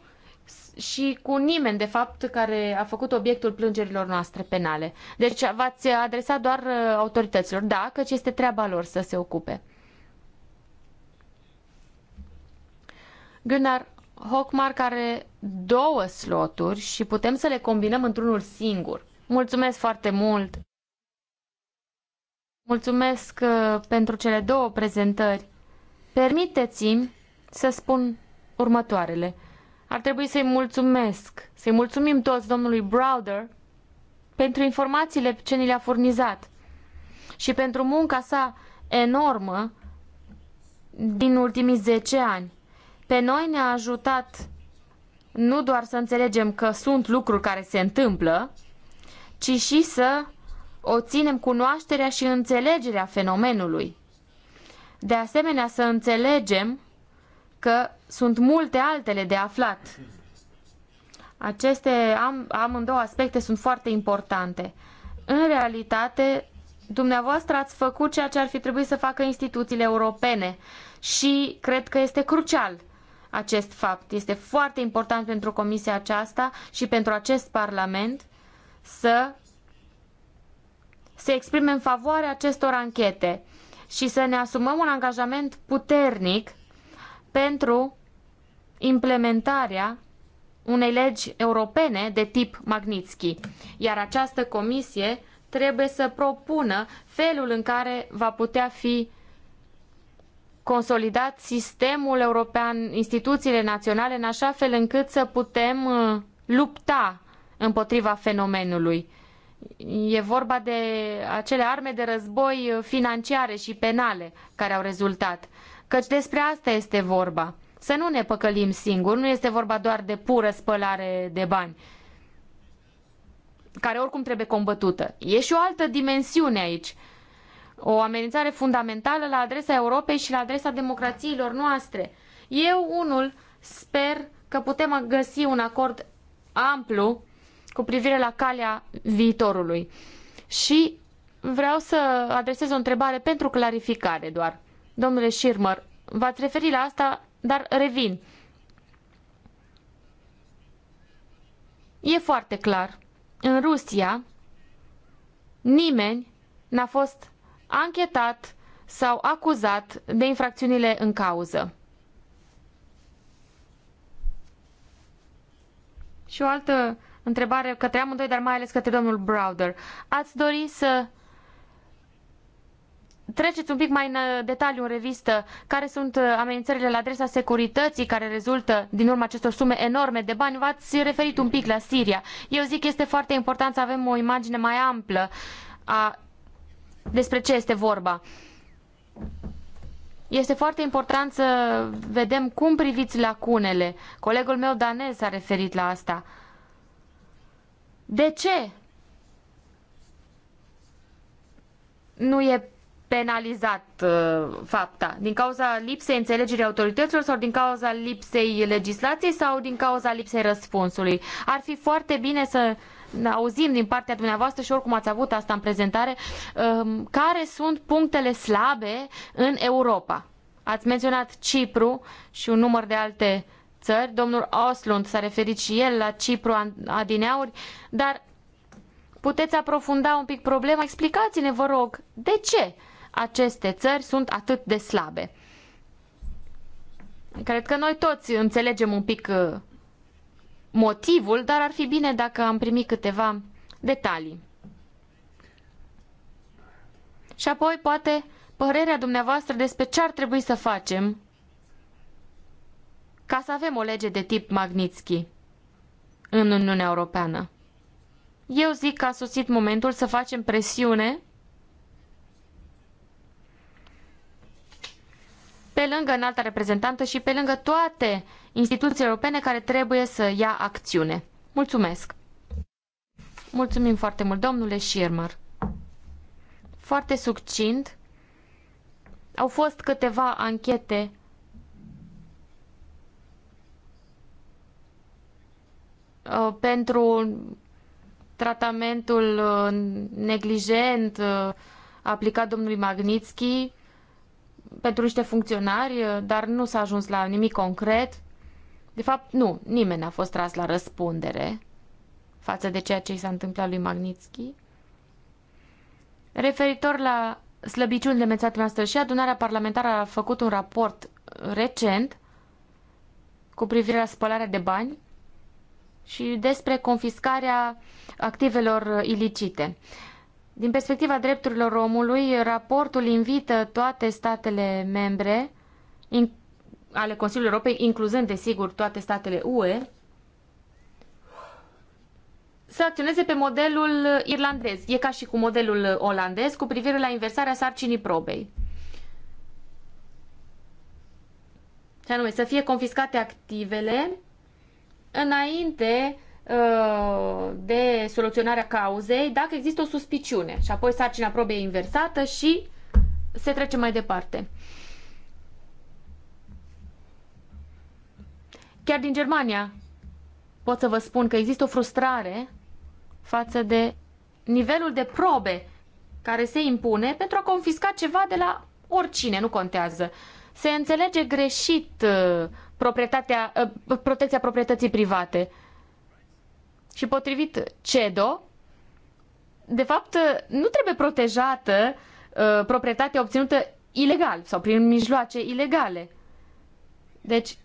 și cu nimeni, de fapt, care a făcut obiectul plângerilor noastre penale. Deci v-ați adresat doar uh, autorităților, da, căci este treaba lor să se ocupe. Gunnar Hockmark are două sloturi și putem să le combinăm într-unul singur. Mulțumesc foarte mult! Mulțumesc uh, pentru cele două prezentări. Permiteți-mi să spun următoarele – ar trebui să-i mulțumesc, să-i mulțumim toți domnului Browder pentru informațiile ce ni le-a furnizat și pentru munca sa enormă din ultimii 10 ani. Pe noi ne-a ajutat nu doar să înțelegem că sunt lucruri care se întâmplă, ci și să ținem cunoașterea și înțelegerea fenomenului. De asemenea, să înțelegem că sunt multe altele de aflat. Aceste am, amândouă aspecte sunt foarte importante. În realitate, dumneavoastră ați făcut ceea ce ar fi trebuit să facă instituțiile europene și cred că este crucial acest fapt. Este foarte important pentru comisia aceasta și pentru acest parlament să se exprime în favoarea acestor anchete și să ne asumăm un angajament puternic pentru implementarea unei legi europene de tip Magnitsky, iar această comisie trebuie să propună felul în care va putea fi consolidat sistemul european, instituțiile naționale, în așa fel încât să putem uh, lupta împotriva fenomenului. E vorba de acele arme de război uh, financiare și penale care au rezultat. Căci despre asta este vorba. Să nu ne păcălim singuri, nu este vorba doar de pură spălare de bani, care oricum trebuie combătută. E și o altă dimensiune aici. O amenințare fundamentală la adresa Europei și la adresa democrațiilor noastre. Eu, unul, sper că putem găsi un acord amplu cu privire la calea viitorului. Și vreau să adresez o întrebare pentru clarificare doar. Domnule Schirmer, v-ați referit la asta, dar revin. E foarte clar. În Rusia, nimeni n-a fost anchetat sau acuzat de infracțiunile în cauză. Și o altă întrebare către amândoi, dar mai ales către domnul Browder. Ați dori să treceți un pic mai în uh, detaliu în revistă care sunt uh, amenințările la adresa securității care rezultă din urma acestor sume enorme de bani. V-ați referit un pic la Siria. Eu zic că este foarte important să avem o imagine mai amplă a despre ce este vorba. Este foarte important să vedem cum priviți lacunele. Colegul meu danez s-a referit la asta. De ce nu e penalizat uh, fapta? Din cauza lipsei înțelegerii autorităților sau din cauza lipsei legislației sau din cauza lipsei răspunsului? Ar fi foarte bine să auzim din partea dumneavoastră și oricum ați avut asta în prezentare, um, care sunt punctele slabe în Europa? Ați menționat Cipru și un număr de alte țări. Domnul Oslund s-a referit și el la Cipru adineauri, dar puteți aprofunda un pic problema? Explicați-ne, vă rog, de ce aceste țări sunt atât de slabe. Cred că noi toți înțelegem un pic uh, motivul, dar ar fi bine dacă am primit câteva detalii. Și apoi, poate, părerea dumneavoastră despre ce ar trebui să facem ca să avem o lege de tip Magnitsky în Uniunea Europeană. Eu zic că a sosit momentul să facem presiune pe lângă înalta reprezentantă și pe lângă toate instituțiile europene care trebuie să ia acțiune. Mulțumesc! Mulțumim foarte mult, domnule Schirmer. Foarte succint. Au fost câteva anchete uh, pentru tratamentul uh, neglijent uh, aplicat domnului Magnitsky pentru niște funcționari, dar nu s-a ajuns la nimic concret. De fapt, nu, nimeni n-a fost tras la răspundere față de ceea ce i s-a întâmplat lui Magnitsky. Referitor la slăbiciunile menționate noastră și adunarea parlamentară a făcut un raport recent cu privire la spălarea de bani și despre confiscarea activelor ilicite. Din perspectiva drepturilor omului, raportul invită toate statele membre in, ale Consiliului Europei, incluzând, desigur, toate statele UE, să acționeze pe modelul irlandez. E ca și cu modelul olandez cu privire la inversarea sarcinii probei. Și anume, să fie confiscate activele înainte Uh, de soluționarea cauzei dacă există o suspiciune și apoi sarcina probei e inversată și se trece mai departe. Chiar din Germania pot să vă spun că există o frustrare față de nivelul de probe care se impune pentru a confisca ceva de la oricine, nu contează. Se înțelege greșit uh, proprietatea, uh, protecția proprietății private. Și potrivit CEDO, de fapt, nu trebuie protejată uh, proprietatea obținută ilegal sau prin mijloace ilegale. Deci,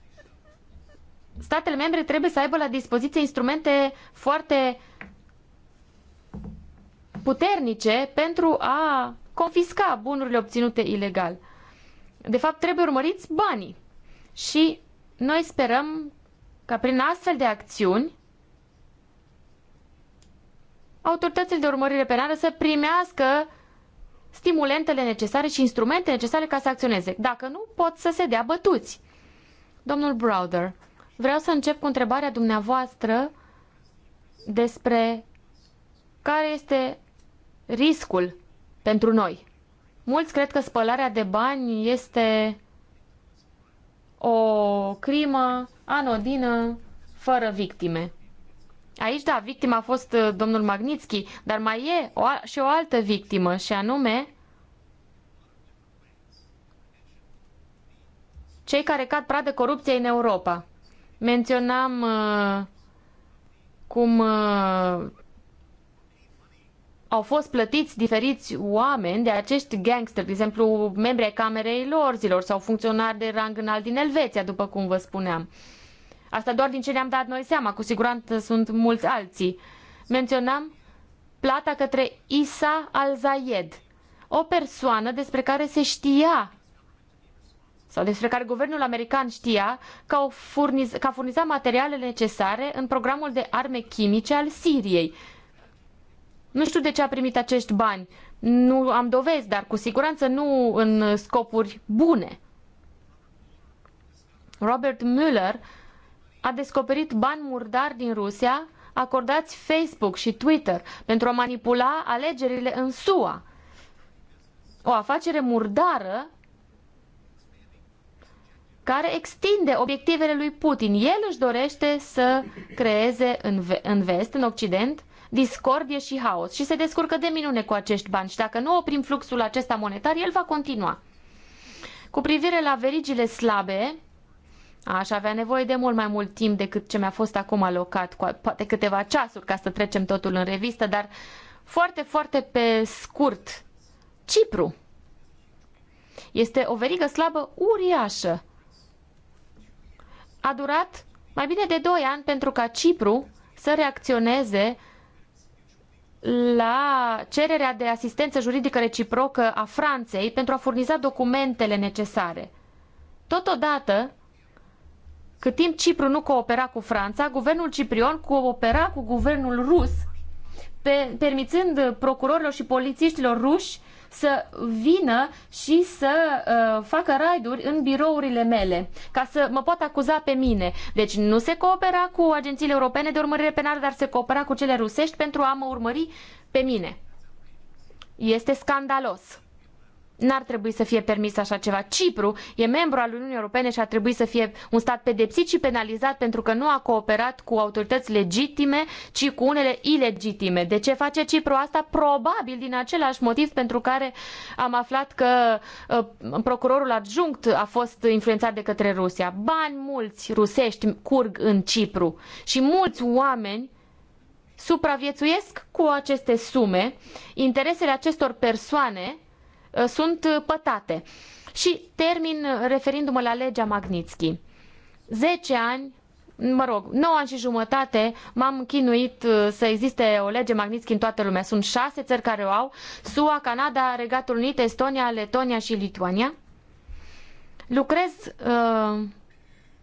statele membre trebuie să aibă la dispoziție instrumente foarte puternice pentru a confisca bunurile obținute ilegal. De fapt, trebuie urmăriți banii. Și noi sperăm ca prin astfel de acțiuni autoritățile de urmărire penală să primească stimulentele necesare și instrumente necesare ca să acționeze. Dacă nu, pot să se dea bătuți. Domnul Browder, vreau să încep cu întrebarea dumneavoastră despre care este riscul pentru noi. Mulți cred că spălarea de bani este o crimă anodină fără victime. Aici, da, victima a fost uh, domnul Magnitsky, dar mai e o, și o altă victimă, și anume cei care cad pradă corupției în Europa. Menționam uh, cum uh, au fost plătiți diferiți oameni de acești gangster, de exemplu, membri ai camerei lorzilor sau funcționari de rang înalt din Elveția, după cum vă spuneam. Uh, Asta doar din ce ne-am dat noi seama, cu siguranță sunt mulți alții. Menționam plata către Isa Al-Zayed, o persoană despre care se știa sau despre care guvernul american știa că, au furniz, că a furnizat materialele necesare în programul de arme chimice al Siriei. Nu știu de ce a primit acești bani. Nu am dovezi, dar cu siguranță nu în scopuri bune. Robert Mueller a descoperit bani murdari din Rusia acordați Facebook și Twitter pentru a manipula alegerile în SUA. O afacere murdară care extinde obiectivele lui Putin. El își dorește să creeze în, în vest, în Occident, discordie și haos și se descurcă de minune cu acești bani și dacă nu oprim fluxul acesta monetar, el va continua. Cu privire la verigile slabe, Aș avea nevoie de mult mai mult timp decât ce mi-a fost acum alocat, cu poate câteva ceasuri ca să trecem totul în revistă, dar foarte, foarte pe scurt. Cipru este o verigă slabă uriașă. A durat mai bine de 2 ani pentru ca Cipru să reacționeze la cererea de asistență juridică reciprocă a Franței pentru a furniza documentele necesare. Totodată, cât timp Cipru nu coopera cu Franța, guvernul ciprion coopera cu guvernul rus, pe, permițând procurorilor și polițiștilor ruși să vină și să uh, facă raiduri în birourile mele, ca să mă pot acuza pe mine. Deci nu se coopera cu agențiile europene de urmărire penală, dar se coopera cu cele rusești pentru a mă urmări pe mine. Este scandalos n-ar trebui să fie permis așa ceva. Cipru e membru al Uniunii Europene și ar trebui să fie un stat pedepsit și penalizat pentru că nu a cooperat cu autorități legitime, ci cu unele ilegitime. De ce face Cipru asta? Probabil din același motiv pentru care am aflat că uh, procurorul adjunct a fost influențat de către Rusia. Bani mulți rusești curg în Cipru și mulți oameni supraviețuiesc cu aceste sume. Interesele acestor persoane Uh, sunt uh, pătate. Și termin uh, referindu-mă la legea Magnitsky. 10 ani mă rog, 9 ani și jumătate m-am chinuit să existe o lege Magnitsky în toată lumea. Sunt șase țări care o au, SUA, Canada, Regatul Unit, Estonia, Letonia și Lituania. Lucrez uh,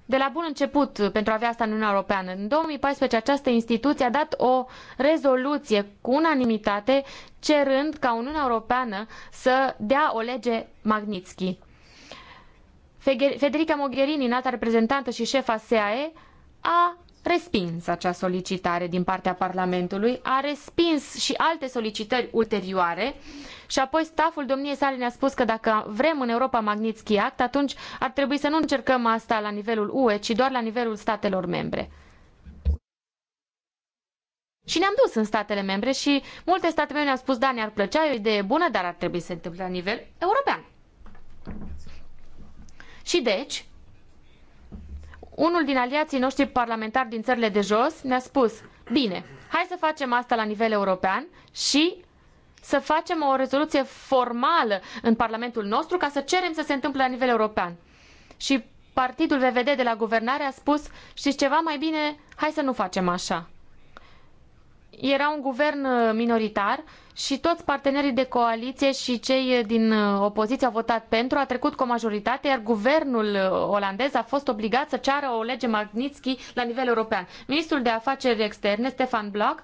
de la bun început pentru a avea asta în Uniunea Europeană. În 2014 această instituție a dat o rezoluție cu unanimitate cerând ca Uniunea Europeană să dea o lege Magnitsky. Federica Mogherini, înalta reprezentantă și șefa SAE, a respins acea solicitare din partea Parlamentului, a respins și alte solicitări ulterioare uh, și apoi staful domniei sale ne-a spus că dacă vrem în Europa Magnitsky Act, atunci ar trebui să nu încercăm asta la nivelul UE, ci doar la nivelul statelor membre. Și ne-am dus în statele membre și multe state membre ne-au spus, da, ne-ar plăcea, e o idee bună, dar ar trebui să se întâmple la nivel european. Și deci, unul din aliații noștri parlamentari din țările de jos ne-a spus, bine, hai să facem asta la nivel european și să facem o rezoluție formală în Parlamentul nostru ca să cerem să se întâmple la nivel european. Și partidul VVD de la guvernare a spus, știți ceva mai bine, hai să nu facem așa. Era un guvern uh, minoritar și toți partenerii de coaliție și cei uh, din uh, opoziție au votat pentru, a trecut cu o majoritate, iar guvernul olandez a fost obligat să ceară o lege Magnitsky la nivel european. Ministrul de Afaceri Externe, Stefan Bloch,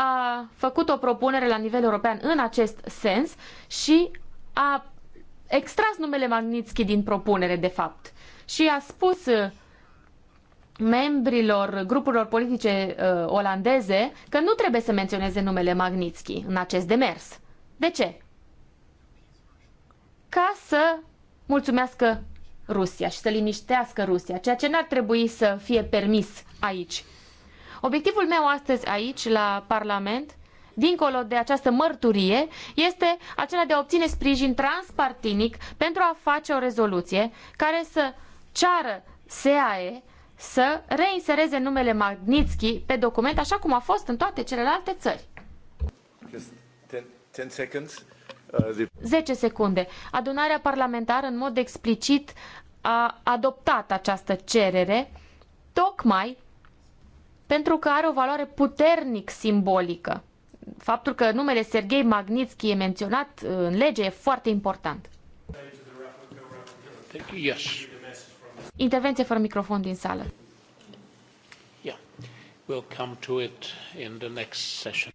a făcut o propunere la nivel european în acest sens și a extras numele Magnitsky din propunere, de fapt. Și a spus uh, membrilor grupurilor politice uh, olandeze că nu trebuie să menționeze numele Magnitsky în acest demers. De ce? Ca să mulțumească Rusia și să liniștească Rusia, ceea ce n-ar trebui să fie permis aici. Obiectivul meu astăzi aici, la Parlament, dincolo de această mărturie, este acela de a obține sprijin transpartinic pentru a face o rezoluție care să ceară SAE să reinsereze numele Magnitsky pe document, așa cum a fost în toate celelalte țări. 10 secunde. Adunarea parlamentară în mod explicit a adoptat această cerere tocmai pentru că are o valoare puternic simbolică. Faptul că numele Serghei Magnitsky e menționat uh, în lege e foarte important. Yes. Intervenție fără microfon din sală.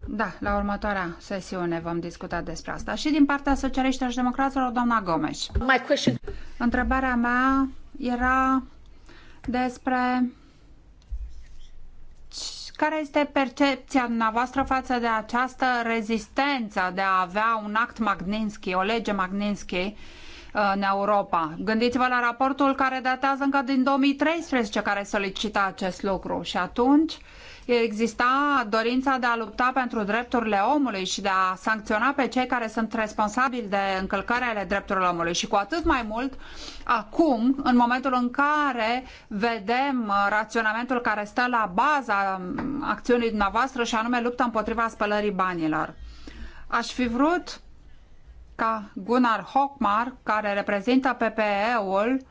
Da, la următoarea sesiune vom discuta despre asta. Și din partea socialiștilor și democraților, doamna Gomes. My question. Întrebarea mea era despre care este percepția dumneavoastră față de această rezistență de a avea un act Magnitsky, o lege Magnitsky în Europa? Gândiți-vă la raportul care datează încă din 2013 care solicita acest lucru și atunci uh, exista dorința de a lupta pentru drepturile omului și de a sancționa pe cei care sunt responsabili de încălcarea ale drepturilor omului și cu atât mai mult acum, în momentul în care vedem uh, raționamentul care stă la baza um, acțiunii dumneavoastră și anume lupta împotriva spălării banilor. Aș fi vrut ca Gunnar Hochmar, care reprezintă PPE-ul,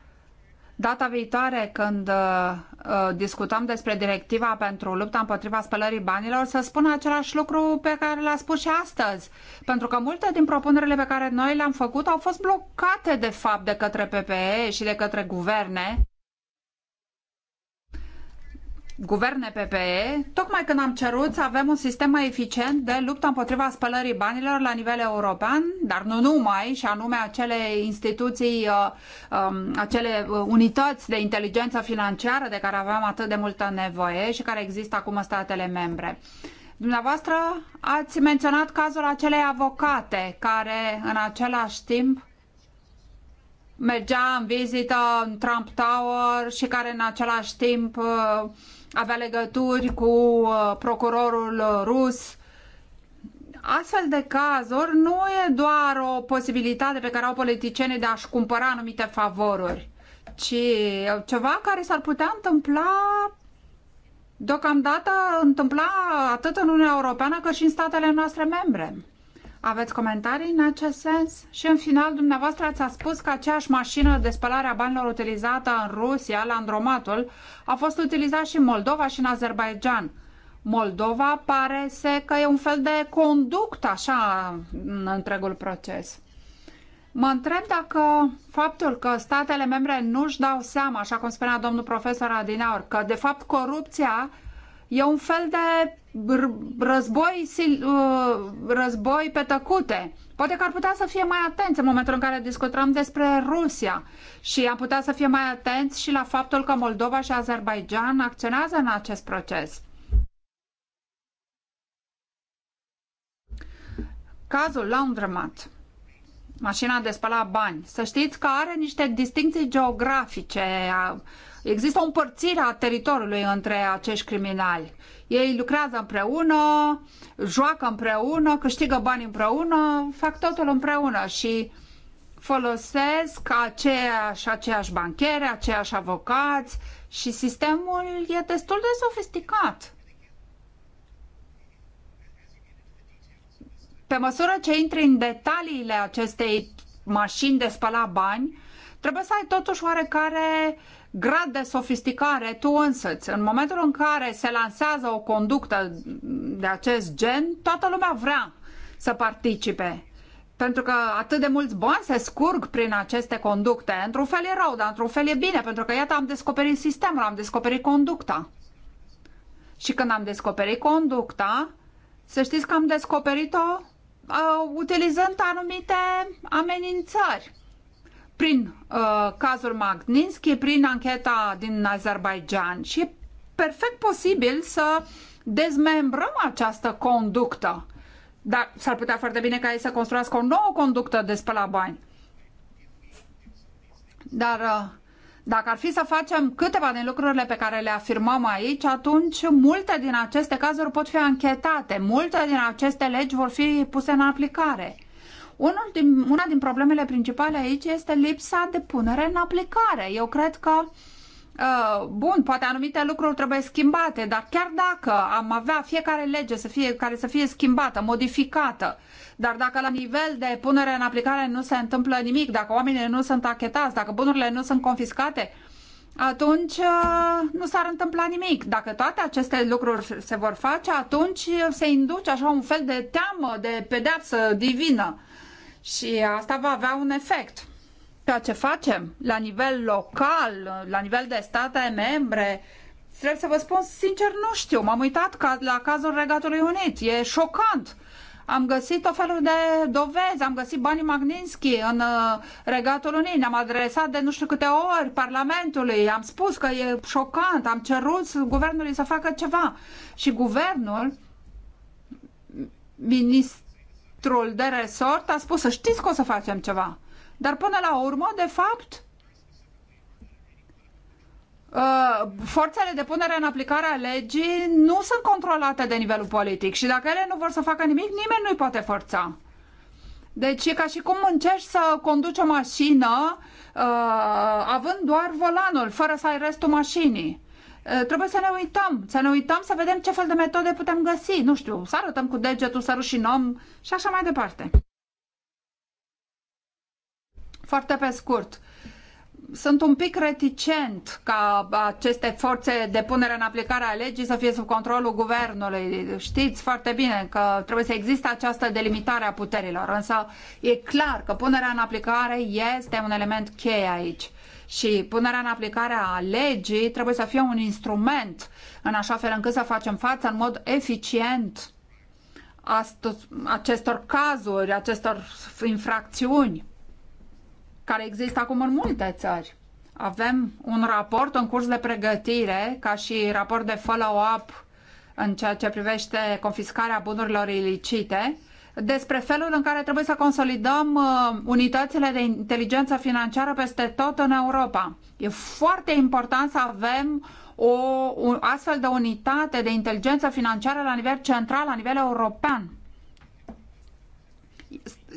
Data viitoare, când uh, uh, discutăm despre directiva pentru lupta împotriva spălării banilor, să spun același lucru pe care l-a spus și astăzi. Pentru că multe din propunerile pe care noi le-am făcut au fost blocate, de fapt, de către PPE și de către guverne guverne PPE, tocmai când am cerut să avem un sistem mai eficient de luptă împotriva spălării banilor la nivel european, dar nu numai, și anume acele instituții, uh, um, acele uh, unități de inteligență financiară de care aveam atât de multă nevoie și care există acum în statele membre. Dumneavoastră ați menționat cazul acelei avocate care în același timp mergea în vizită în Trump Tower și care în același timp uh, avea legături cu uh, procurorul rus. Astfel de cazuri nu e doar o posibilitate pe care au politicienii de a-și cumpăra anumite favoruri, ci uh, ceva care s-ar putea întâmpla deocamdată întâmpla atât în Uniunea Europeană cât și în statele noastre membre. Aveți comentarii în acest sens? Și în final, dumneavoastră ați spus că aceeași mașină de spălare a banilor utilizată în Rusia, la Andromatul, a fost utilizată și în Moldova și în Azerbaijan. Moldova pare să că e un fel de conduct așa în întregul proces. Mă întreb dacă faptul că statele membre nu-și dau seama, așa cum spunea domnul profesor Adinaur, că de fapt corupția E un fel de război, uh, război pe tăcute. Poate că ar putea să fie mai atenți în momentul în care discutăm despre Rusia și am putea să fie mai atenți și la faptul că Moldova și Azerbaijan acționează în acest proces. Cazul Laundromat mașina de spălat bani. Să știți că are niște distinții geografice. Există o împărțire a teritoriului între acești criminali. Ei lucrează împreună, joacă împreună, câștigă bani împreună, fac totul împreună și folosesc aceeași, aceeași banchere, aceiași avocați și sistemul e destul de sofisticat. Pe măsură ce intri în detaliile acestei mașini de spăla bani, trebuie să ai totuși oarecare grad de sofisticare tu însăți. În momentul în care se lansează o conductă de acest gen, toată lumea vrea să participe. Pentru că atât de mulți bani se scurg prin aceste conducte. Într-un fel e rău, dar într-un fel e bine, pentru că iată am descoperit sistemul, am descoperit conducta. Și când am descoperit conducta, să știți că am descoperit-o uh, utilizând anumite amenințări prin uh, cazul Magnitsky, prin ancheta din Azerbaijan și e perfect posibil să dezmembrăm această conductă. Dar s-ar putea foarte bine ca ei să construiască o nouă conductă de spăla bani. Dar uh, dacă ar fi să facem câteva din lucrurile pe care le afirmăm aici, atunci multe din aceste cazuri pot fi anchetate, multe din aceste legi vor fi puse în aplicare. Unul din, una din problemele principale aici este lipsa de punere în aplicare. Eu cred că uh, Uh, bun, poate anumite lucruri trebuie schimbate, dar chiar dacă am avea fiecare lege să fie, care să fie schimbată, modificată, dar dacă la nivel de punere în aplicare nu se întâmplă nimic, dacă oamenii nu sunt achetați, dacă bunurile nu sunt confiscate, atunci uh, nu s-ar întâmpla nimic. Dacă toate aceste lucruri se vor face, atunci se induce așa un fel de teamă, de pedeapsă divină. Și asta va avea un efect ceea ce facem la nivel local, la nivel de state membre, trebuie să vă spun sincer, nu știu. M-am uitat ca la cazul Regatului Unit. E șocant. Am găsit o felul de dovezi, am găsit banii Magninski în uh, Regatul Unit, ne-am adresat de nu știu câte ori Parlamentului, am spus că e șocant, am cerut guvernului să facă ceva. Și guvernul, ministrul de resort, a spus să știți că o să facem ceva. Dar până la urmă, de fapt, uh, forțele de punere în aplicare a legii nu sunt controlate de nivelul politic și dacă ele nu vor să facă nimic, nimeni nu-i poate forța. Deci e ca și cum încerci să conduci o mașină uh, având doar volanul, fără să ai restul mașinii. Uh, trebuie să ne uităm, să ne uităm să vedem ce fel de metode putem găsi, nu știu, să arătăm cu degetul, să rușinăm și așa mai departe. Foarte pe scurt, sunt un pic reticent ca aceste forțe de punere în aplicare a legii să fie sub controlul guvernului. Știți foarte bine că trebuie să existe această delimitare a puterilor, însă e clar că punerea în aplicare este un element cheie aici. Și punerea în aplicare a legii trebuie să fie un instrument în așa fel încât să facem față în mod eficient acestor cazuri, acestor infracțiuni care există acum în multe țări. Avem un raport în curs de pregătire, ca și raport de follow-up în ceea ce privește confiscarea bunurilor ilicite, despre felul în care trebuie să consolidăm uh, unitățile de inteligență financiară peste tot în Europa. E foarte important să avem o astfel de unitate de inteligență financiară la nivel central, la nivel european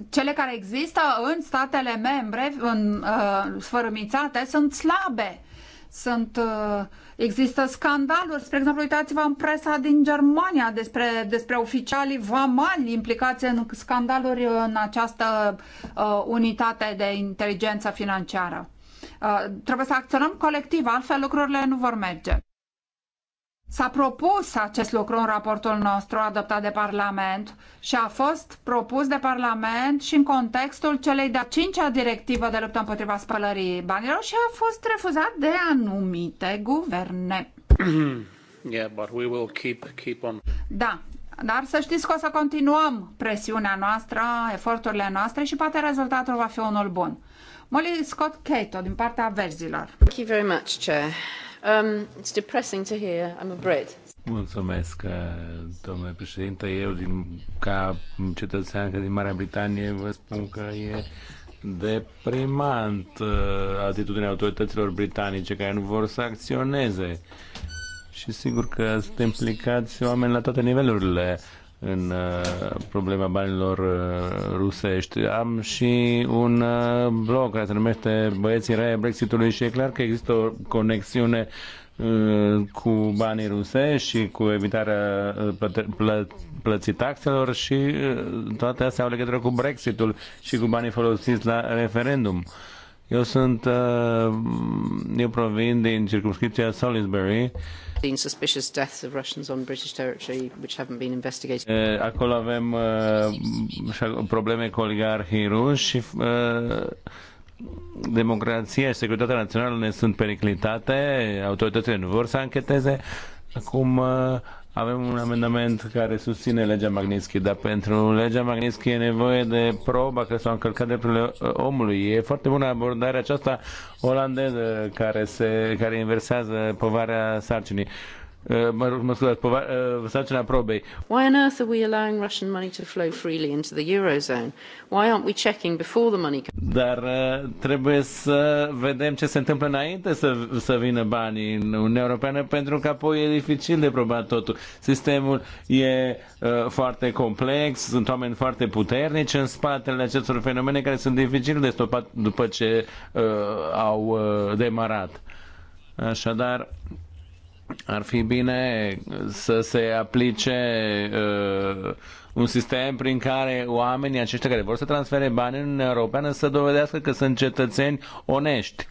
cele care există în statele membre, în uh, sfărâmițate, sunt slabe. Sunt, uh, există scandaluri, spre exemplu, uitați-vă în presa din Germania despre, despre oficialii vamali implicați în scandaluri în această uh, unitate de inteligență financiară. Uh, trebuie să acționăm colectiv, altfel lucrurile nu vor merge. S-a propus acest lucru în raportul nostru adoptat de Parlament și a fost propus de Parlament și în contextul celei de-a cincea directivă de luptă împotriva spălării banilor și a fost refuzat de anumite guverne. yeah, but we will keep, keep on. Da, dar să știți că o să continuăm presiunea noastră, eforturile noastre și poate rezultatul va fi unul bun. Molly Scott Cato din partea verzilor. Thank you very much, Chair. Um, it's depressing to hear. I'm a Brit. Mulțumesc, uh, domnule președinte. Eu, din, ca cetățean din Marea Britanie, vă spun că e deprimant uh, atitudinea autorităților britanice care nu vor să acționeze. Și sigur că sunt implicați oameni la toate nivelurile în uh, problema banilor uh, rusești. Am și un uh, blog care se numește Băieții Rai Brexitului și e clar că există o conexiune cu banii rusești și cu evitarea plății taxelor și toate astea au legătură cu Brexitul și cu banii folosiți la referendum. Eu sunt, eu provin din circumscripția Salisbury, been suspicious deaths of Russians on British territory which haven't been investigated. Acolo avem probleme cu oligarhii ruși și democrația și securitatea națională ne sunt periclitate, autoritățile nu vor să ancheteze. Acum avem un amendament care susține legea Magnitsky, dar pentru legea Magnitsky e nevoie de proba că s-au încălcat drepturile uh, omului. E foarte bună abordarea aceasta olandeză care, se, care inversează povarea sarcinii. Uh, mă mă scuzați, uh, sarcina probei. Why on earth are we allowing Russian money to flow freely into the eurozone? Why aren't we checking before the money comes? Dar uh, trebuie să vedem ce se întâmplă înainte să, să vină banii în Uniunea Europeană, pentru că apoi e dificil de probat totul. Sistemul e uh, foarte complex, sunt oameni foarte puternici în spatele acestor fenomene care sunt dificil de stopat după ce uh, au uh, demarat. Așadar, ar fi bine să se aplice uh, un sistem prin care oamenii aceștia care vor să transfere bani în Uniunea Europeană să dovedească că sunt cetățeni onești.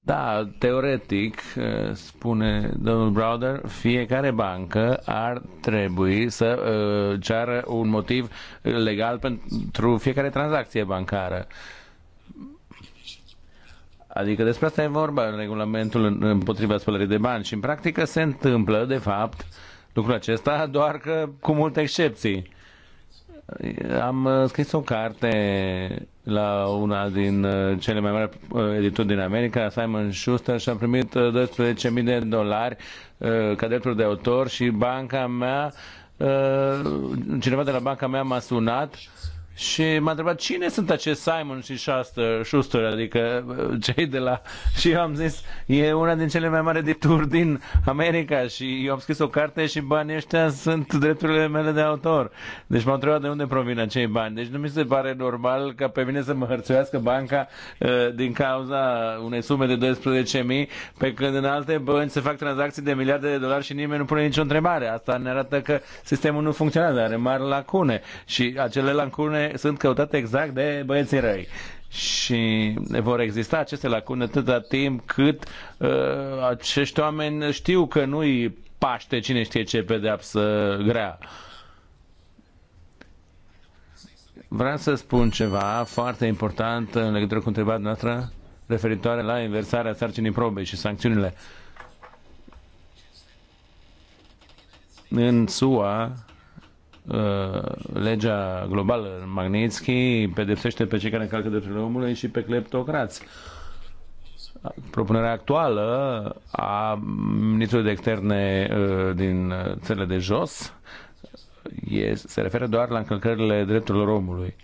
Da, teoretic, uh, spune domnul Browder, fiecare bancă ar trebui să uh, ceară un motiv legal pentru fiecare tranzacție bancară. Uh, Adică despre asta e vorba în regulamentul împotriva spălării de bani și în practică se întâmplă, de fapt, lucrul acesta, doar că cu multe excepții. Am scris o carte la una din uh, cele mai mari uh, edituri din America, Simon Schuster, și am primit 12.000 uh, de dolari ca drepturi de autor și banca mea, cineva de la banca mea m-a sunat și m-a întrebat cine sunt acești Simon și Schuster, adică cei de la... Și eu am zis, e una din cele mai mari edituri din America și eu am scris o carte și banii ăștia sunt drepturile mele de autor. Deci m-am întrebat de unde provin acei bani. Deci nu mi se pare normal ca pe mine să mă hărțuiască banca ă, din cauza unei sume de 12.000, pe când în alte bănci se fac tranzacții de miliarde de dolari și nimeni nu pune nicio întrebare. Asta ne arată că sistemul nu funcționează, are mari lacune și acele lacune sunt căutate exact de băieții răi și vor exista aceste lacune atâta timp cât uh, acești oameni știu că nu-i paște cine știe ce pedeapsă grea. Vreau să spun ceva foarte important în legătură cu întrebarea noastră referitoare la inversarea sarcinii probe și sancțiunile. În SUA, Uh, legea globală Magnitsky pedepsește pe cei care încalcă drepturile omului și pe cleptocrați. Propunerea actuală a ministrului de externe uh, din țările de jos e, se referă doar la încălcările drepturilor omului.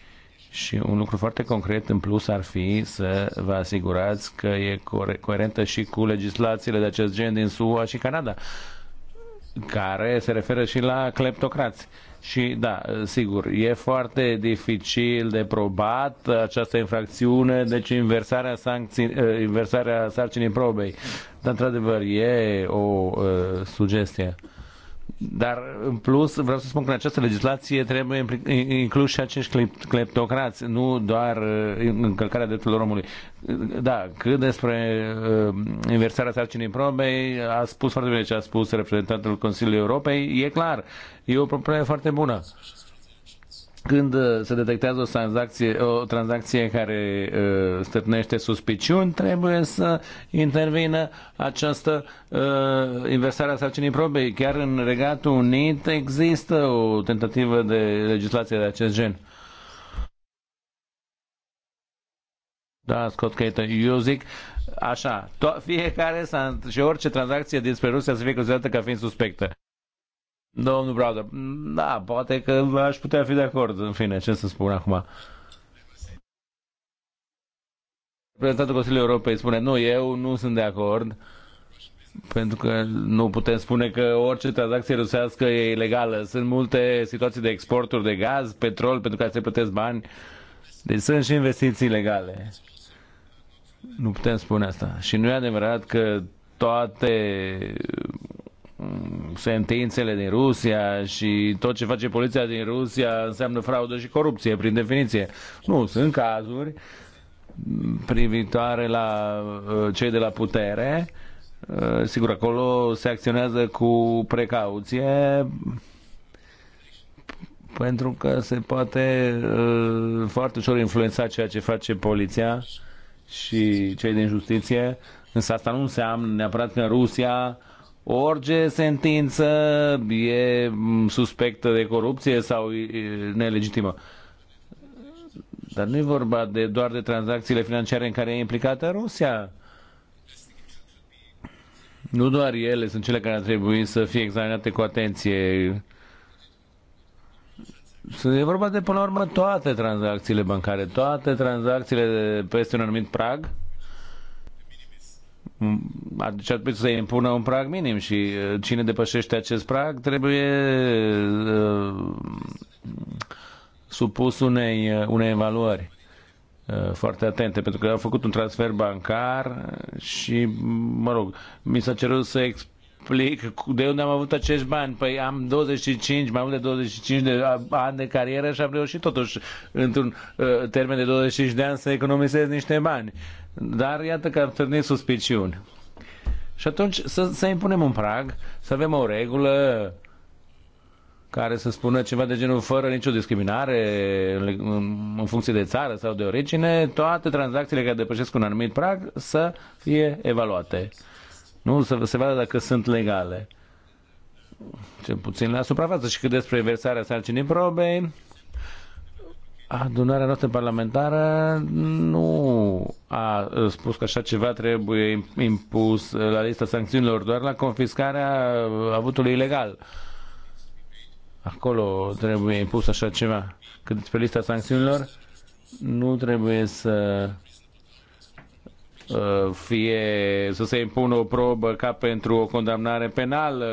Și un lucru foarte concret în plus ar fi să vă asigurați că e coerentă și cu legislațiile de acest gen din SUA și Canada, care se referă și la cleptocrați. Și da, sigur, e foarte dificil de probat această infracțiune, deci inversarea, sancții, eh, inversarea sarcinii probei. Dar, într-adevăr, e o uh, sugestie. Dar, în plus, vreau să spun că în această legislație trebuie inclus și acești cleptocrați, nu doar uh, încălcarea drepturilor omului. Da, cât despre uh, inversarea sarcinii probei, a spus foarte bine ce a spus reprezentantul Consiliului Europei, e clar, e o propunere foarte bună când uh, se detectează o tranzacție, o tranzacție care uh, stârnește suspiciuni, trebuie să intervină această uh, inversare a sarcinii probei. Chiar în Regatul Unit există o tentativă de legislație de acest gen. Da, Scott Cater, eu zic așa, fiecare și orice tranzacție dinspre Rusia să fie considerată ca fiind suspectă. Domnul Browder, da, poate că aș putea fi de acord, în fine, ce să spun acum. Reprezentantul Consiliului Europei spune, nu, eu nu sunt de acord, pentru că nu putem spune că orice tranzacție rusească e ilegală. Sunt multe situații de exporturi de gaz, petrol, pentru care se plătesc bani. Deci sunt și investiții ilegale. Nu putem spune asta. Și nu e adevărat că toate sentințele din Rusia și tot ce face poliția din Rusia înseamnă fraudă și corupție, prin definiție. Nu, sunt cazuri privitoare la uh, cei de la putere. Uh, sigur, acolo se acționează cu precauție pentru că se poate uh, foarte ușor influența ceea ce face poliția și cei din justiție. Însă asta nu înseamnă neapărat că în Rusia uh, Orice sentință e mm, suspectă de corupție sau nelegitimă. Dar nu e vorba de, doar de tranzacțiile financiare în care e implicată Rusia. Nu doar ele sunt cele care ar trebui să fie examinate cu atenție. E vorba de, până la urmă, toate tranzacțiile bancare, toate tranzacțiile peste un anumit prag Adică ar trebui să impună un prag minim și uh, cine depășește acest prag trebuie uh, supus unei, uh, unei evaluări foarte atente, pentru că au făcut un transfer bancar și, mă rog, mi s-a cerut să explic de unde am avut acești bani. Păi am 25, mai mult de 25 de ani de carieră și am reușit totuși într-un termen de 25 de ani să economisez niște bani. Uh, dar iată că ar târni suspiciuni. Și atunci să, să impunem un prag, să avem o regulă care să spună ceva de genul fără nicio discriminare în funcție de țară sau de origine, toate tranzacțiile care depășesc un anumit prag să fie evaluate. Nu să se vadă dacă sunt legale. Cel puțin la suprafață. Și cât despre versarea sarcinii probei, adunarea noastră parlamentară nu a spus că așa ceva trebuie impus la lista sancțiunilor, doar la confiscarea avutului ilegal. Acolo trebuie impus așa ceva. Când pe lista sancțiunilor, nu trebuie să uh, fie să se impună o probă ca pentru o condamnare penală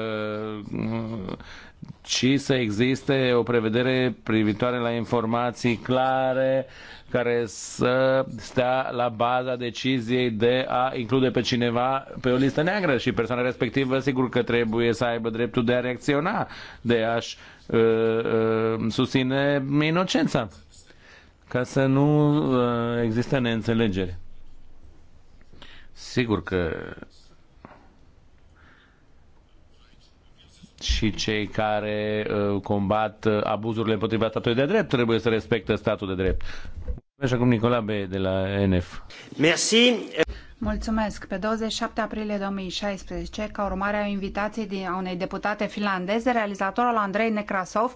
ci să existe o prevedere privitoare la informații clare care să stea la baza deciziei de a include pe cineva pe o listă neagră și persoana respectivă sigur că trebuie să aibă dreptul de a reacționa, de a-și uh, uh, susține inocența ca să nu uh, există neînțelegere. Sigur că și cei care uh, combat uh, abuzurile împotriva statului de drept trebuie să respecte statul de drept. Așa cum Nicola B. de la NF. Merci. Mulțumesc. Pe 27 aprilie 2016, ca urmare a invitației din, a unei deputate finlandeze, realizatorul Andrei Necrasov,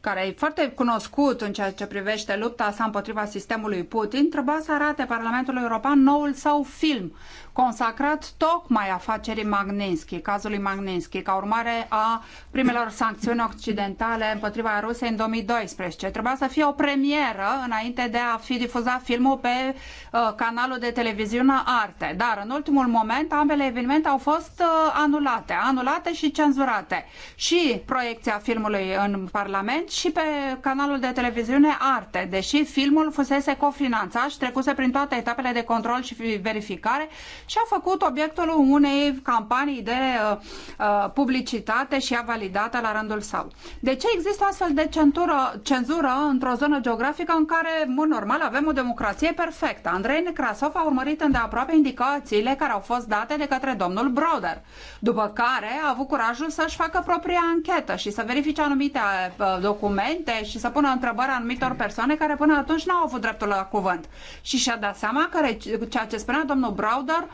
care e foarte cunoscut în ceea ce privește lupta sa împotriva sistemului Putin, trebuia să arate Parlamentului European noul său film, consacrat tocmai afacerii Magnitsky, cazului Magnitsky, ca urmare a primelor sancțiuni occidentale împotriva Rusiei în 2012. Trebuia să fie o premieră înainte de a fi difuzat filmul pe uh, canalul de televiziune Arte, dar în ultimul moment ambele evenimente au fost uh, anulate, anulate și cenzurate. Și proiecția filmului în Parlament și pe canalul de televiziune Arte, deși filmul fusese cofinanțat și trecuse prin toate etapele de control și verificare și a făcut obiectul unei campanii de uh, uh publicitate și a validată la rândul său. De ce există astfel de centură, cenzură într-o zonă geografică în care, în mod normal, avem o democrație perfectă? Andrei Necrasov a urmărit îndeaproape indicațiile care au fost date de către domnul Broder, după care a avut curajul să-și facă propria anchetă și să verifice anumite uh, documente și să pună întrebări anumitor persoane care până atunci nu au avut dreptul la cuvânt. Și și-a dat seama că ceea ce spunea domnul Browder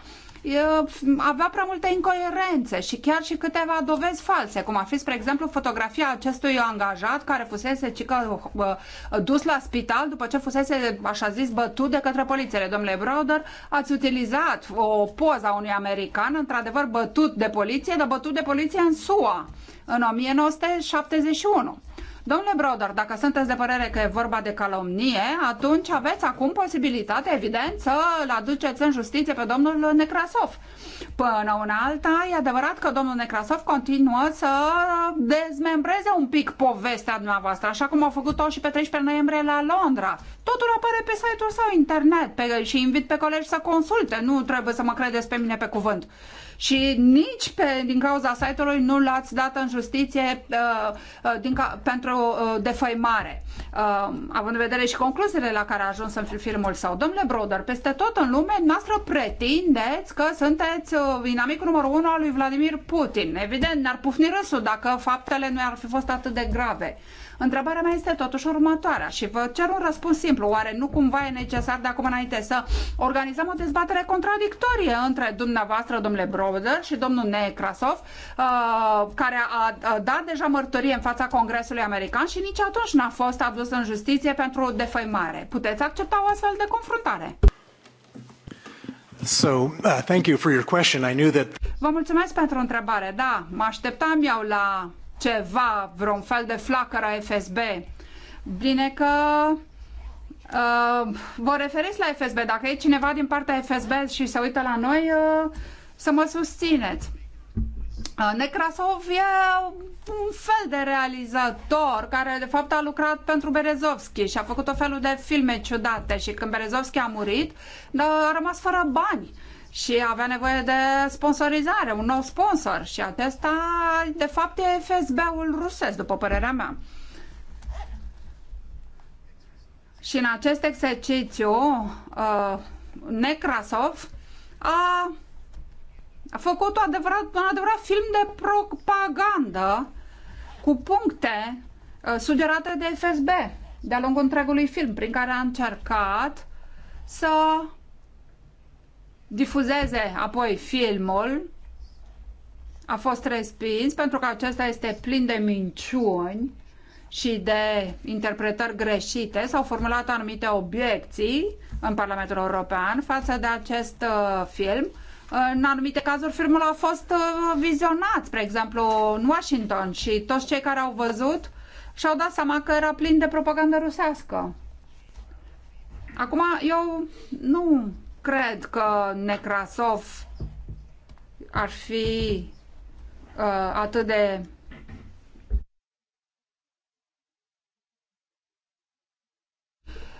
avea prea multe incoerențe și chiar și câteva dovezi false, cum a fi, spre exemplu, fotografia acestui angajat care fusese cică, dus la spital după ce fusese, așa zis, bătut de către poliție. Domnule Broder, ați utilizat o poza unui american, într-adevăr bătut de poliție, dar bătut de poliție în SUA în 1971. Domnule Broder, dacă sunteți de părere că e vorba de calomnie, atunci aveți acum posibilitatea, evident, să-l aduceți în justiție pe domnul Necrasov. Până una alta, e adevărat că domnul Necrasov continuă să dezmembreze un pic povestea dumneavoastră, așa cum a făcut-o și pe 13 noiembrie la Londra. Totul apare pe site-ul sau internet pe, și invit pe colegi să consulte, nu trebuie să mă credeți pe mine pe cuvânt și nici pe, din cauza site-ului nu l-ați dat în justiție uh, uh, din ca, pentru uh, defăimare. Uh, având în vedere și concluziile la care a ajuns în filmul sau Domnule Broder, peste tot în lume noastră pretindeți că sunteți uh, inamicul numărul unu al lui Vladimir Putin. Evident, ne-ar pufni râsul dacă faptele nu ar fi fost atât de grave. Întrebarea mea este totuși următoarea și vă cer un răspuns simplu. Oare nu cumva e necesar de acum înainte să organizăm o dezbatere contradictorie între dumneavoastră, domnule Broder și domnul Necrasov, uh, care a dat deja mărturie în fața Congresului American și nici atunci n-a fost adus în justiție pentru defăimare. Puteți accepta o astfel de confruntare? So, uh, thank you for your question. I knew that... Vă mulțumesc pentru întrebare. Da, mă așteptam eu la ceva, vreun fel de flacără a FSB. Bine că uh, vă referiți la FSB. Dacă e cineva din partea FSB și se uită la noi, uh, să mă susțineți. Uh, Necrasov e un fel de realizator care de fapt a lucrat pentru Berezovski și a făcut o felul de filme ciudate și când Berezovski a murit, a rămas fără bani și avea nevoie de sponsorizare, un nou sponsor și acesta de fapt e FSB-ul rusesc, după părerea mea. Și în acest exercițiu, uh, Necrasov a, a făcut un adevărat, un adevărat film de propagandă cu puncte uh, sugerate de FSB de-a lungul întregului film, prin care a încercat să difuzeze apoi filmul. A fost respins pentru că acesta este plin de minciuni și de interpretări greșite. S-au formulat anumite obiecții în Parlamentul European față de acest uh, film. În anumite cazuri, filmul a fost uh, vizionat, spre exemplu, în Washington și toți cei care au văzut și-au dat seama că era plin de propagandă rusească. Acum, eu nu cred că Necrasov ar fi uh, atât de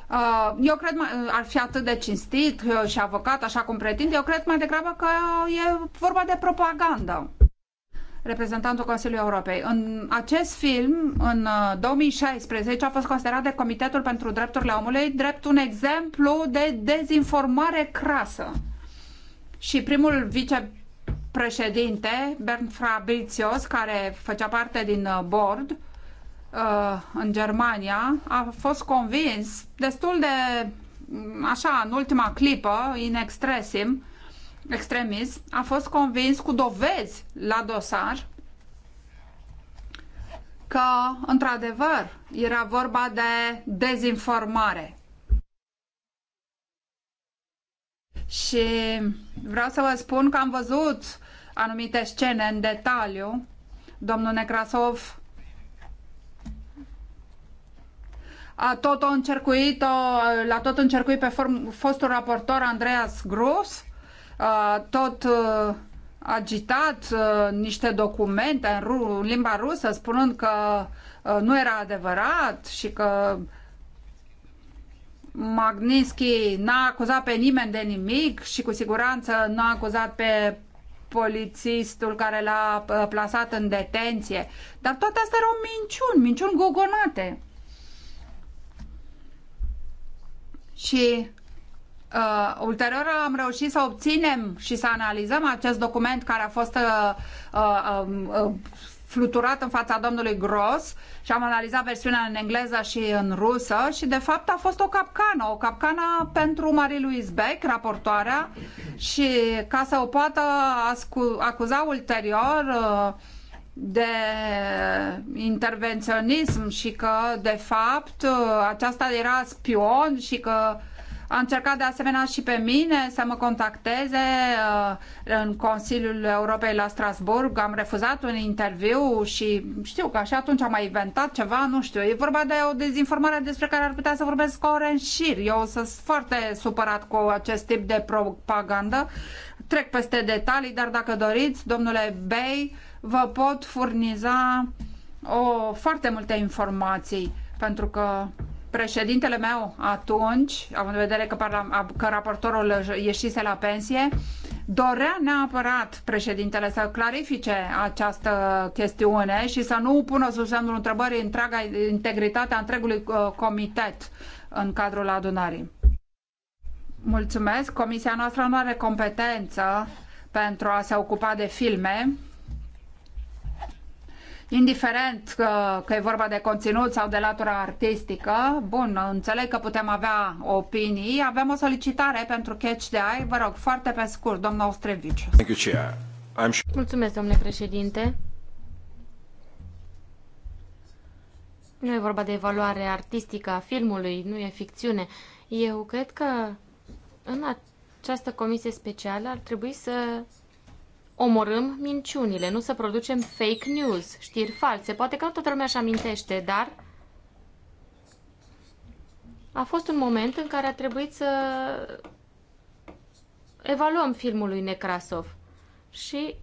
uh, Eu cred uh, ar fi atât de cinstit uh, și avocat, așa cum pretind. Eu cred mai degrabă că e vorba de propagandă reprezentantul Consiliului Europei. În acest film, în 2016, uh, a fost considerat de Comitetul pentru Drepturile Omului drept un exemplu de dezinformare crasă. Și primul vicepreședinte, Bernd Fabricius, care făcea parte din uh, board uh, în Germania, a fost convins destul de mm, așa, în ultima clipă, in extresim, extremist a fost convins cu dovezi la dosar că, într-adevăr, era vorba de dezinformare. Și vreau să vă spun că am văzut anumite scene în detaliu. Domnul Necrasov a tot încercuit, o, a tot încercuit pe fostul raportor Andreas Gross tot agitat niște documente în limba rusă spunând că nu era adevărat și că Magnitsky n-a acuzat pe nimeni de nimic și cu siguranță n-a acuzat pe polițistul care l-a plasat în detenție. Dar toate astea erau minciuni, minciuni gogonate. Și Uh, ulterior am reușit să obținem și să analizăm acest document care a fost uh, uh, um, uh, fluturat în fața domnului Gross și am analizat versiunea în engleză și în rusă și de fapt a fost o capcană, o capcană pentru Marie-Louise Beck, raportoarea și ca să o poată acuza ulterior uh, de intervenționism și că de fapt uh, aceasta era spion și că a încercat de asemenea și pe mine să mă contacteze uh, în Consiliul Europei la Strasburg. Am refuzat un interviu și știu că și atunci am mai inventat ceva, nu știu. E vorba de o dezinformare despre care ar putea să vorbesc cu Oren Șir. Eu sunt foarte supărat cu acest tip de propagandă. Trec peste detalii, dar dacă doriți, domnule Bey, vă pot furniza o, uh, foarte multe informații pentru că președintele meu atunci, având în vedere că, că raportorul ieșise la pensie, dorea neapărat președintele să clarifice această chestiune și să nu pună sub semnul întrebării întreaga integritatea întregului uh, comitet în cadrul adunării. Mulțumesc. Comisia noastră nu are competență pentru a se ocupa de filme indiferent că, că e vorba de conținut sau de latura artistică, bun, înțeleg că putem avea opinii. Avem o solicitare pentru catch de ai, vă rog, foarte pe scurt, domnul Ostreviciu. Mulțumesc, domnule președinte. Nu e vorba de evaluare artistică a filmului, nu e ficțiune. Eu cred că în această comisie specială ar trebui să omorâm minciunile, nu să producem fake news, știri false. Poate că nu toată lumea își amintește, dar a fost un moment în care a trebuit să evaluăm filmul lui Necrasov și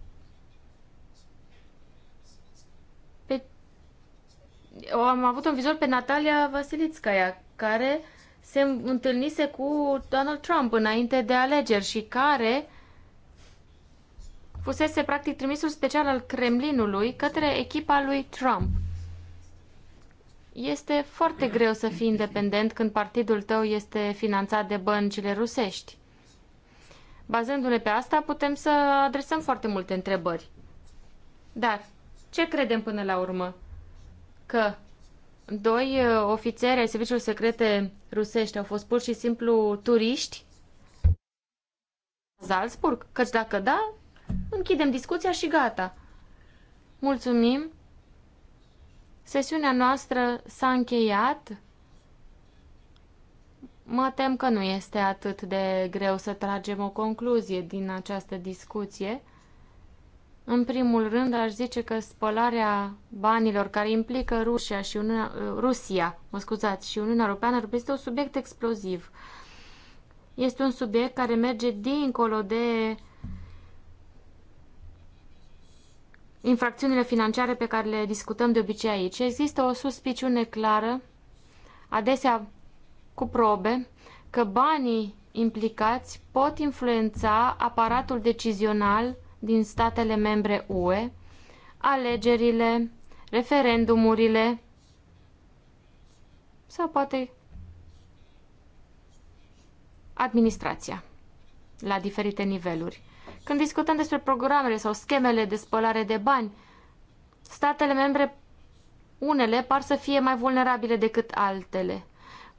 pe... am avut un vizor pe Natalia Vasilițcaia, care se întâlnise cu Donald Trump înainte de alegeri și care fusese practic trimisul special al Kremlinului către echipa lui Trump. Este foarte greu să fii independent când partidul tău este finanțat de băncile rusești. Bazându-ne pe asta, putem să adresăm foarte multe întrebări. Dar ce credem până la urmă? Că doi uh, ofițeri ai serviciului secrete rusești au fost pur și simplu turiști? Salzburg? Căci dacă da, închidem discuția și gata. Mulțumim! Sesiunea noastră s-a încheiat. Mă tem că nu este atât de greu să tragem o concluzie din această discuție. În primul rând, aș zice că spălarea banilor care implică Rusia și Uniunea, Rusia mă scuzați, și Uniunea Europeană este un subiect exploziv. Este un subiect care merge dincolo de infracțiunile financiare pe care le discutăm de obicei aici. Există o suspiciune clară, adesea cu probe, că banii implicați pot influența aparatul decizional din statele membre UE, alegerile, referendumurile sau poate administrația la diferite niveluri. Când discutăm despre programele sau schemele de spălare de bani, statele membre, unele, par să fie mai vulnerabile decât altele.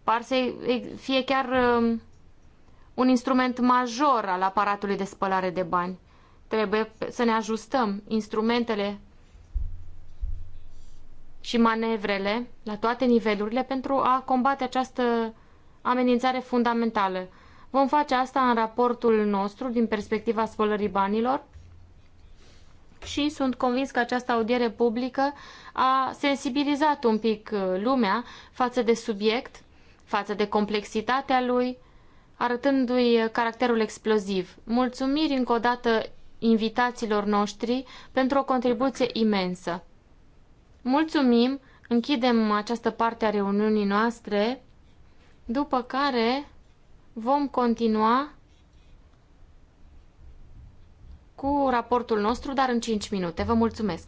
Par să fie chiar um, un instrument major al aparatului de spălare de bani. Trebuie să ne ajustăm instrumentele și manevrele la toate nivelurile pentru a combate această amenințare fundamentală. Vom face asta în raportul nostru din perspectiva spălării banilor și sunt convins că această audiere publică a sensibilizat un pic uh, lumea față de subiect, față de complexitatea lui, arătându-i uh, caracterul exploziv. Mulțumiri încă o dată invitațiilor noștri pentru o contribuție imensă. Mulțumim, închidem această parte a reuniunii noastre, după care vom continua cu raportul nostru, dar în 5 minute. Vă mulțumesc!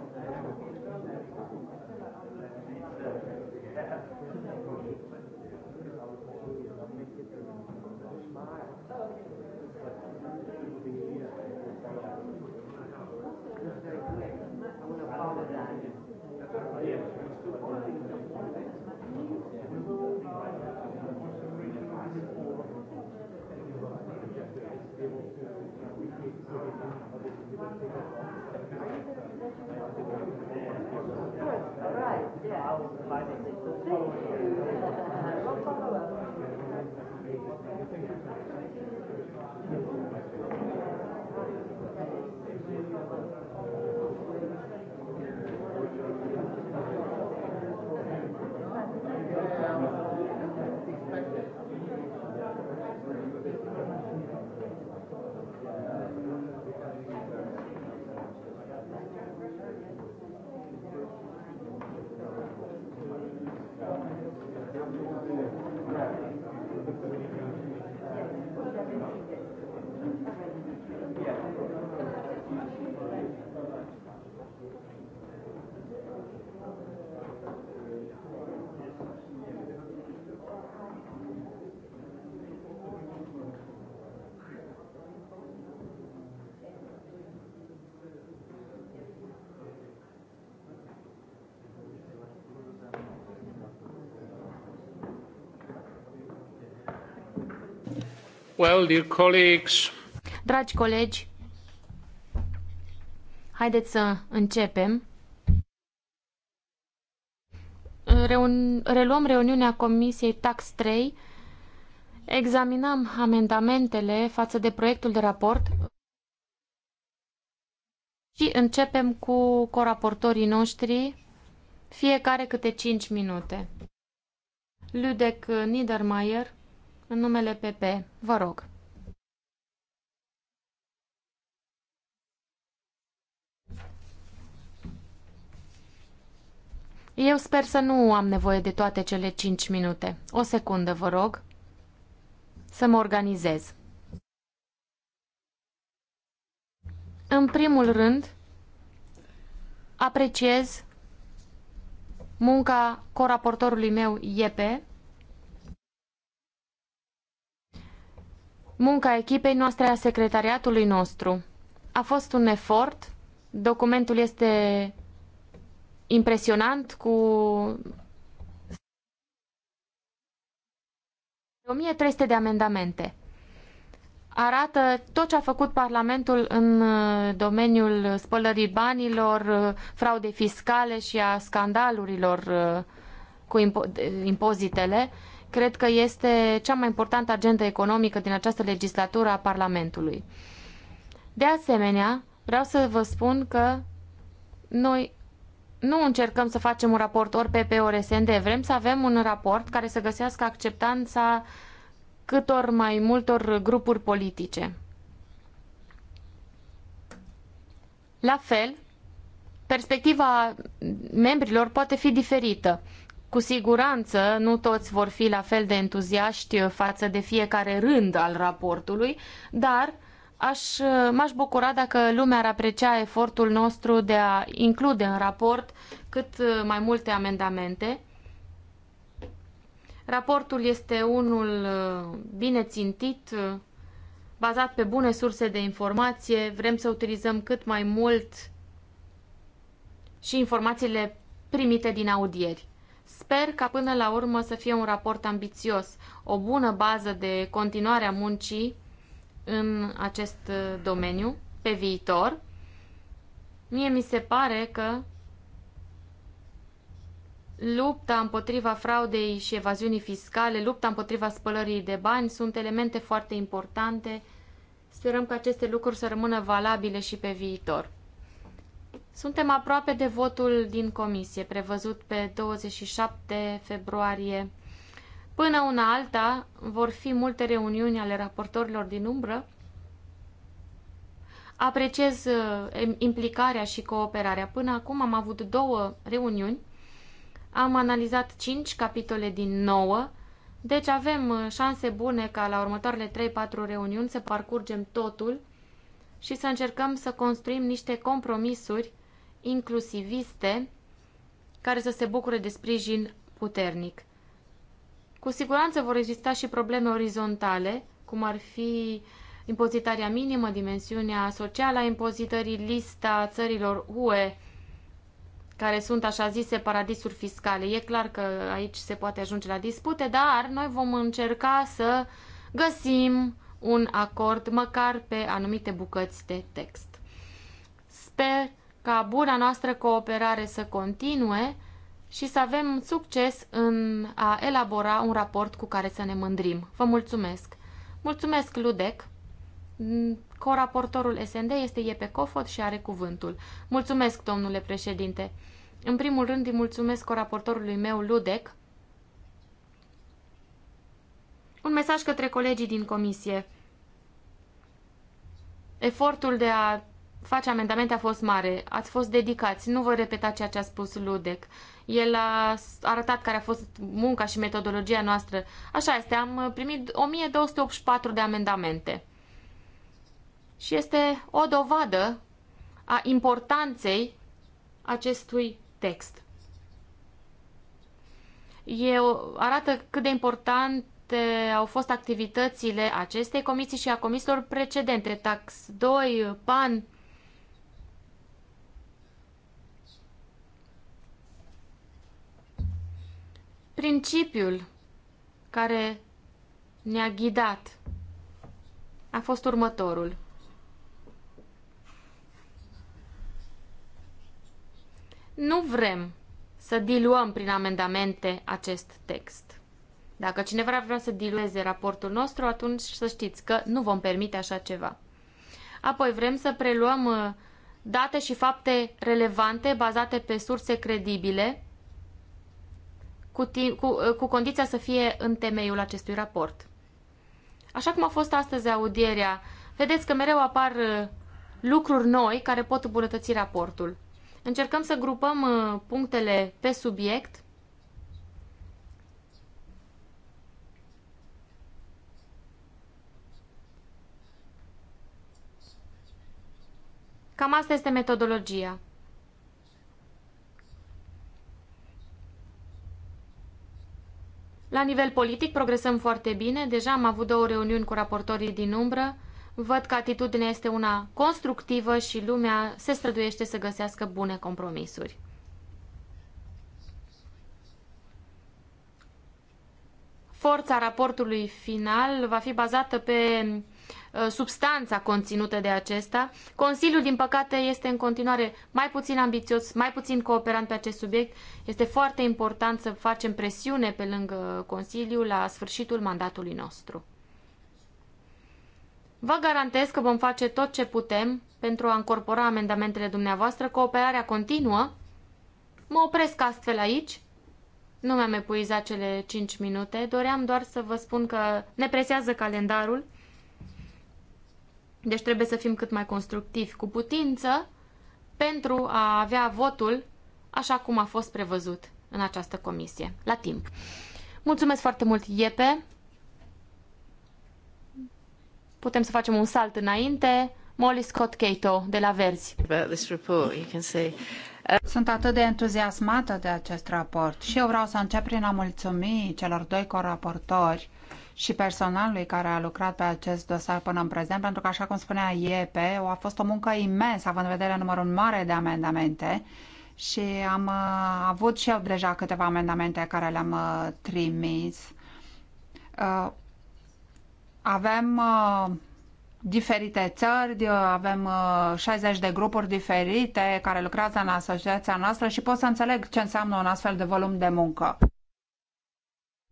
Dragi colegi, haideți să începem. Reun reluăm reuniunea Comisiei Tax 3. Examinăm amendamentele față de proiectul de raport și începem cu coraportorii noștri, fiecare câte 5 minute. Ludec Niedermayer în numele PP. Vă rog. Eu sper să nu am nevoie de toate cele cinci minute. O secundă, vă rog, să mă organizez. În primul rând, apreciez munca coraportorului meu, Iepe, munca echipei noastre a secretariatului nostru. A fost un efort, documentul este impresionant cu 1300 de amendamente. Arată tot ce a făcut Parlamentul în uh, domeniul spălării banilor, uh, fraude fiscale și a scandalurilor uh, cu impozitele. Cred că este cea mai importantă agenda economică din această legislatură a Parlamentului. De asemenea, vreau să vă spun că noi nu încercăm să facem un raport ori PP, ori SND. Vrem să avem un raport care să găsească acceptanța câtor mai multor grupuri politice. La fel, perspectiva membrilor poate fi diferită. Cu siguranță nu toți vor fi la fel de entuziaști față de fiecare rând al raportului, dar aș, m-aș bucura dacă lumea ar aprecia efortul nostru de a include în raport cât mai multe amendamente. Raportul este unul bine țintit, bazat pe bune surse de informație. Vrem să utilizăm cât mai mult și informațiile primite din audieri. Sper ca până la urmă să fie un raport ambițios, o bună bază de continuare a muncii în acest uh, domeniu pe viitor. Mie mi se pare că lupta împotriva fraudei și evaziunii fiscale, lupta împotriva spălării de bani sunt elemente foarte importante. Sperăm că aceste lucruri să rămână valabile și pe viitor. Suntem aproape de votul din comisie, prevăzut pe 27 februarie. Până una alta, vor fi multe reuniuni ale raportorilor din umbră. Apreciez eh, implicarea și cooperarea. Până acum am avut două reuniuni. Am analizat cinci capitole din 9, deci avem eh, șanse bune ca la următoarele 3-4 reuniuni să parcurgem totul și să încercăm să construim niște compromisuri inclusiviste care să se bucure de sprijin puternic. Cu siguranță vor exista și probleme orizontale, cum ar fi impozitarea minimă, dimensiunea socială a impozitării, lista țărilor UE care sunt așa zise paradisuri fiscale. E clar că aici se poate ajunge la dispute, dar noi vom încerca să găsim un acord măcar pe anumite bucăți de text. Sper ca buna noastră cooperare să continue și să avem succes în a elabora un raport cu care să ne mândrim. Vă mulțumesc! Mulțumesc, Ludec! Coraportorul SND este Iepe Cofot și are cuvântul. Mulțumesc, domnule președinte! În primul rând îi mulțumesc coraportorului meu, Ludec. Un mesaj către colegii din comisie. Efortul de a face amendamente a fost mare. Ați fost dedicați. Nu voi repeta ceea ce a spus Ludec. El a arătat care a fost munca și metodologia noastră. Așa este, am primit 1284 de amendamente. Și este o dovadă a importanței acestui text. E, arată cât de importante au fost activitățile acestei comisii și a comisiilor precedente, TAX 2, PAN, Principiul care ne-a ghidat a fost următorul. Nu vrem să diluăm prin amendamente acest text. Dacă cineva vrea să dilueze raportul nostru, atunci să știți că nu vom permite așa ceva. Apoi vrem să preluăm uh, date și fapte relevante bazate pe surse credibile, cu, cu, uh, cu condiția să fie în temeiul acestui raport. Așa cum a fost astăzi audierea, vedeți că mereu apar uh, lucruri noi care pot îmbunătăți raportul. Încercăm să grupăm uh, punctele pe subiect. Cam asta este metodologia. La nivel politic progresăm foarte bine. Deja am avut două reuniuni cu raportorii din umbră. Văd că atitudinea este una constructivă și lumea se străduiește să găsească bune compromisuri. Forța raportului final va fi bazată pe Uh, substanța conținută de acesta. Consiliul, din păcate, este în continuare mai puțin ambițios, mai puțin cooperant pe acest subiect. Este foarte important să facem presiune pe lângă Consiliu la sfârșitul mandatului nostru. Vă garantez că vom face tot ce putem pentru a încorpora amendamentele dumneavoastră, cooperarea continuă. Mă opresc astfel aici. Nu mi-am epuizat cele 5 minute, doream doar să vă spun că ne presează calendarul deci trebuie să fim cât mai constructivi cu putință pentru a avea votul așa cum a fost prevăzut în această comisie, la timp. Mulțumesc foarte mult, Iepe! Putem să facem un salt înainte. Molly Scott Cato, de la Verzi. Sunt atât de entuziasmată de acest raport și eu vreau să încep prin a mulțumi celor doi coraportori și personalului care a lucrat pe acest dosar până în prezent, pentru că, așa cum spunea IEPE, a fost o muncă imensă, având în vedere numărul mare de amendamente și am uh, avut și eu deja câteva amendamente care le-am uh, trimis. Uh, avem uh, diferite țări, uh, avem 60 uh, de grupuri diferite care lucrează în asociația noastră și pot să înțeleg ce înseamnă un astfel de volum de muncă.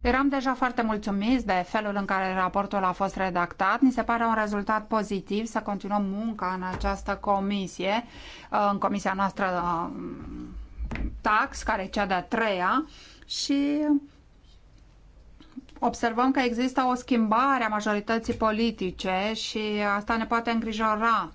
Eram deja foarte mulțumiți de felul în care raportul a fost redactat. Mi se pare un rezultat pozitiv să continuăm munca în această comisie, în comisia noastră um, tax, care e cea de-a treia, și observăm că există o schimbare a majorității politice și asta ne poate îngrijora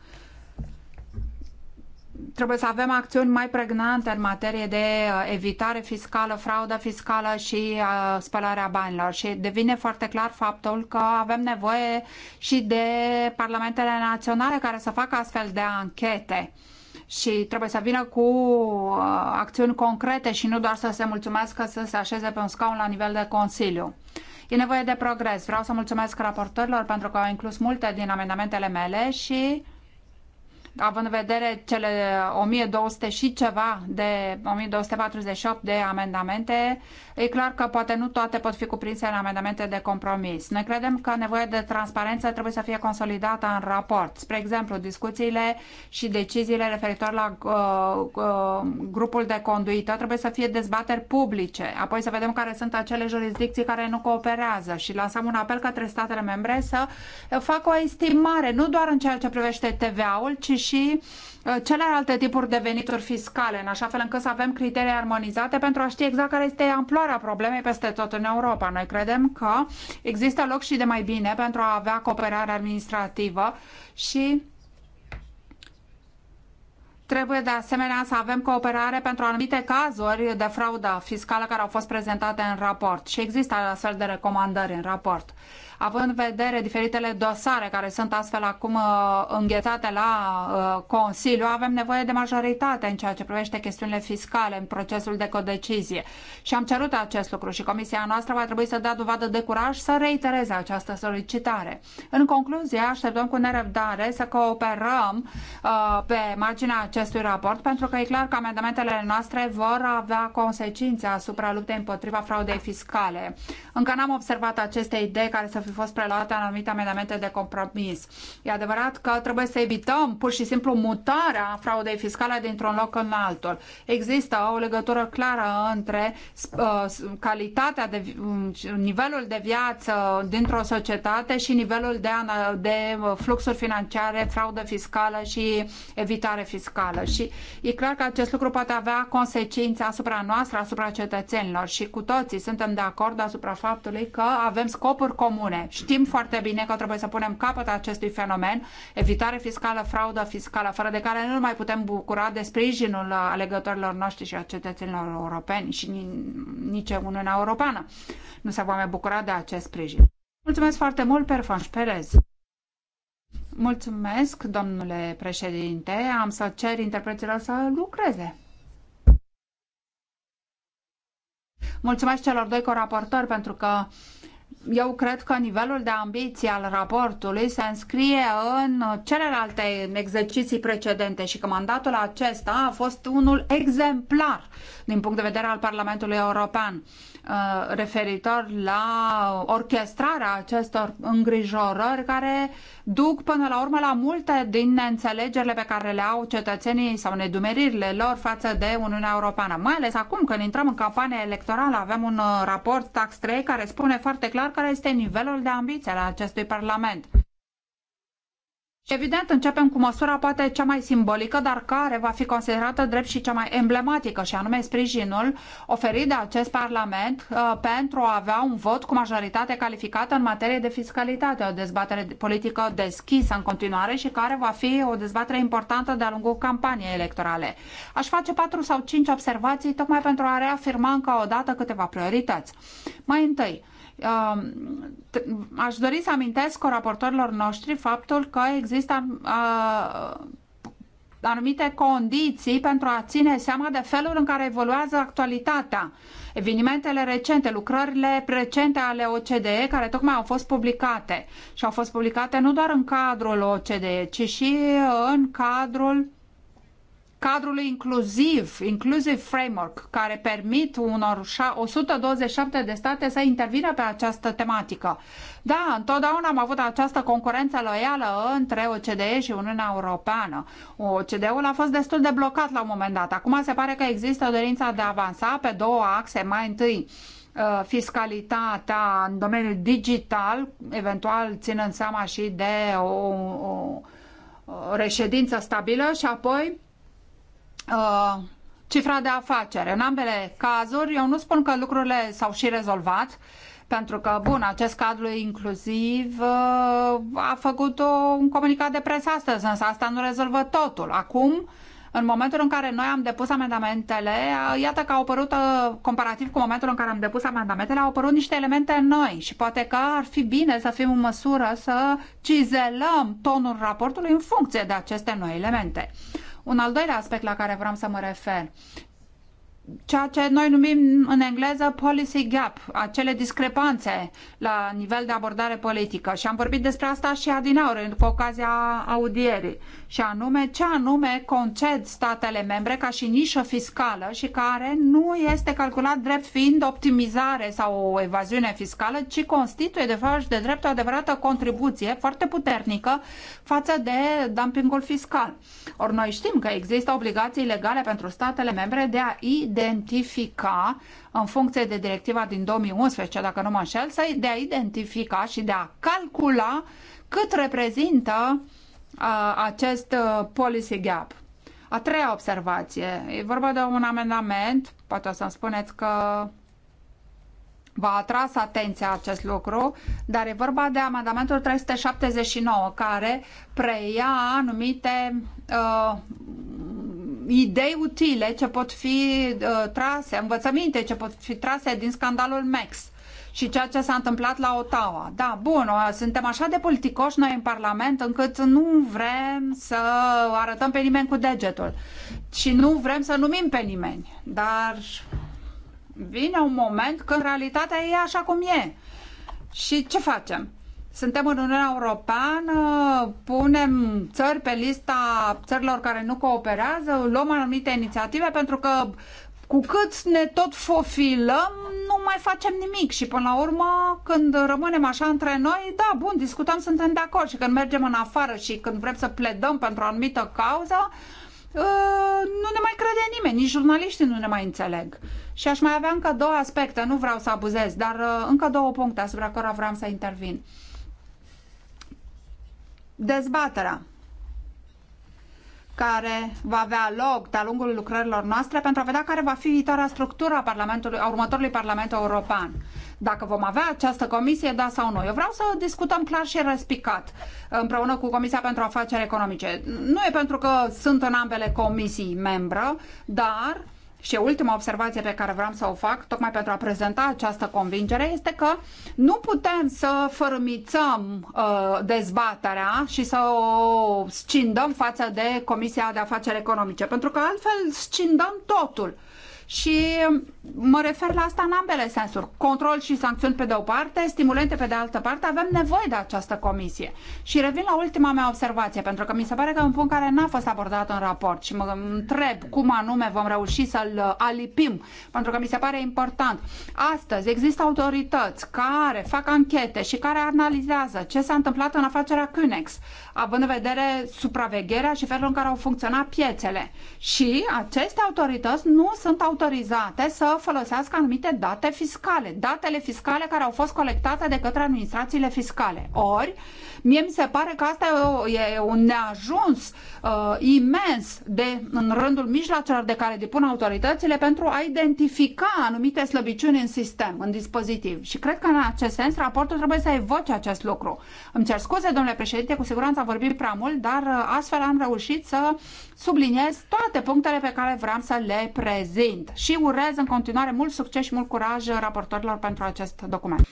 trebuie să avem acțiuni mai pregnante în materie de uh, evitare fiscală, fraudă fiscală și uh, spălarea banilor. Și devine foarte clar faptul că avem nevoie și de parlamentele naționale care să facă astfel de anchete și trebuie să vină cu uh, acțiuni concrete și nu doar să se mulțumească să se așeze pe un scaun la nivel de Consiliu. E nevoie de progres. Vreau să mulțumesc raportorilor pentru că au inclus multe din amendamentele mele și având în vedere cele 1200 și ceva de 1248 de amendamente, e clar că poate nu toate pot fi cuprinse în amendamente de compromis. Noi credem că nevoia de transparență trebuie să fie consolidată în raport. Spre exemplu, discuțiile și deciziile referitor la uh, uh, grupul de conduită trebuie să fie dezbateri publice. Apoi să vedem care sunt acele jurisdicții care nu cooperează și lansăm un apel către statele membre să facă o estimare, nu doar în ceea ce privește TVA-ul, ci și uh, celelalte tipuri de venituri fiscale, în așa fel încât să avem criterii armonizate pentru a ști exact care este amploarea problemei peste tot în Europa. Noi credem că există loc și de mai bine pentru a avea cooperare administrativă și Trebuie de asemenea să avem cooperare pentru anumite cazuri de fraudă fiscală care au fost prezentate în raport și există astfel de recomandări în raport având în vedere diferitele dosare care sunt astfel acum uh, înghețate la uh, Consiliu, avem nevoie de majoritate în ceea ce privește chestiunile fiscale în procesul de codecizie. Și am cerut acest lucru și Comisia noastră va trebui să dea dovadă de curaj să reitereze această solicitare. În concluzie, așteptăm cu nerăbdare să cooperăm uh, pe marginea acestui raport, pentru că e clar că amendamentele noastre vor avea consecințe asupra luptei împotriva fraudei fiscale. Încă n-am observat aceste idei care să fi fost preluate anumite amendamente de compromis. E adevărat că trebuie să evităm pur și simplu mutarea fraudei fiscale dintr-un loc în altul. Există o legătură clară între uh, calitatea de uh, nivelul de viață dintr-o societate și nivelul de, de uh, fluxuri financiare, fraudă fiscală și evitare fiscală. Și e clar că acest lucru poate avea consecințe asupra noastră, asupra cetățenilor și cu toții suntem de acord asupra faptului că avem scopuri comune comune. Știm foarte bine că trebuie să punem capăt acestui fenomen, evitare fiscală, fraudă fiscală, fără de care nu mai putem bucura de sprijinul alegătorilor noștri și a cetățenilor europeni și nici Uniunea Europeană nu se va mai bucura de acest sprijin. Mulțumesc foarte mult, Perfanș Perez! Mulțumesc, domnule președinte. Am să cer interpreților să lucreze. Mulțumesc celor doi coraportori pentru că eu cred că nivelul de ambiție al raportului se înscrie în celelalte exerciții precedente și că mandatul acesta a fost unul exemplar din punct de vedere al Parlamentului European uh, referitor la orchestrarea acestor îngrijorări care duc până la urmă la multe din neînțelegerile pe care le au cetățenii sau nedumeririle lor față de Uniunea Europeană. Mai ales acum când intrăm în campania electorală avem un uh, raport tax 3 care spune foarte clar care este nivelul de ambiție al acestui Parlament. Evident, începem cu măsura poate cea mai simbolică, dar care va fi considerată drept și cea mai emblematică, și anume sprijinul oferit de acest Parlament uh, pentru a avea un vot cu majoritate calificată în materie de fiscalitate, o dezbatere politică deschisă în continuare și care va fi o dezbatere importantă de-a lungul campaniei electorale. Aș face patru sau cinci observații tocmai pentru a reafirma încă o dată câteva priorități. Mai întâi, Um, aș dori să amintesc raportorilor noștri faptul că există uh, anumite condiții pentru a ține seama de felul în care evoluează actualitatea. Evenimentele recente, lucrările recente ale OCDE, care tocmai au fost publicate și au fost publicate nu doar în cadrul OCDE, ci și uh, în cadrul cadrului inclusiv, Inclusive Framework, care permit unor 127 de state să intervină pe această tematică. Da, întotdeauna am avut această concurență loială între OCDE și Uniunea Europeană. OCDE-ul a fost destul de blocat la un moment dat. Acum se pare că există dorința de a avansa pe două axe. Mai întâi, uh, fiscalitatea în domeniul digital, eventual ținând seama și de o, o reședință stabilă și apoi Uh, cifra de afacere. În ambele cazuri, eu nu spun că lucrurile s-au și rezolvat, pentru că, bun, acest cadru inclusiv uh, a făcut o, un comunicat de presă astăzi, însă asta nu rezolvă totul. Acum, în momentul în care noi am depus amendamentele, uh, iată că au apărut, uh, comparativ cu momentul în care am depus amendamentele, au apărut niște elemente noi și poate că ar fi bine să fim în măsură să cizelăm tonul raportului în funcție de aceste noi elemente. Un al doilea aspect la care vreau să mă refer ceea ce noi numim în engleză policy gap, acele discrepanțe la nivel de abordare politică. Și am vorbit despre asta și adineauri, în ocazia audierii. Și anume, ce anume conced statele membre ca și nișă fiscală și care nu este calculat drept fiind optimizare sau o evaziune fiscală, ci constituie de fapt de drept o adevărată contribuție foarte puternică față de dumpingul fiscal. Ori noi știm că există obligații legale pentru statele membre de a i identifica, în funcție de directiva din 2011, dacă nu mă înșel, de a identifica și de a calcula cât reprezintă uh, acest uh, policy gap. A treia observație, e vorba de un amendament, poate o să-mi spuneți că v-a atras atenția acest lucru, dar e vorba de amendamentul 379, care preia anumite uh, idei utile ce pot fi uh, trase, învățăminte ce pot fi trase din scandalul Max și ceea ce s-a întâmplat la Ottawa. Da, bun, suntem așa de politicoși noi în Parlament încât nu vrem să arătăm pe nimeni cu degetul și nu vrem să numim pe nimeni, dar vine un moment când realitatea e așa cum e. Și ce facem? Suntem în Uniunea Europeană, punem țări pe lista țărilor care nu cooperează, luăm anumite inițiative pentru că cu cât ne tot fofilăm, nu mai facem nimic și până la urmă, când rămânem așa între noi, da, bun, discutăm, suntem de acord și când mergem în afară și când vrem să pledăm pentru o anumită cauză, ă, nu ne mai crede nimeni, nici jurnaliștii nu ne mai înțeleg. Și aș mai avea încă două aspecte, nu vreau să abuzez, dar ă, încă două puncte asupra cărora vreau să intervin dezbaterea care va avea loc de-a lungul lucrărilor noastre pentru a vedea care va fi viitoarea structură a, Parlamentului, a următorului Parlament European. Dacă vom avea această comisie, da sau nu. Eu vreau să discutăm clar și răspicat împreună cu Comisia pentru Afaceri Economice. Nu e pentru că sunt în ambele comisii membră, dar și ultima observație pe care vreau să o fac, tocmai pentru a prezenta această convingere, este că nu putem să fărâmițăm uh, dezbaterea și să o scindăm față de Comisia de Afaceri Economice, pentru că altfel scindăm totul. Uh, și mă refer la asta în ambele sensuri. Control și sancțiuni pe de o parte, stimulente pe de altă parte, avem nevoie de această comisie. Și revin la ultima mea observație, pentru că mi se pare că e un punct care n-a fost abordat în raport și mă întreb cum anume vom reuși să-l uh, alipim, pentru că mi se pare important. Astăzi există autorități care fac anchete și care analizează ce s-a întâmplat în afacerea Cunex, având în vedere supravegherea și felul în care au funcționat piețele. Și aceste autorități nu sunt autorități autorizate să folosească anumite date fiscale, datele fiscale care au fost colectate de către administrațiile fiscale. Ori, mie mi se pare că asta e un neajuns uh, imens de, în rândul mijloacelor de care depun autoritățile pentru a identifica anumite slăbiciuni în sistem, în dispozitiv. Și cred că în acest sens raportul trebuie să evoce acest lucru. Îmi cer scuze, domnule președinte, cu siguranță am vorbit prea mult, dar uh, astfel am reușit să subliniez toate punctele pe care vreau să le prezint și urez în continuare mult succes și mult curaj uh, raportorilor pentru acest document.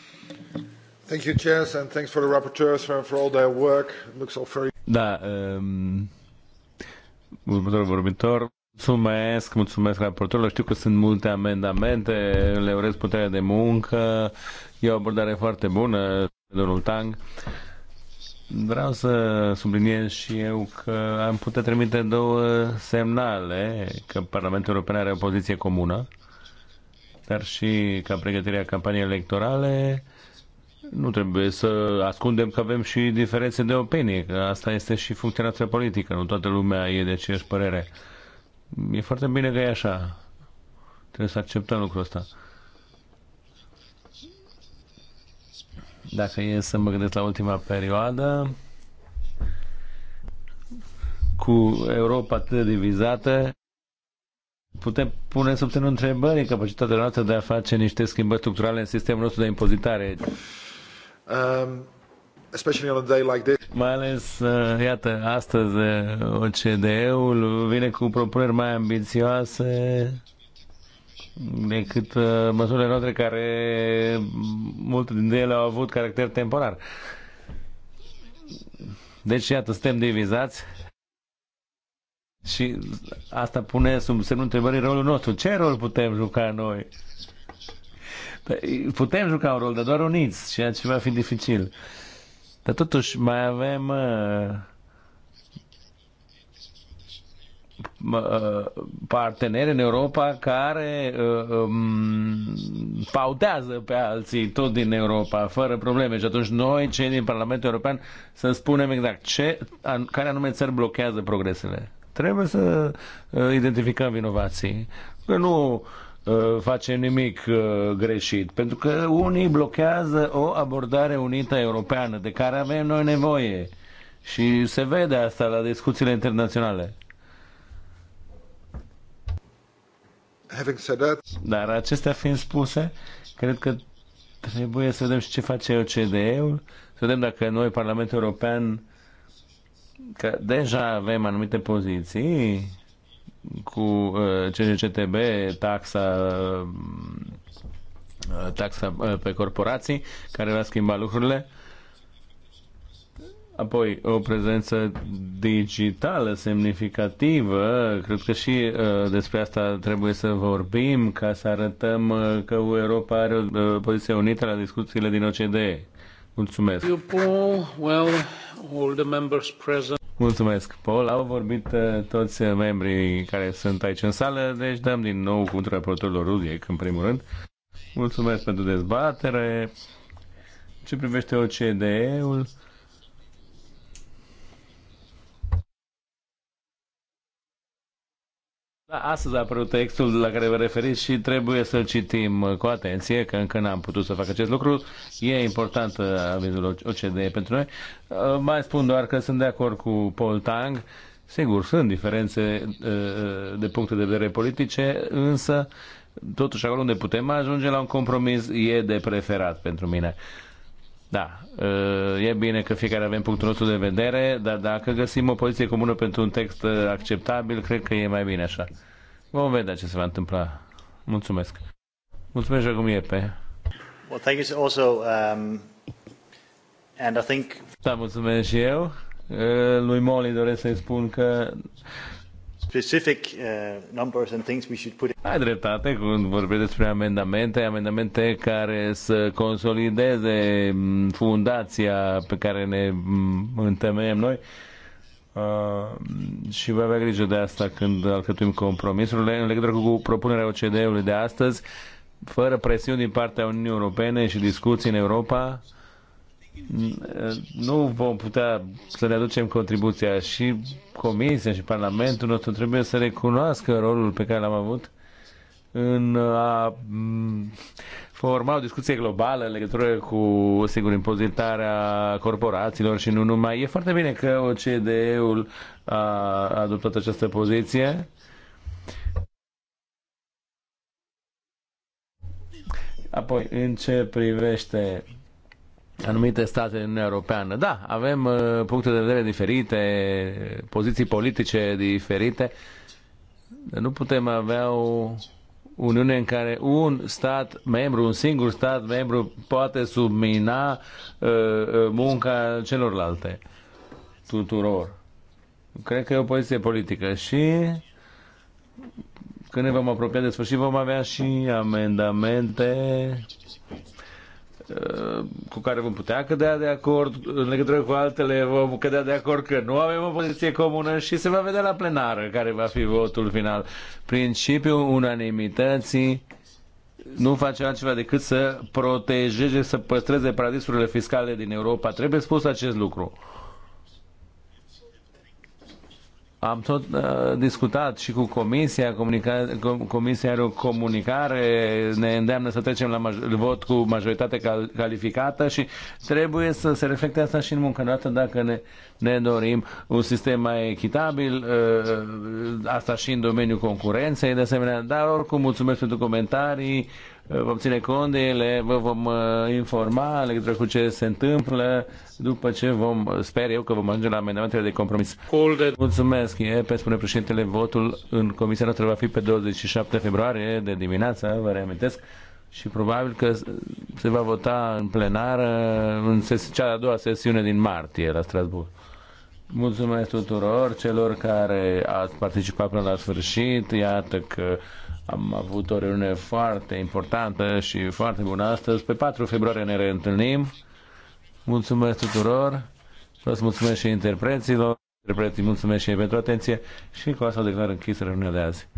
Thank you, Jens, and thanks for the rapporteurs for all their work. It looks all very... Da, um, Următorul vorbitor. Mulțumesc, mulțumesc raportorilor. Știu că sunt multe amendamente, le urez putere de muncă. E o abordare foarte bună, domnul Tang. Vreau să subliniez și eu că am putut trimite două semnale că Parlamentul European are o poziție comună, dar și ca pregătirea campaniei electorale nu trebuie să ascundem că avem și diferențe de opinie, că asta este și noastră politică, nu toată lumea e de aceeași părere. E foarte bine că e așa. Trebuie să acceptăm lucrul ăsta. Dacă e să mă gândesc la ultima perioadă, cu Europa atât de divizată, putem pune sub semnul întrebării capacitatea noastră de a face niște schimbări structurale în sistemul nostru de impozitare. Um, especially on a day like this. Mai ales, uh, iată, astăzi uh, OCDE-ul vine cu propuneri mai ambițioase decât uh, măsurile noastre care multe dintre ele au avut caracter temporar. Deci, iată, suntem divizați și asta pune sub semnul întrebării rolul nostru. Ce rol putem juca noi? Păi, putem juca un rol, dar doar uniți, ceea ce va fi dificil. Dar totuși mai avem uh, uh, parteneri în Europa care uh, um, pautează pe alții tot din Europa, fără probleme. Și atunci noi, cei din Parlamentul European, să spunem exact ce, care anume țări blochează progresele. Trebuie să identificăm vinovații. Că nu Uh, face nimic uh, greșit, pentru că unii blochează o abordare unită europeană de care avem noi nevoie și se vede asta la discuțiile internaționale. Dar acestea fiind spuse, cred că trebuie să vedem și ce face OCDE-ul, să vedem dacă noi, Parlamentul European, că deja avem anumite poziții cu uh, CGCTB, taxa uh, taxa uh, pe corporații, care va schimba lucrurile. Apoi, o prezență digitală semnificativă, cred că și uh, despre asta trebuie să vorbim ca să arătăm uh, că Europa are o uh, poziție unită la discuțiile din OCDE. Mulțumesc. Paul, well, all the members present. Mulțumesc, Paul. Au vorbit uh, toți membrii care sunt aici în sală, deci dăm din nou cu raportorilor Rudiec, în primul rând. Mulțumesc pentru dezbatere. Ce privește OCDE-ul, Da, astăzi a apărut textul la care vă referiți și trebuie să-l citim cu atenție, că încă n-am putut să fac acest lucru. E important uh, avizul OCDE pentru noi. Uh, mai spun doar că sunt de acord cu Paul Tang. Sigur, sunt diferențe uh, de puncte de vedere politice, însă totuși acolo unde putem ajunge la un compromis e de preferat pentru mine. Da, ă, e bine că fiecare avem punctul nostru de vedere, dar dacă găsim o poziție comună pentru un text ă, acceptabil, cred că e mai bine așa. Vom vedea ce se va întâmpla. Mulțumesc. Mulțumesc, Jacob Iepe. Well, thank you also, um, and I think... Da, mulțumesc și eu. Ă, lui Moli doresc să-i spun că specific uh, numbers and things we should put Ai dreptate când vorbim despre amendamente, amendamente care să consolideze mm, fundația pe care ne mm, întemeiem noi. Uh, și voi avea grijă de asta când alcătuim compromisurile în legătură cu propunerea OCDE-ului de astăzi, fără presiuni din partea Uniunii Europene și discuții în Europa, uh, Mm, nu vom putea să le aducem contribuția și Comisia și Parlamentul nostru trebuie să recunoască rolul pe care l-am avut în a mm, forma o discuție globală în legătură cu, sigur, impozitarea corporațiilor și nu numai. E foarte bine că OCDE-ul a adoptat această poziție. Apoi, în ce privește anumite state în Uniunea Europeană. Da, avem uh, puncte de vedere diferite, poziții politice diferite. Nu putem avea o Uniune în care un stat membru, un singur stat membru poate submina uh, uh, munca celorlalte tuturor. Cred că e o poziție politică și când ne vom apropia de sfârșit vom avea și amendamente cu care vom putea cădea de acord, în legătură cu altele vom cădea de acord că nu avem o poziție comună și se va vedea la plenară care va fi votul final. Principiul unanimității nu face altceva decât să protejeze, să păstreze paradisurile fiscale din Europa. Trebuie spus acest lucru. Am tot uh, discutat și cu comisia, comunica, com, comisia are o comunicare, ne îndeamnă să trecem la maj- vot cu majoritate cal- calificată și trebuie să se reflecte asta și în muncă noastră dacă ne, ne dorim un sistem mai echitabil, uh, uh, asta și în domeniul concurenței, de asemenea, dar oricum mulțumesc pentru comentarii, vom ține cont de ele, vă vom uh, informa în legătură cu ce se întâmplă după ce vom, sper eu că vom ajunge la amendamentele de compromis. Holden. Mulțumesc, e pe spune președintele, votul în comisia noastră va fi pe 27 februarie de dimineață, vă reamintesc și probabil că se va vota în plenară în ses- cea de-a doua sesiune din martie la Strasbourg. Mulțumesc tuturor celor care ați participat până la sfârșit. Iată că am avut o reuniune foarte importantă și foarte bună astăzi. Pe 4 februarie ne reîntâlnim. Mulțumesc tuturor. Vreau să mulțumesc și interpreților. Interpreții, mulțumesc și ei pentru atenție. Și cu asta declar închis reuniunea de azi.